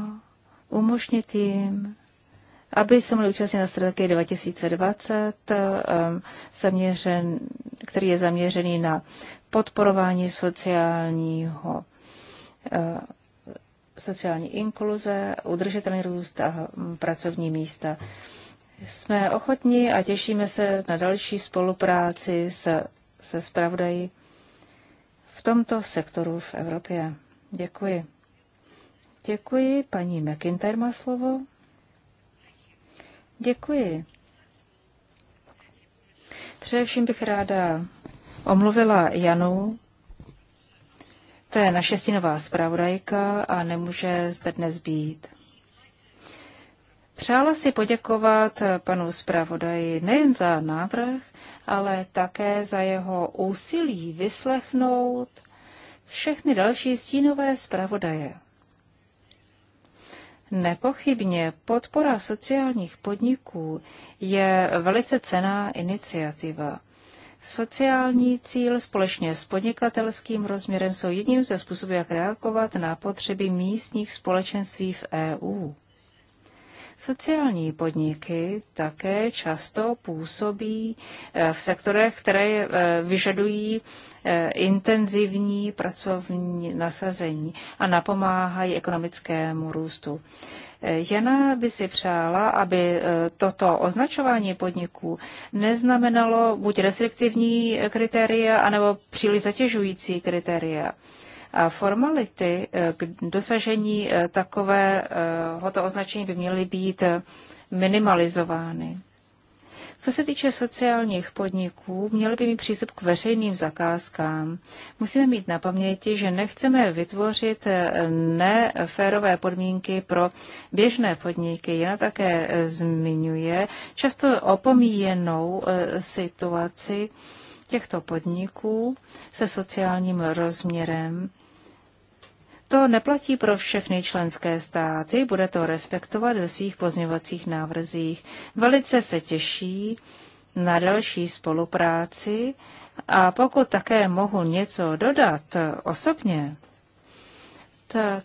umožnit jim aby se mohli účastnit na strategii 2020, ehm, zaměřen, který je zaměřený na podporování sociálního eh, sociální inkluze, udržitelný růst a hm, pracovní místa. Jsme ochotní a těšíme se na další spolupráci se, se spravodají v tomto sektoru v Evropě. Děkuji. Děkuji, paní McIntyre má slovo. Děkuji. Především bych ráda omluvila Janu. To je naše stínová zpravodajka a nemůže zde dnes být. Přála si poděkovat panu zpravodaji nejen za návrh, ale také za jeho úsilí vyslechnout všechny další stínové zpravodaje. Nepochybně podpora sociálních podniků je velice cená iniciativa. Sociální cíl společně s podnikatelským rozměrem jsou jedním ze způsobů, jak reagovat na potřeby místních společenství v EU. Sociální podniky také často působí eh, v sektorech, které eh, vyžadují eh, intenzivní pracovní nasazení a napomáhají ekonomickému růstu. Jana by si přála, aby toto označování podniků neznamenalo buď restriktivní kritéria, anebo příliš zatěžující kritéria. A formality eh, k dosažení eh, takového označení by měly být eh, minimalizovány. Co se týče sociálních podniků, měli by mít přístup k veřejným zakázkám. Musíme mít na paměti, že nechceme vytvořit neférové podmínky pro běžné podniky. Jana také zmiňuje často opomíjenou situaci těchto podniků se sociálním rozměrem. To neplatí pro všechny členské státy, bude to respektovat ve svých pozměvacích návrzích. Velice se těší na další spolupráci a pokud také mohu něco dodat osobně, tak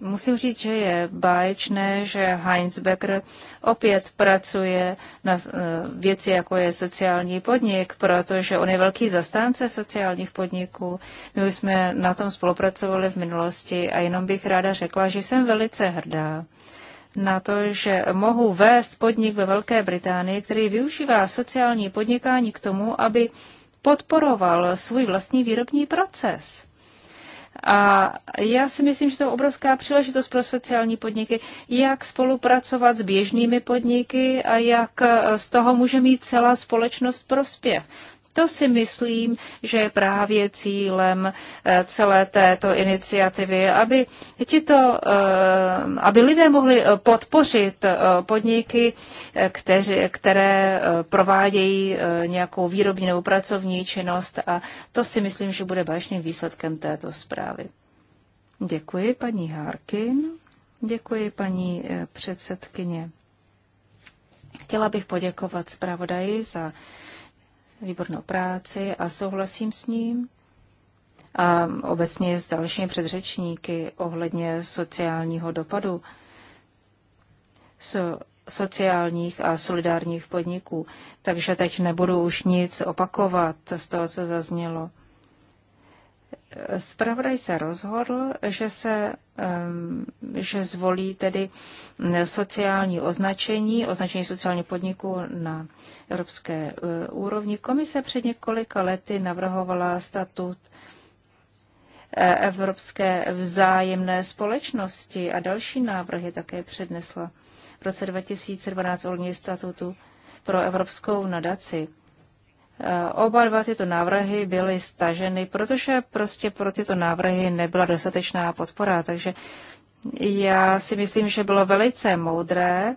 musím říct, že je báječné, že Heinz Becker opět pracuje na eh, věci, jako je sociální podnik, protože on je velký zastánce sociálních podniků. My už jsme na tom spolupracovali v minulosti a jenom bych ráda řekla, že jsem velice hrdá na to, že mohu vést podnik ve Velké Británii, který využívá sociální podnikání k tomu, aby podporoval svůj vlastní výrobní proces a já si myslím, že to je obrovská příležitost pro sociální podniky, jak spolupracovat s běžnými podniky a jak z toho může mít celá společnost prospěch. To si myslím, že je právě cílem eh, celé této iniciativy, aby, tito, eh, aby lidé mohli eh, podpořit podniky, kteři, které provádějí nějakou výrobní nebo pracovní činnost a to si myslím, že bude báječným výsledkem této zprávy. Děkuji, paní Harkin. Děkuji, paní předsedkyně. Chtěla bych poděkovat zpravodaji za výbornou práci a souhlasím s ním. A obecně s dalšími předřečníky ohledně sociálního dopadu so, sociálních a solidárních podniků. Takže teď nebudu už nic opakovat z toho, co zaznělo. Spravodaj se rozhodl, že, se, že zvolí tedy sociální označení, označení sociálního podniku na evropské e, úrovni. Komise před několika lety navrhovala statut e, Evropské vzájemné společnosti a další návrhy také přednesla v roce 2012 ohledně statutu pro Evropskou nadaci. Eh, oba dva tyto návrhy byly staženy, protože prostě pro tyto návrhy nebyla dostatečná podpora. Takže já si myslím, že bylo velice moudré,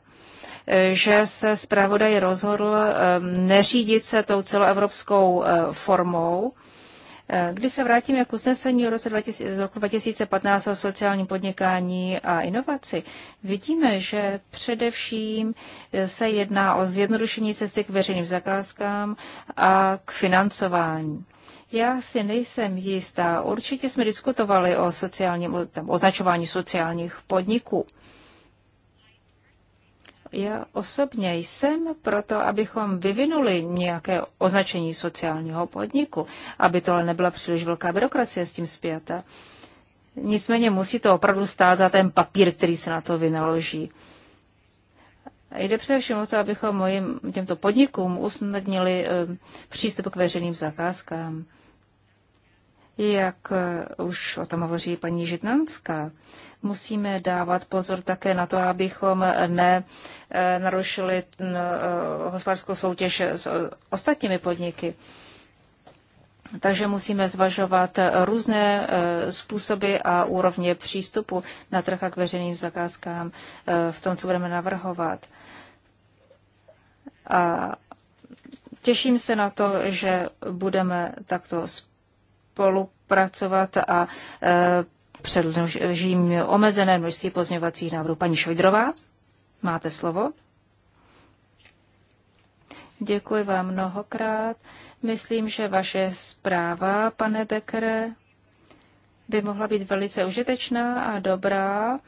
eh, že se zpravodaj rozhodl eh, neřídit se tou celoevropskou formou, když se vrátíme k usnesení roce 20, z roku 2015 o sociálním podnikání a inovaci, vidíme, že především se jedná o zjednodušení cesty k veřejným zakázkám a k financování. Já si nejsem jistá. Určitě jsme diskutovali o sociálním, tam, označování sociálních podniků. Já osobně jsem proto, abychom vyvinuli nějaké označení sociálního podniku, aby to ale nebyla příliš velká byrokracie s tím zpěta. Nicméně musí to opravdu stát za ten papír, který se na to vynaloží. Jde především o to, abychom mojim, těmto podnikům usnadnili eh, přístup k veřejným zakázkám. Jak eh, už o tom hovoří paní Žitnanská, Musíme dávat pozor také na to, abychom ne eh, narušili eh, hospodářskou soutěž s ostatními podniky. Takže musíme zvažovat různé eh, způsoby a úrovně přístupu na trh a k veřejným zakázkám v tom, co budeme navrhovat. A těším se na to, že budeme takto spolupracovat a předložím omezené množství pozměňovacích návrhů. Paní Švidrová, máte slovo. Děkuji vám mnohokrát. Myslím, že vaše zpráva, pane Bekere, by mohla být velice užitečná a dobrá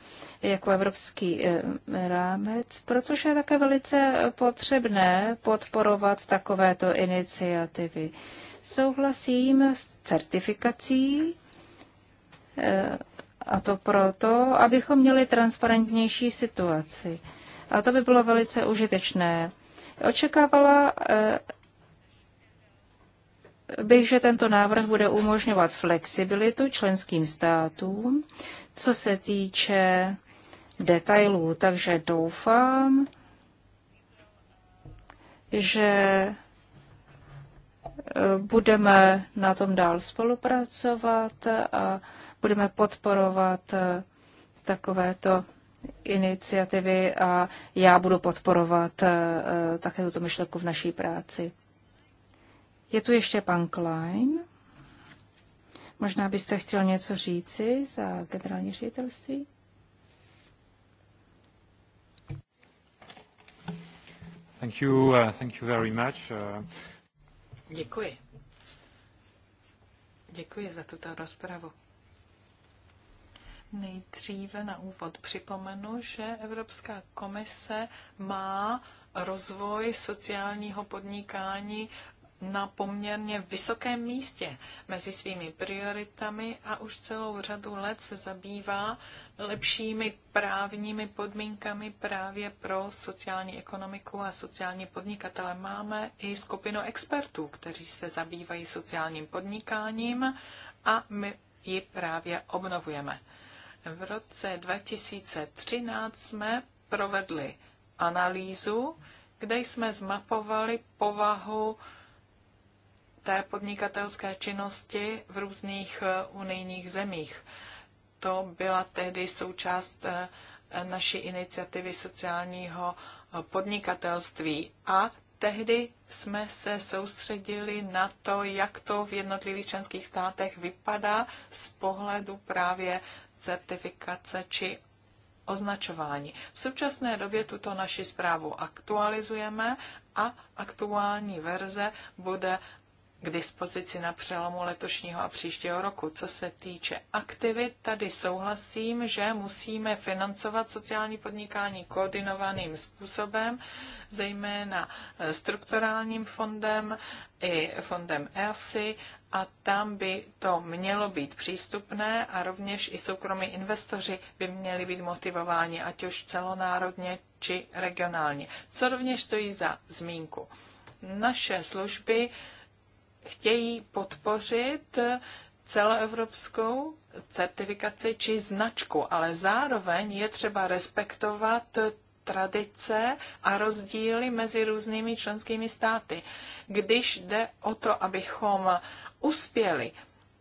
jako evropský eh, rámec, protože je také velice potřebné podporovat takovéto iniciativy. Souhlasím s certifikací a to proto, abychom měli transparentnější situaci. A to by bylo velice užitečné. Očekávala eh, bych, že tento návrh bude umožňovat flexibilitu členským státům, co se týče detailů. Takže doufám, že eh, budeme na tom dál spolupracovat a budeme podporovat eh, takovéto iniciativy a já budu podporovat eh, eh, také tuto myšlenku v naší práci. Je tu ještě pan Klein. Možná byste chtěl něco říci za generální ředitelství? Thank you, uh, thank you very much. Uh... Děkuji. Děkuji za tuto rozpravu. Nejdříve na úvod připomenu, že Evropská komise má rozvoj sociálního podnikání na poměrně vysokém místě mezi svými prioritami a už celou řadu let se zabývá lepšími právními podmínkami právě pro sociální ekonomiku a sociální podnikatele. Máme i skupinu expertů, kteří se zabývají sociálním podnikáním a my ji právě obnovujeme. V roce 2013 jsme provedli analýzu, kde jsme zmapovali povahu té podnikatelské činnosti v různých eh, unijních zemích. To byla tehdy součást eh, naší iniciativy sociálního eh, podnikatelství a tehdy jsme se soustředili na to, jak to v jednotlivých členských státech vypadá z pohledu právě certifikace či označování. V současné době tuto naši zprávu aktualizujeme a aktuální verze bude k dispozici na přelomu letošního a příštího roku. Co se týče aktivit, tady souhlasím, že musíme financovat sociální podnikání koordinovaným způsobem, zejména strukturálním fondem i fondem ERSI a tam by to mělo být přístupné a rovněž i soukromí investoři by měli být motivováni, ať už celonárodně či regionálně. Co rovněž stojí za zmínku? Naše služby chtějí podpořit celoevropskou certifikaci či značku, ale zároveň je třeba respektovat tradice a rozdíly mezi různými členskými státy. Když jde o to, abychom uspěli,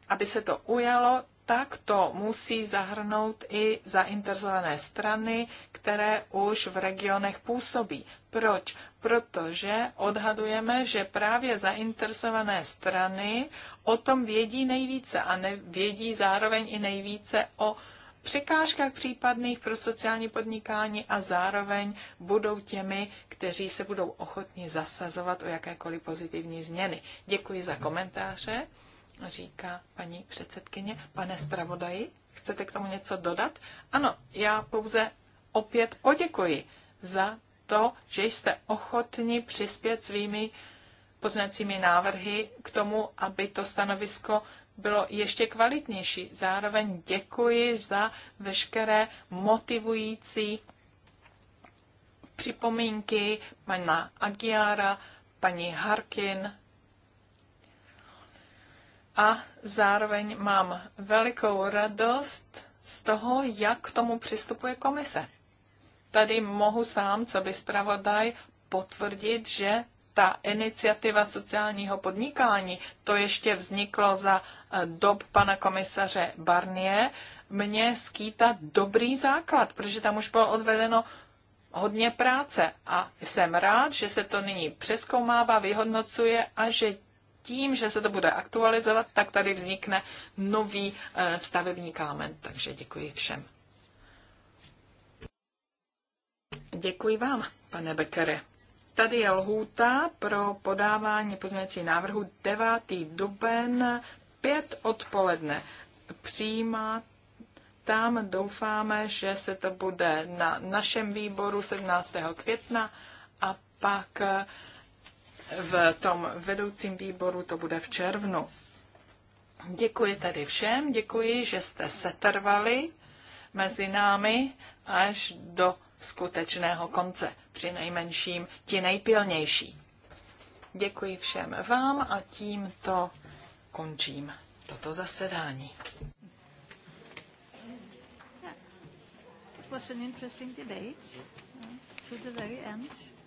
aby se to ujalo, tak to musí zahrnout i zainteresované strany, které už v regionech působí. Proč? Protože odhadujeme, že právě zainteresované strany o tom vědí nejvíce a vědí zároveň i nejvíce o překážkách případných pro sociální podnikání a zároveň budou těmi, kteří se budou ochotni zasazovat o jakékoliv pozitivní změny. Děkuji za komentáře, říká paní předsedkyně. Pane zpravodaji, chcete k tomu něco dodat? Ano, já pouze opět poděkuji za to, že jste ochotni přispět svými poznacími návrhy k tomu, aby to stanovisko bylo ještě kvalitnější. Zároveň děkuji za veškeré motivující připomínky pana Agiara, paní Harkin. A zároveň mám velikou radost z toho, jak k tomu přistupuje komise. Tady mohu sám, co by zpravodaj, potvrdit, že ta iniciativa sociálního podnikání, to ještě vzniklo za eh, dob pana komisaře Barnie. mě skýtá dobrý základ, protože tam už bylo odvedeno hodně práce a jsem rád, že se to nyní přeskoumává, vyhodnocuje a že tím, že se to bude aktualizovat, tak tady vznikne nový eh, stavební kámen. Takže děkuji všem. Děkuji vám, pane Bekere. Tady je lhůta pro podávání pozměňovacích návrhu 9. duben 5 odpoledne. Přijímá tam doufáme, že se to bude na našem výboru 17. května a pak v tom vedoucím výboru to bude v červnu. Děkuji tedy všem, děkuji, že jste setrvali mezi námi až do skutečného konce při nejmenším ti nejpilnější. Děkuji všem vám a tímto končím toto zasedání. was an interesting debate uh, to the very end.